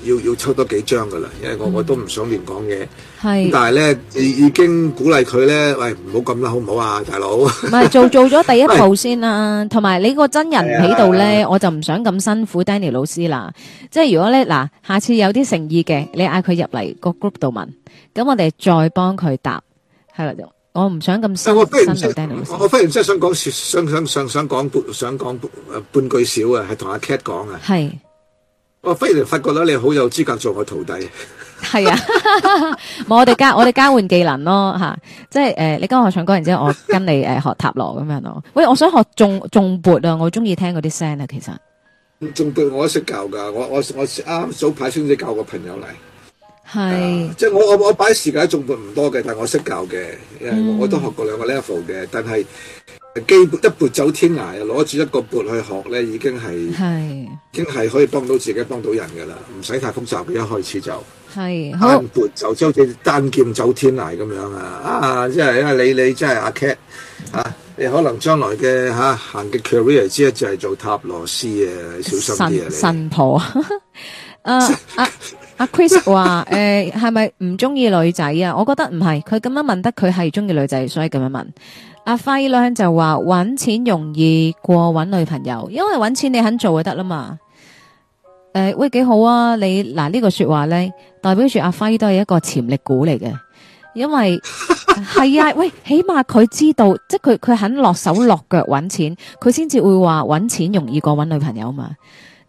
要要抽多幾張噶啦，因為我我都唔想亂講嘢。係，但係咧已已經鼓勵佢咧，喂唔好咁啦，好唔好啊，大佬？唔係做做咗第一步先啦，同埋你個真人喺度咧，我就唔想咁辛苦 Danny 老師啦。即係如果咧嗱，下次有啲誠意嘅，你嗌佢入嚟個 group 度問，咁我哋再幫佢答。係啦，我唔想咁辛苦 Danny 老師。我非常唔想講，想想想想講半想講半句少啊，係同阿 Cat 講啊。係。我忽然發覺到你好有資格做我徒弟，係啊， 我哋交我哋交換技能咯，吓，即係誒，你跟我學唱歌，然之後我跟你誒學塔羅咁樣咯。喂，我想學仲仲撥啊，我中意聽嗰啲聲啊，其實仲撥我都識教噶，我我我啱啱、啊、早排先至教個朋友嚟，係、啊，即係我我我擺時間仲撥唔多嘅，但係我識教嘅、嗯，我都學過兩個 level 嘅，但係。基本一牌走天涯，攞住一個牌去學咧，已經係，已經係可以幫到自己、幫到人噶啦，唔使太複雜，一開始就係，單牌就即係單劍走天涯咁樣啊！啊，即係因為你你即係阿 cat 啊，你可能將來嘅吓、啊、行嘅 career 只係做塔羅師嘅，小心啲啊你。神神婆，啊啊。啊 阿 Chris 話：誒、 呃，係咪唔中意女仔啊？我覺得唔係，佢咁樣問得佢係中意女仔，所以咁樣問。阿輝呢就話：搵錢容易過搵女朋友，因為搵錢你肯做就得啦嘛。誒、呃，喂，幾好啊！你嗱呢、呃這個說話咧，代表住阿輝都係一個潛力股嚟嘅，因為係 啊，喂，起碼佢知道，即係佢佢肯落手落腳搵錢，佢先至會話搵錢容易過搵女朋友嘛。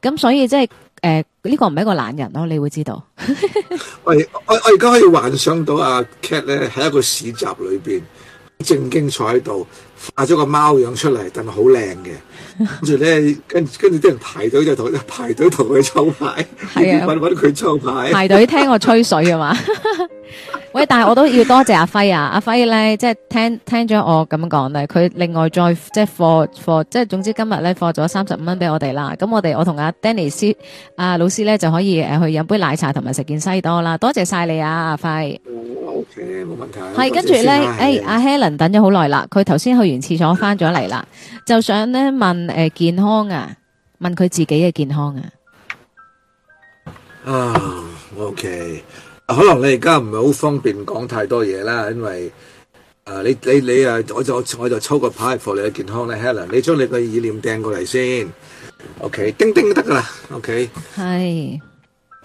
咁所以即係。誒、呃，呢、這個唔係一個懶人咯，你會知道。 喂，我我我而家可以幻想到阿 Cat 咧喺一個市集裏邊正經坐喺度。化咗個貓樣出嚟，但係好靚嘅。跟住咧，跟跟住啲人排隊就同排隊同佢抽牌，係啊，搵佢抽牌。排隊聽我吹水啊嘛！喂，但係我都要多謝阿輝啊！阿輝咧，即係聽聽咗我咁講咧，佢另外再即係課課，即係總之今日咧課咗三十五蚊俾我哋啦。咁我哋我同阿 Danny 師啊老師咧就可以誒去飲杯奶茶同埋食件西多啦。多謝晒你啊，阿輝。OK，冇問題。係跟住咧，誒，阿 Helen 等咗好耐啦，佢頭先去。完廁所翻咗嚟啦，就想咧問誒健康啊，問佢自己嘅健康啊。啊，OK，可能你而家唔係好方便講太多嘢啦，因為誒你你你啊，我就我就抽個牌 for 你嘅健康咧，Helen，你將你嘅意念掟過嚟先，OK，叮叮就得噶啦，OK，係。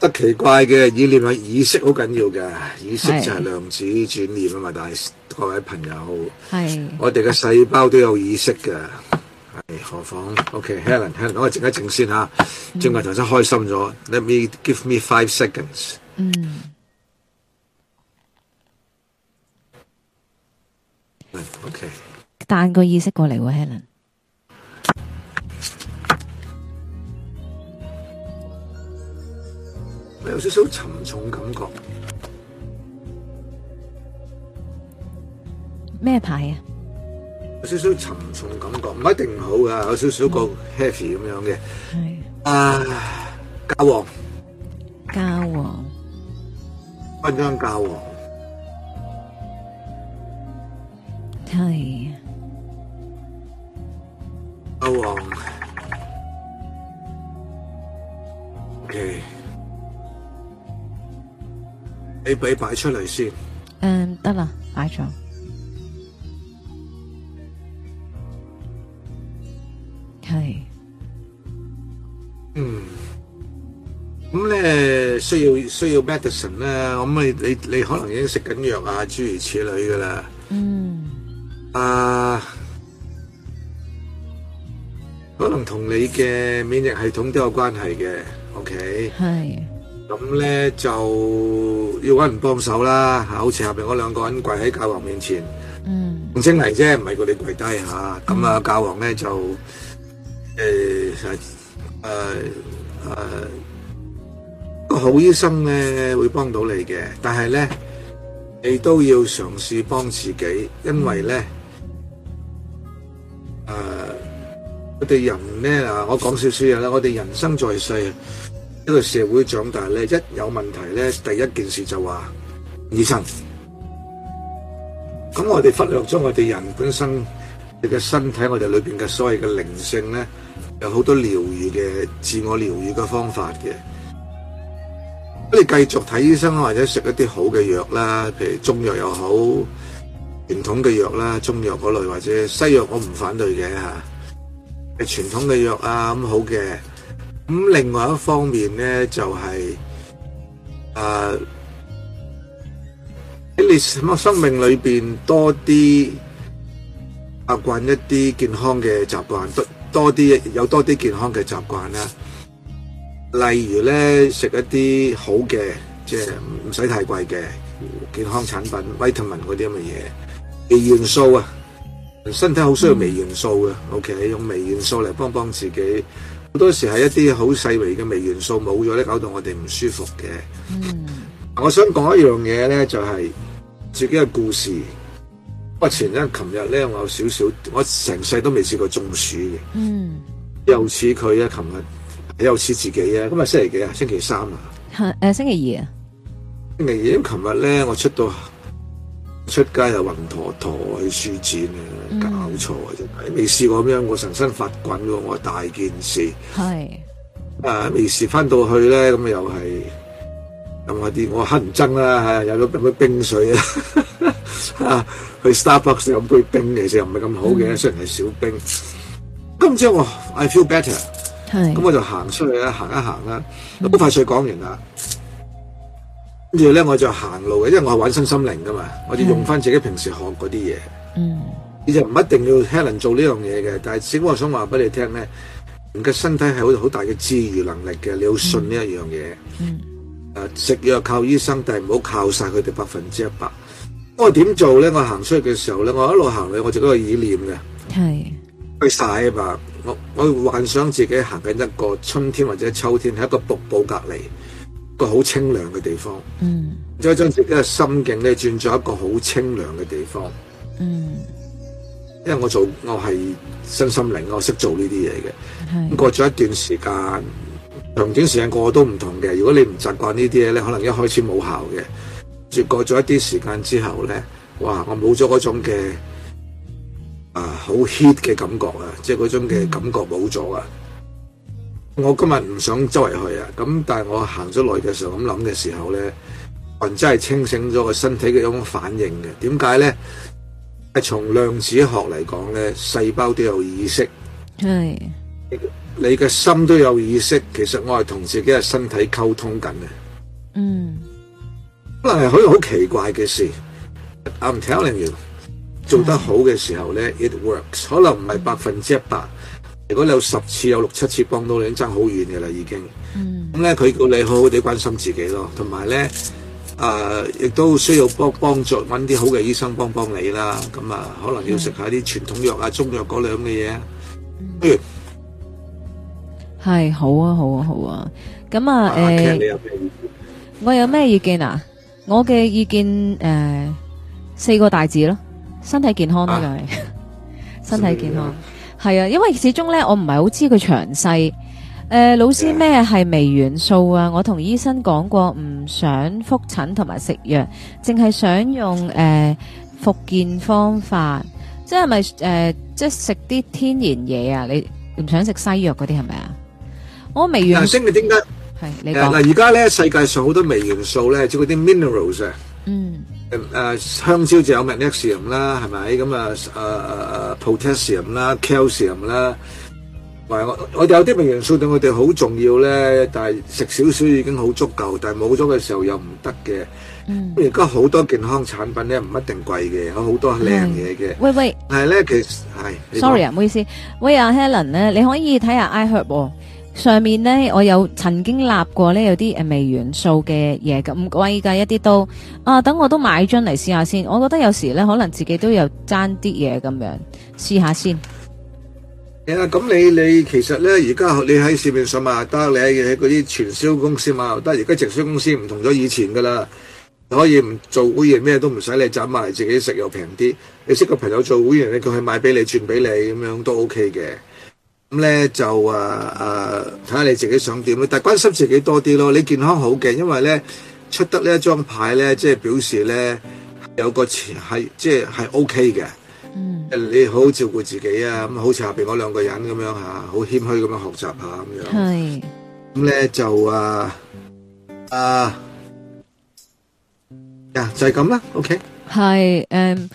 得奇怪嘅意念啊，意識好緊要嘅，意識就係量子轉念啊嘛！但係各位朋友，我哋嘅細胞都有意識嘅，係何況 OK，Helen，Helen，okay，我靜一靜先吓。最近頭先開心咗，嗯，Let me give me five seconds 嗯。嗯，OK，彈個意識過嚟喎，Helen。有少少沉重感覺，咩牌啊？有少少沉重感覺，唔一定唔好噶，有少少個 heavy 咁樣嘅。係啊，膠王，膠王，班長膠王，係阿王，OK。你俾擺出嚟先、um, 了了 okay. 嗯。嗯，得啦，擺咗。係。嗯。咁咧需要需要 medicine 咧、啊，咁你你你可能已經食緊藥啊，諸如此類噶啦。嗯。啊。可能同你嘅免疫系統都有關係嘅。OK。係。咁咧就要揾人幫手啦，吓，好似下面嗰兩個人跪喺教皇面前，嗯，唔稱嚟啫，唔係佢哋跪低吓，咁啊，教皇咧就誒誒誒個好醫生咧會幫到你嘅，但係咧你都要嘗試幫自己，因為咧誒我哋人咧啊，我講少少嘢啦，我哋人生在世。喺個社會長大咧，一有問題咧，第一件事就話醫生。咁我哋忽略咗我哋人本身，你嘅身體我哋裏邊嘅所謂嘅靈性咧，有好多療愈嘅自我療愈嘅方法嘅。你繼續睇醫生或者食一啲好嘅藥啦，譬如中藥又好，傳統嘅藥啦，中藥嗰類或者西藥，我唔反對嘅吓，係傳統嘅藥啊咁好嘅。咁另外一方面咧，就係誒喺你什麼生命裏邊多啲習慣一啲健康嘅習慣，多多啲有多啲健康嘅習慣啦。例如咧，食一啲好嘅，即係唔使太貴嘅健康產品，vitamin 嗰啲咁嘅嘢，微元素啊，身體好需要微元素啊。OK，用微元素嚟幫幫自己。好多時係一啲好細微嘅微元素冇咗咧，搞到我哋唔舒服嘅。嗯，我想講一樣嘢咧，就係自己嘅故事。我前一琴日咧，我有少少，我成世都未試過中暑嘅。嗯，又似佢啊，琴日又似自己啊。今日星期幾啊？星期三啊。誒，星期二啊。星期二咁，琴日咧，我出到。出街又暈陀陀去書展啊，搞錯，真係。未試過咁樣？我成身發滾嘅，我大件事。係啊，未試翻到去咧，咁又係咁啊啲，我乞人憎啦，有咗杯冰水啊，去 Starbucks 飲杯冰，其實又唔係咁好嘅，雖然係小冰。今朝我 I feel better，係咁我就行出去啦，行一行啦，咁快趣講完啦。跟住咧，我就行路嘅，因為我係玩身心靈噶嘛，我就用翻自己平時學嗰啲嘢。嗯，你就唔一定要 Helen 做呢樣嘢嘅，但係正我想話俾你聽咧，人嘅身體係好好大嘅治癒能力嘅，你要信呢一樣嘢。嗯，誒、啊，食藥靠醫生，但係唔好靠晒佢哋百分之一百。咁我點做咧？我行出去嘅時候咧，我一路行去，我就嗰個意念嘅。係去晒啊嘛！我我幻想自己行緊一個春天或者秋天，喺一個瀑布隔離。一個好清涼嘅地方，嗯，再將自己嘅心境咧轉咗一個好清涼嘅地方，嗯，因為我做我係身心靈，我識做呢啲嘢嘅。係過咗一段時間，長短時間個個都唔同嘅。如果你唔習慣呢啲嘢咧，可能一開始冇效嘅，過咗一啲時間之後咧，哇，我冇咗嗰種嘅啊好 hit 嘅感覺啊，即係嗰種嘅感覺冇咗啊。嗯嗯我今日唔想周圍去啊，咁但係我行咗耐嘅時候，咁諗嘅時候咧，人真係清醒咗個身體嘅一種反應嘅。點解咧？係從量子學嚟講咧，細胞都有意識，係你嘅心都有意識。其實我係同自己嘅身體溝通緊嘅。嗯，可能係好好奇怪嘅事。ButI'm telling you，做得好嘅時候咧，it works，可能唔係百分之一百。嗯如果你有十次有六七次幫到你，爭好遠嘅啦，已經。咁、嗯、咧，佢叫你好好地關心自己咯，同埋咧，誒、呃，亦都需要幫幫助，揾啲好嘅醫生幫幫你啦。咁啊，可能要食下啲傳統藥啊、中藥嗰兩嘅嘢。嗯。係好啊，好啊，好啊。咁啊，誒、啊，呃、你有咩意見？我有咩意見啊？我嘅意見，誒、呃，四個大字咯，身體健康啦，就、啊、係身體健康。嗯係啊，因為始終咧，我唔係好知佢詳細。誒、呃，老師咩係微元素啊？我同醫生講過，唔想復診同埋食藥，淨係想用誒復、呃、健方法。即係咪誒？即係食啲天然嘢啊？你唔想食西藥嗰啲係咪啊？我微元素點解？係你講嗱？而家咧，世界上好多微元素咧，即嗰啲 minerals 啊。嗯，誒香蕉就有鎂、鈉啦，係咪咁啊？誒誒誒，potassium 啦、calcium 啦，或者我我哋有啲微量元素對我哋好重要咧，但係食少少已經好足夠，但係冇咗嘅時候又唔得嘅。嗯，而家好多健康產品咧，唔一定貴嘅，有好多靚嘢嘅。喂喂，係咧，其實係，sorry 啊，唔好意思，喂阿 Helen 咧，你可以睇下 iHerb。上面呢，我有曾經立過呢，有啲誒微量元素嘅嘢咁貴㗎，一啲都啊，等我都買樽嚟試下先。我覺得有時呢，可能自己都有爭啲嘢咁樣試下先。啊、yeah，咁你你其實呢，而家你喺市面上買得，你喺嗰啲傳銷公司買得。而家直銷公司唔同咗以前噶啦，可以唔做會員咩都唔使你賺埋嚟，自己食又平啲。你識個朋友做會員佢係買俾你，轉俾你咁樣都 OK 嘅。咁咧，就誒誒，睇下你自己想點啦。但關心自己多啲咯。你健康好嘅，因為咧出得呢一張牌咧，即係表示咧有個錢係即係係 O K 嘅。嗯，你好好照顧自己啊。咁好似下邊嗰兩個人咁樣吓，好謙虛咁樣學習下咁樣。係。咁咧就啊啊呀，就係咁啦。O K。Hi，嗯。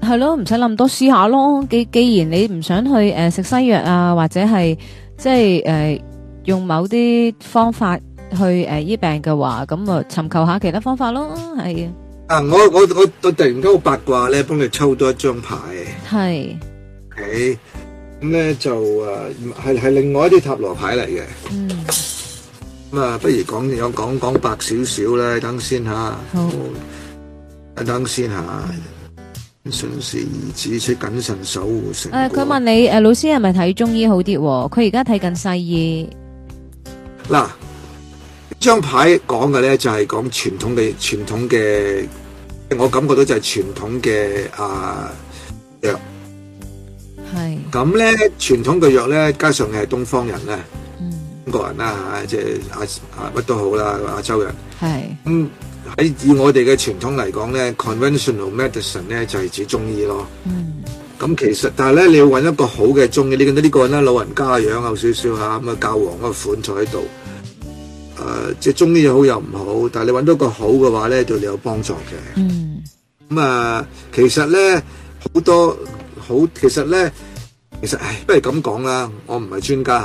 係咯，唔使諗咁多，試下咯。既既然你唔想去誒食西藥啊，或者係即係誒用某啲方法去誒醫病嘅話，咁啊尋求下其他方法咯。係啊，啊我我我我突然間好八卦咧，幫你抽多一張牌。係，OK，咁咧就啊係係另外一啲塔羅牌嚟嘅。嗯，咁啊不如講講講白少少啦，等先吓。好，等先吓。順勢而止，且謹慎守護成果。誒，佢、啊、問你誒，老師係咪睇中醫好啲、哦？佢而家睇緊西醫。嗱，張牌講嘅咧就係講傳統嘅傳統嘅，我感覺到就係傳統嘅啊藥。係。咁咧，傳統嘅藥咧，加上你係東方人咧、嗯，中國人啦吓，即係啊、啊、乜都好啦，亞、啊、洲人。係。嗯。喺以我哋嘅傳統嚟講咧，conventional medicine 咧就係指中醫咯。嗯。咁其實，但係咧，你要揾一個好嘅中醫，你見到呢個人咧，老人家嘅樣有少少嚇，咁啊教皇嗰個款喺度。誒、呃，即係中醫又好又唔好，但係你揾到一個好嘅話咧，對你有幫助嘅。Mm. 嗯。咁啊，其實咧好多好，其實咧其實唉，不如咁講啦，我唔係專家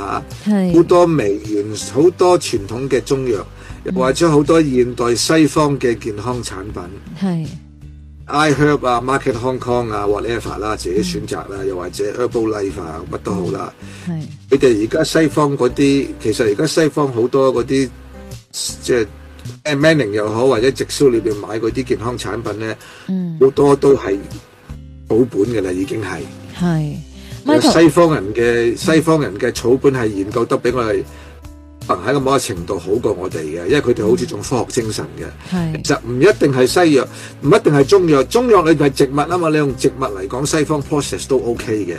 嚇。係。好多微元，好多傳統嘅中藥。又或者好多現代西方嘅健康產品，係、mm -hmm. I Herb 啊、Market Hong Kong 啊、What Ever 啦、啊，自己選擇啦、啊 mm -hmm.，又或者 Herbalife 啊，乜都好啦。係、mm -hmm.，佢哋而家西方嗰啲，其實而家西方好多嗰啲，即係 Manning 又好，或者直銷裏面買嗰啲健康產品咧，好、mm -hmm. 多都係草本嘅啦，已經係。Mm -hmm. 西方人嘅、mm -hmm. 西方人嘅草本係研究得比我哋。喺一個某個程度好過我哋嘅，因為佢哋好注重科學精神嘅。其實唔一定係西藥，唔一定係中藥。中藥你係植物啊嘛，你用植物嚟講，西方 process 都 OK 嘅。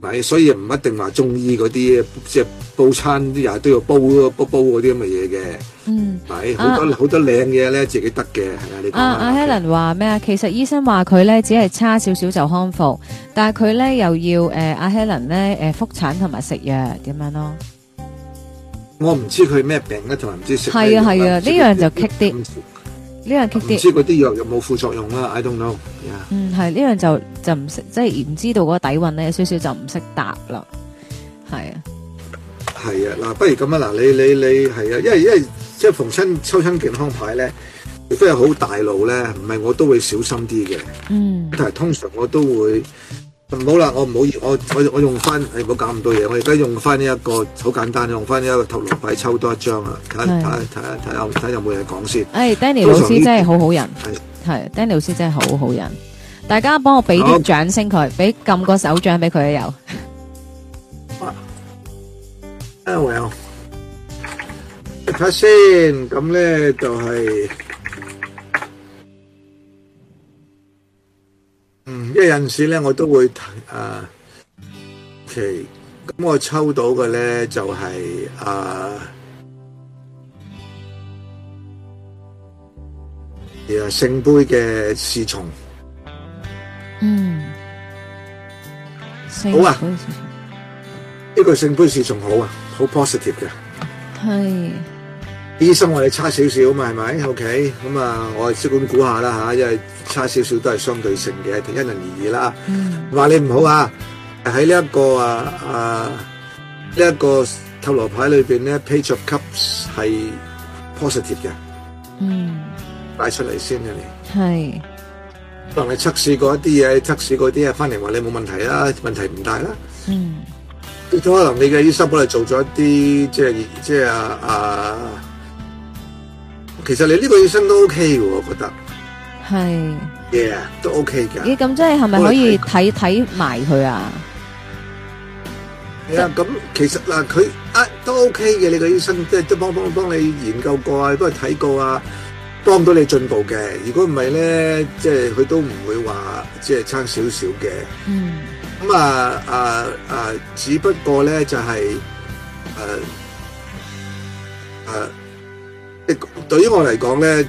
嗱，所以唔一定話中醫嗰啲即係煲餐啲嘢都要煲煲煲嗰啲咁嘅嘢嘅。嗯，係好多好多靚嘢咧自己得嘅。阿阿 Helen 話咩啊？其實醫生話佢咧只係差少少就康復，但係佢咧又要誒阿 Helen 咧誒復診同埋食藥點樣咯？我唔知佢咩病，吖同埋唔知食。係啊係啊，呢樣、啊、就棘啲，呢樣棘啲。唔知嗰啲藥有冇副作用啦？I don't know、yeah.。嗯，係呢樣就就唔識，即係唔知道嗰個底蘊咧，少少就唔識答啦。係啊，係啊，嗱，不如咁啊，嗱，你你你係啊，因為因為即係逢親抽親健康牌咧，亦都係好大腦咧，唔係我都會小心啲嘅。嗯，但係通常我都會。唔好啦，我唔好，我我我用翻，我搞咁多嘢。我而家用翻呢一個好簡單，用翻呢一個投龍幣抽多一張啊！睇睇睇睇下睇下有冇嘢講先。哎，Danny 老師真係好好人，係，係 Danny 老師真係好好人。大家幫我俾啲掌聲佢，俾撳個手掌俾佢啊油。啊，Well，睇下先，咁咧就係。嗯，有陣時咧，我都會睇啊、呃。其咁、嗯、我抽到嘅咧就係、是、啊，而聖杯嘅侍從。嗯，好啊，呢、這個聖杯侍從好啊，好 positive 嘅。係。醫生，我哋差少少嘛係咪？OK 咁啊，我哋即管估下啦嚇，因為差少少都係相對性嘅，係因人而異啦。話你唔好啊，喺呢一個啊啊呢一個塔羅牌裏邊咧，Page of Cups 係 positive 嘅。嗯，擺出嚟先啊你。係。可能你測試過一啲嘢，測試過啲嘢，翻嚟話你冇問題啦，問題唔大啦。嗯。亦都可能你嘅醫生幫你做咗一啲，即係即係啊啊～其實你呢個醫生都 OK 嘅，我覺得係，都 OK 嘅。咦，咁即係係咪可以睇睇埋佢啊？係啊，咁其實嗱，佢啊都 OK 嘅。你個醫生即係都幫幫幫你研究過啊，幫佢睇過啊，幫到你進步嘅。如果唔係咧，即係佢都唔會話即係差少少嘅。嗯。咁啊啊啊，只不過咧就係誒誒。對於我嚟講咧，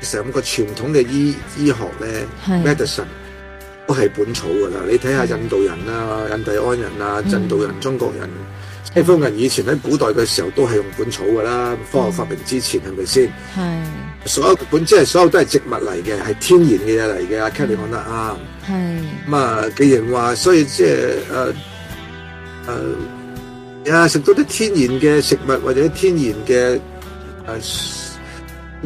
成個傳統嘅醫醫學咧，medicine，都係本草噶啦。你睇下印度人啊、印第安人啊、印度人、嗯、中國人、西方人，以前喺古代嘅時候都係用本草噶啦。科、嗯、學發明之前係咪先？係。所有本即係所有都係植物嚟嘅，係天然嘅嘢嚟嘅。阿 Kelly 講得啱。係。咁啊，既然話，所以即係誒誒，啊、呃、食、呃、到啲天然嘅食物或者天然嘅。誒、啊，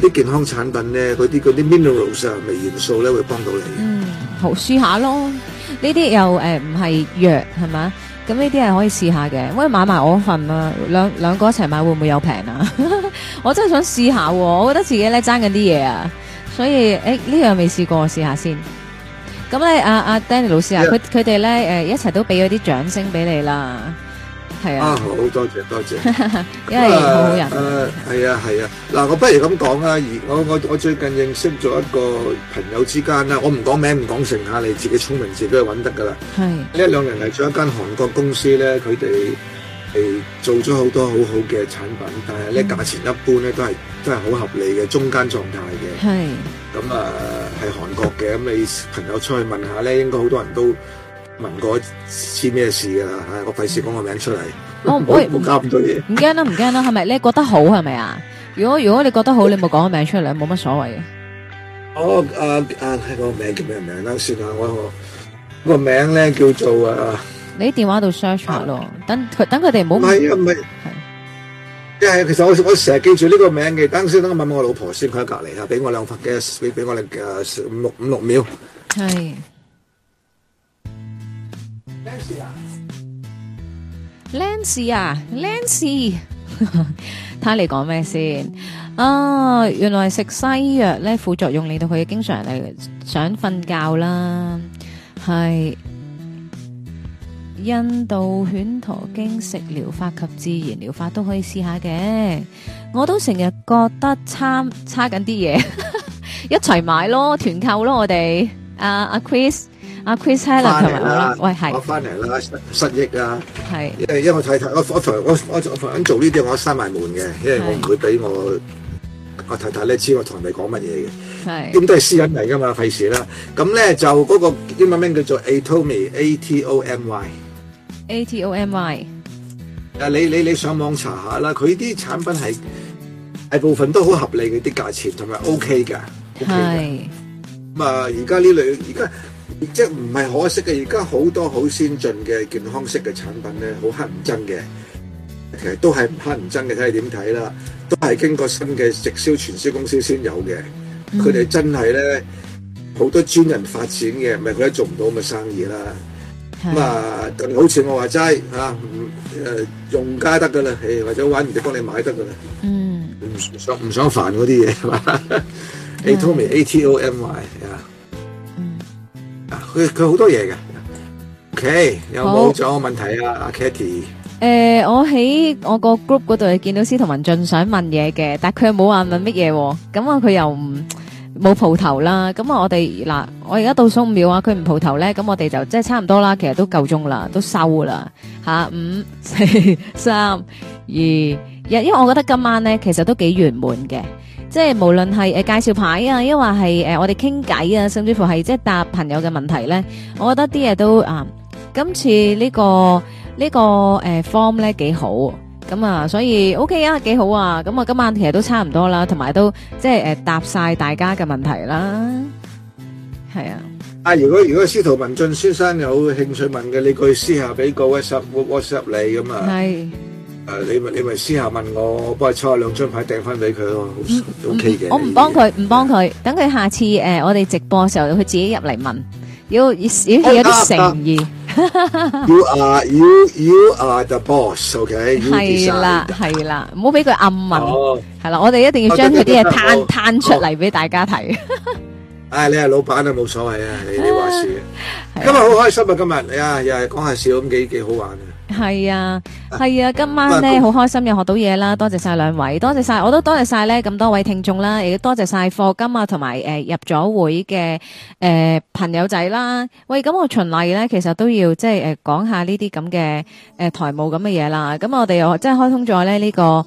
啲健康產品咧，嗰啲啲 minerals 啊，微元素咧，會幫到你。嗯，好試下咯，呢啲又誒唔係藥係嘛？咁呢啲係可以試下嘅。喂，買埋我份啊，兩兩個一齊買會唔會有平啊？ 我真係想試下，啊，我覺得自己咧爭緊啲嘢啊，所以誒呢樣未試過，試下先。咁咧，阿、啊、阿、啊、Danny 老師啊，佢佢哋咧誒一齊都俾咗啲掌聲俾你啦。係啊，好多謝多謝，因為好好人。誒係啊係啊，嗱我不如咁講啊，而我我我最近認識咗一個朋友之間啦，我唔講名唔講姓嚇，你自己聰明自己去揾得噶啦。係，呢一兩年嚟咗一間韓國公司咧，佢哋係做咗好多好好嘅產品，但係呢價錢一般咧，都係都係好合理嘅中間狀態嘅。係，咁啊係韓國嘅，咁你朋友出去問下咧，應該好多人都。問過似咩事噶啦？吓，我費事講個名出嚟。我我唔搞咁多嘢。唔驚啦，唔驚啦，係咪咧？你覺得好係咪啊？如果如果你覺得好，你冇講個名出嚟，冇乜所謂嘅。我啊啊個名叫咩名啦？等陣先啦，我個名咧叫做啊。你喺電話度 search 下咯，等佢等佢哋唔好。唔係啊，唔係係。即係其實我我成日記住呢個名嘅，等先等我問問我老婆先，佢喺隔籬啊，俾我兩分嘅，俾俾我零誒五六五六秒。係。Lancy 啊，Lancy 啊，Lancy，睇你講咩先？啊，原來食西藥咧副作用嚟到佢，經常嚟想瞓覺啦，係。印度犬陀經食療法及自然療法都可以試下嘅，我都成日覺得差差緊啲嘢， 一齊買咯，團購咯我們，我哋阿阿 Chris。阿 Chris Hello，係咪啊？喂，係。我翻嚟啦，失失業啦。係。誒，因為太太，我我同我我我想做呢啲，我閂埋門嘅，因為我唔會俾我我太太咧知我同人哋講乜嘢嘅。係。咁都係私隱嚟噶嘛，費事啦。咁咧就嗰個英文名叫做 Atomy，A T O M Y。A T O M Y。誒，你你你上網查下啦，佢啲產品係大部分都好合理嘅啲價錢，同埋 OK 嘅。係。咁啊，而家呢類而家。即係唔係可惜嘅，而家好多好先進嘅健康式嘅產品咧，好慳唔真嘅，其實都係唔慳唔真嘅，睇你點睇啦。都係經過新嘅直銷傳銷公司先有嘅，佢哋真係咧好多專人發展嘅，唔係佢都做唔到咁嘅生意啦。咁啊，就好似我話齋吓，誒用家得噶啦，誒或者搵人哋幫你買得噶啦，唔想唔想煩嗰啲嘢，Atomy A-T-O-M-Y 啊。佢佢好多嘢嘅，OK，有冇咗問題啊？阿 Katie，誒，我喺我個 group 嗰度係見到司徒文進想問嘢嘅，但佢又冇話問乜嘢，咁啊佢又唔冇蒲頭啦，咁啊我哋嗱，我而家倒數五秒啊，佢唔蒲頭咧，咁我哋就即係差唔多啦，其實都夠鐘啦，都收啦，吓，五、四、三、二、一，因為我覺得今晚咧，其實都幾圓滿嘅。即係無論係誒介紹牌啊，亦或係誒我哋傾偈啊，甚至乎係即係答朋友嘅問題咧，我覺得啲嘢都啊，今次呢個呢個誒 form 咧幾好，咁啊所以 OK 啊幾好啊，咁啊今晚其實都差唔多啦，同埋都即係誒答晒大家嘅問題啦，係啊。啊如果如果司徒文俊先生有興趣問嘅，你可以私下俾個 WhatsApp 你咁啊。係。誒，你咪你咪私下問我，我幫佢抽下兩張牌，掟翻俾佢咯，OK 嘅。我唔幫佢，唔幫佢，等佢下次誒，我哋直播嘅時候，佢自己入嚟問，要要要有啲誠意。You are you you are the boss，OK？係啦係啦，唔好俾佢暗問。係啦，我哋一定要將佢啲嘢攤攤出嚟俾大家睇。哎，你係老闆啊，冇所謂啊，你話事。今日好開心啊！今日，你呀，又係講下笑咁，幾幾好玩。係啊，係啊，今晚咧好開心又學到嘢啦，多謝晒兩位，多謝晒，我都多謝晒咧咁多位聽眾啦，亦都多謝晒課金啊，同埋誒入咗會嘅，誒、呃、朋友仔啦。喂，咁我循例咧，其實都要即係誒講下呢啲咁嘅誒台務咁嘅嘢啦。咁我哋又即係開通咗咧呢、這個誒、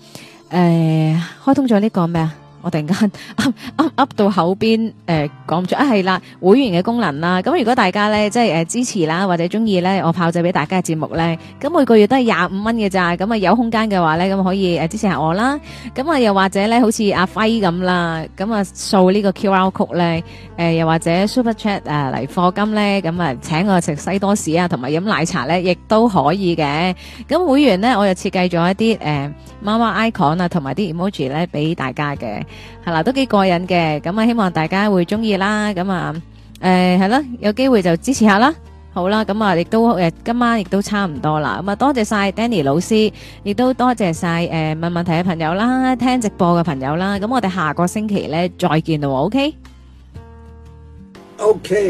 呃、開通咗呢個咩啊？我突然間 up up up 到口邊，誒講唔出啊係啦，會員嘅功能啦，咁如果大家咧即係誒支持啦，或者中意咧我炮製俾大家嘅節目咧，咁每個月都係廿五蚊嘅咋，咁啊有空間嘅話咧，咁可以誒支持下我啦，咁啊又或者咧好似阿輝咁啦，咁啊掃呢個 QR Code 咧，誒、呃、又或者 Super Chat 誒嚟課金咧，咁啊請我食西多士啊，同埋飲奶茶咧，亦都可以嘅。咁會員咧，我又設計咗一啲誒媽媽 icon 啊，同埋啲 emoji 咧俾大家嘅。係啦，都幾過癮嘅，咁啊，希望大家會中意啦，咁啊，誒，係啦，有機會就支持下啦，好啦，咁啊，亦都誒，今晚亦都差唔多啦，咁啊，多謝晒 Danny 老師，亦都多謝晒誒問問題嘅朋友啦，聽直播嘅朋友啦，咁我哋下個星期咧再見咯，OK？OK，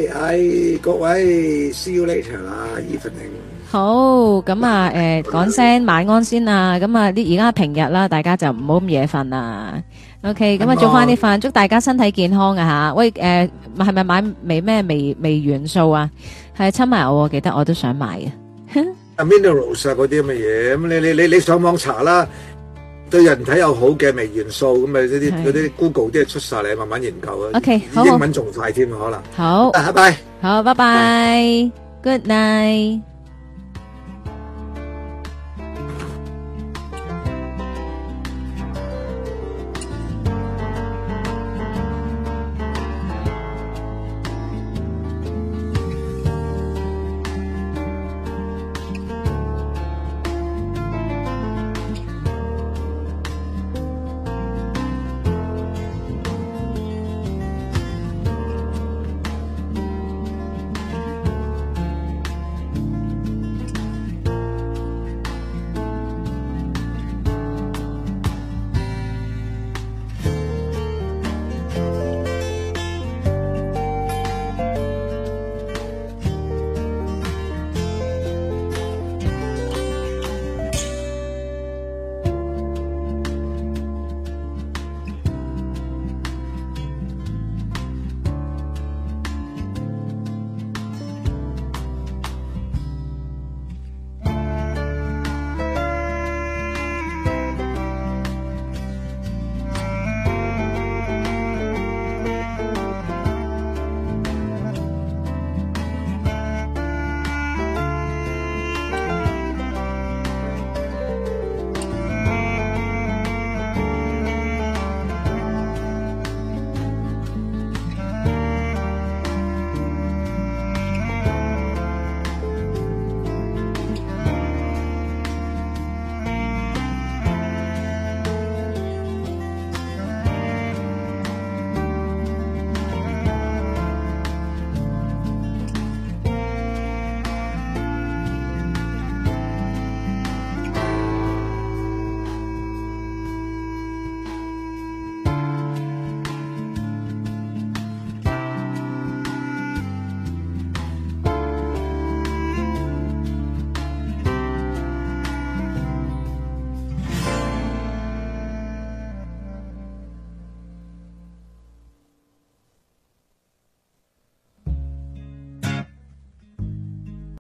係各位，See you later 啦，Evening。好，咁啊，誒，講聲晚安先啦，咁啊，啲而家平日啦，大家就唔好咁夜瞓啦。OK，咁啊，做翻啲飯，祝大家身體健康啊吓！喂，誒，係咪買微咩微微元素啊？係啊親埋我，記得我都想買啊。Minerals 啊，嗰啲咁嘅嘢，咁你你你你上網查啦，對人體有好嘅微元素，咁啊啲啲嗰啲 Google 啲嘢出晒嚟，慢慢研究啊。OK，好。英文仲快添啊，可能。好，拜拜。好，拜拜。Good night。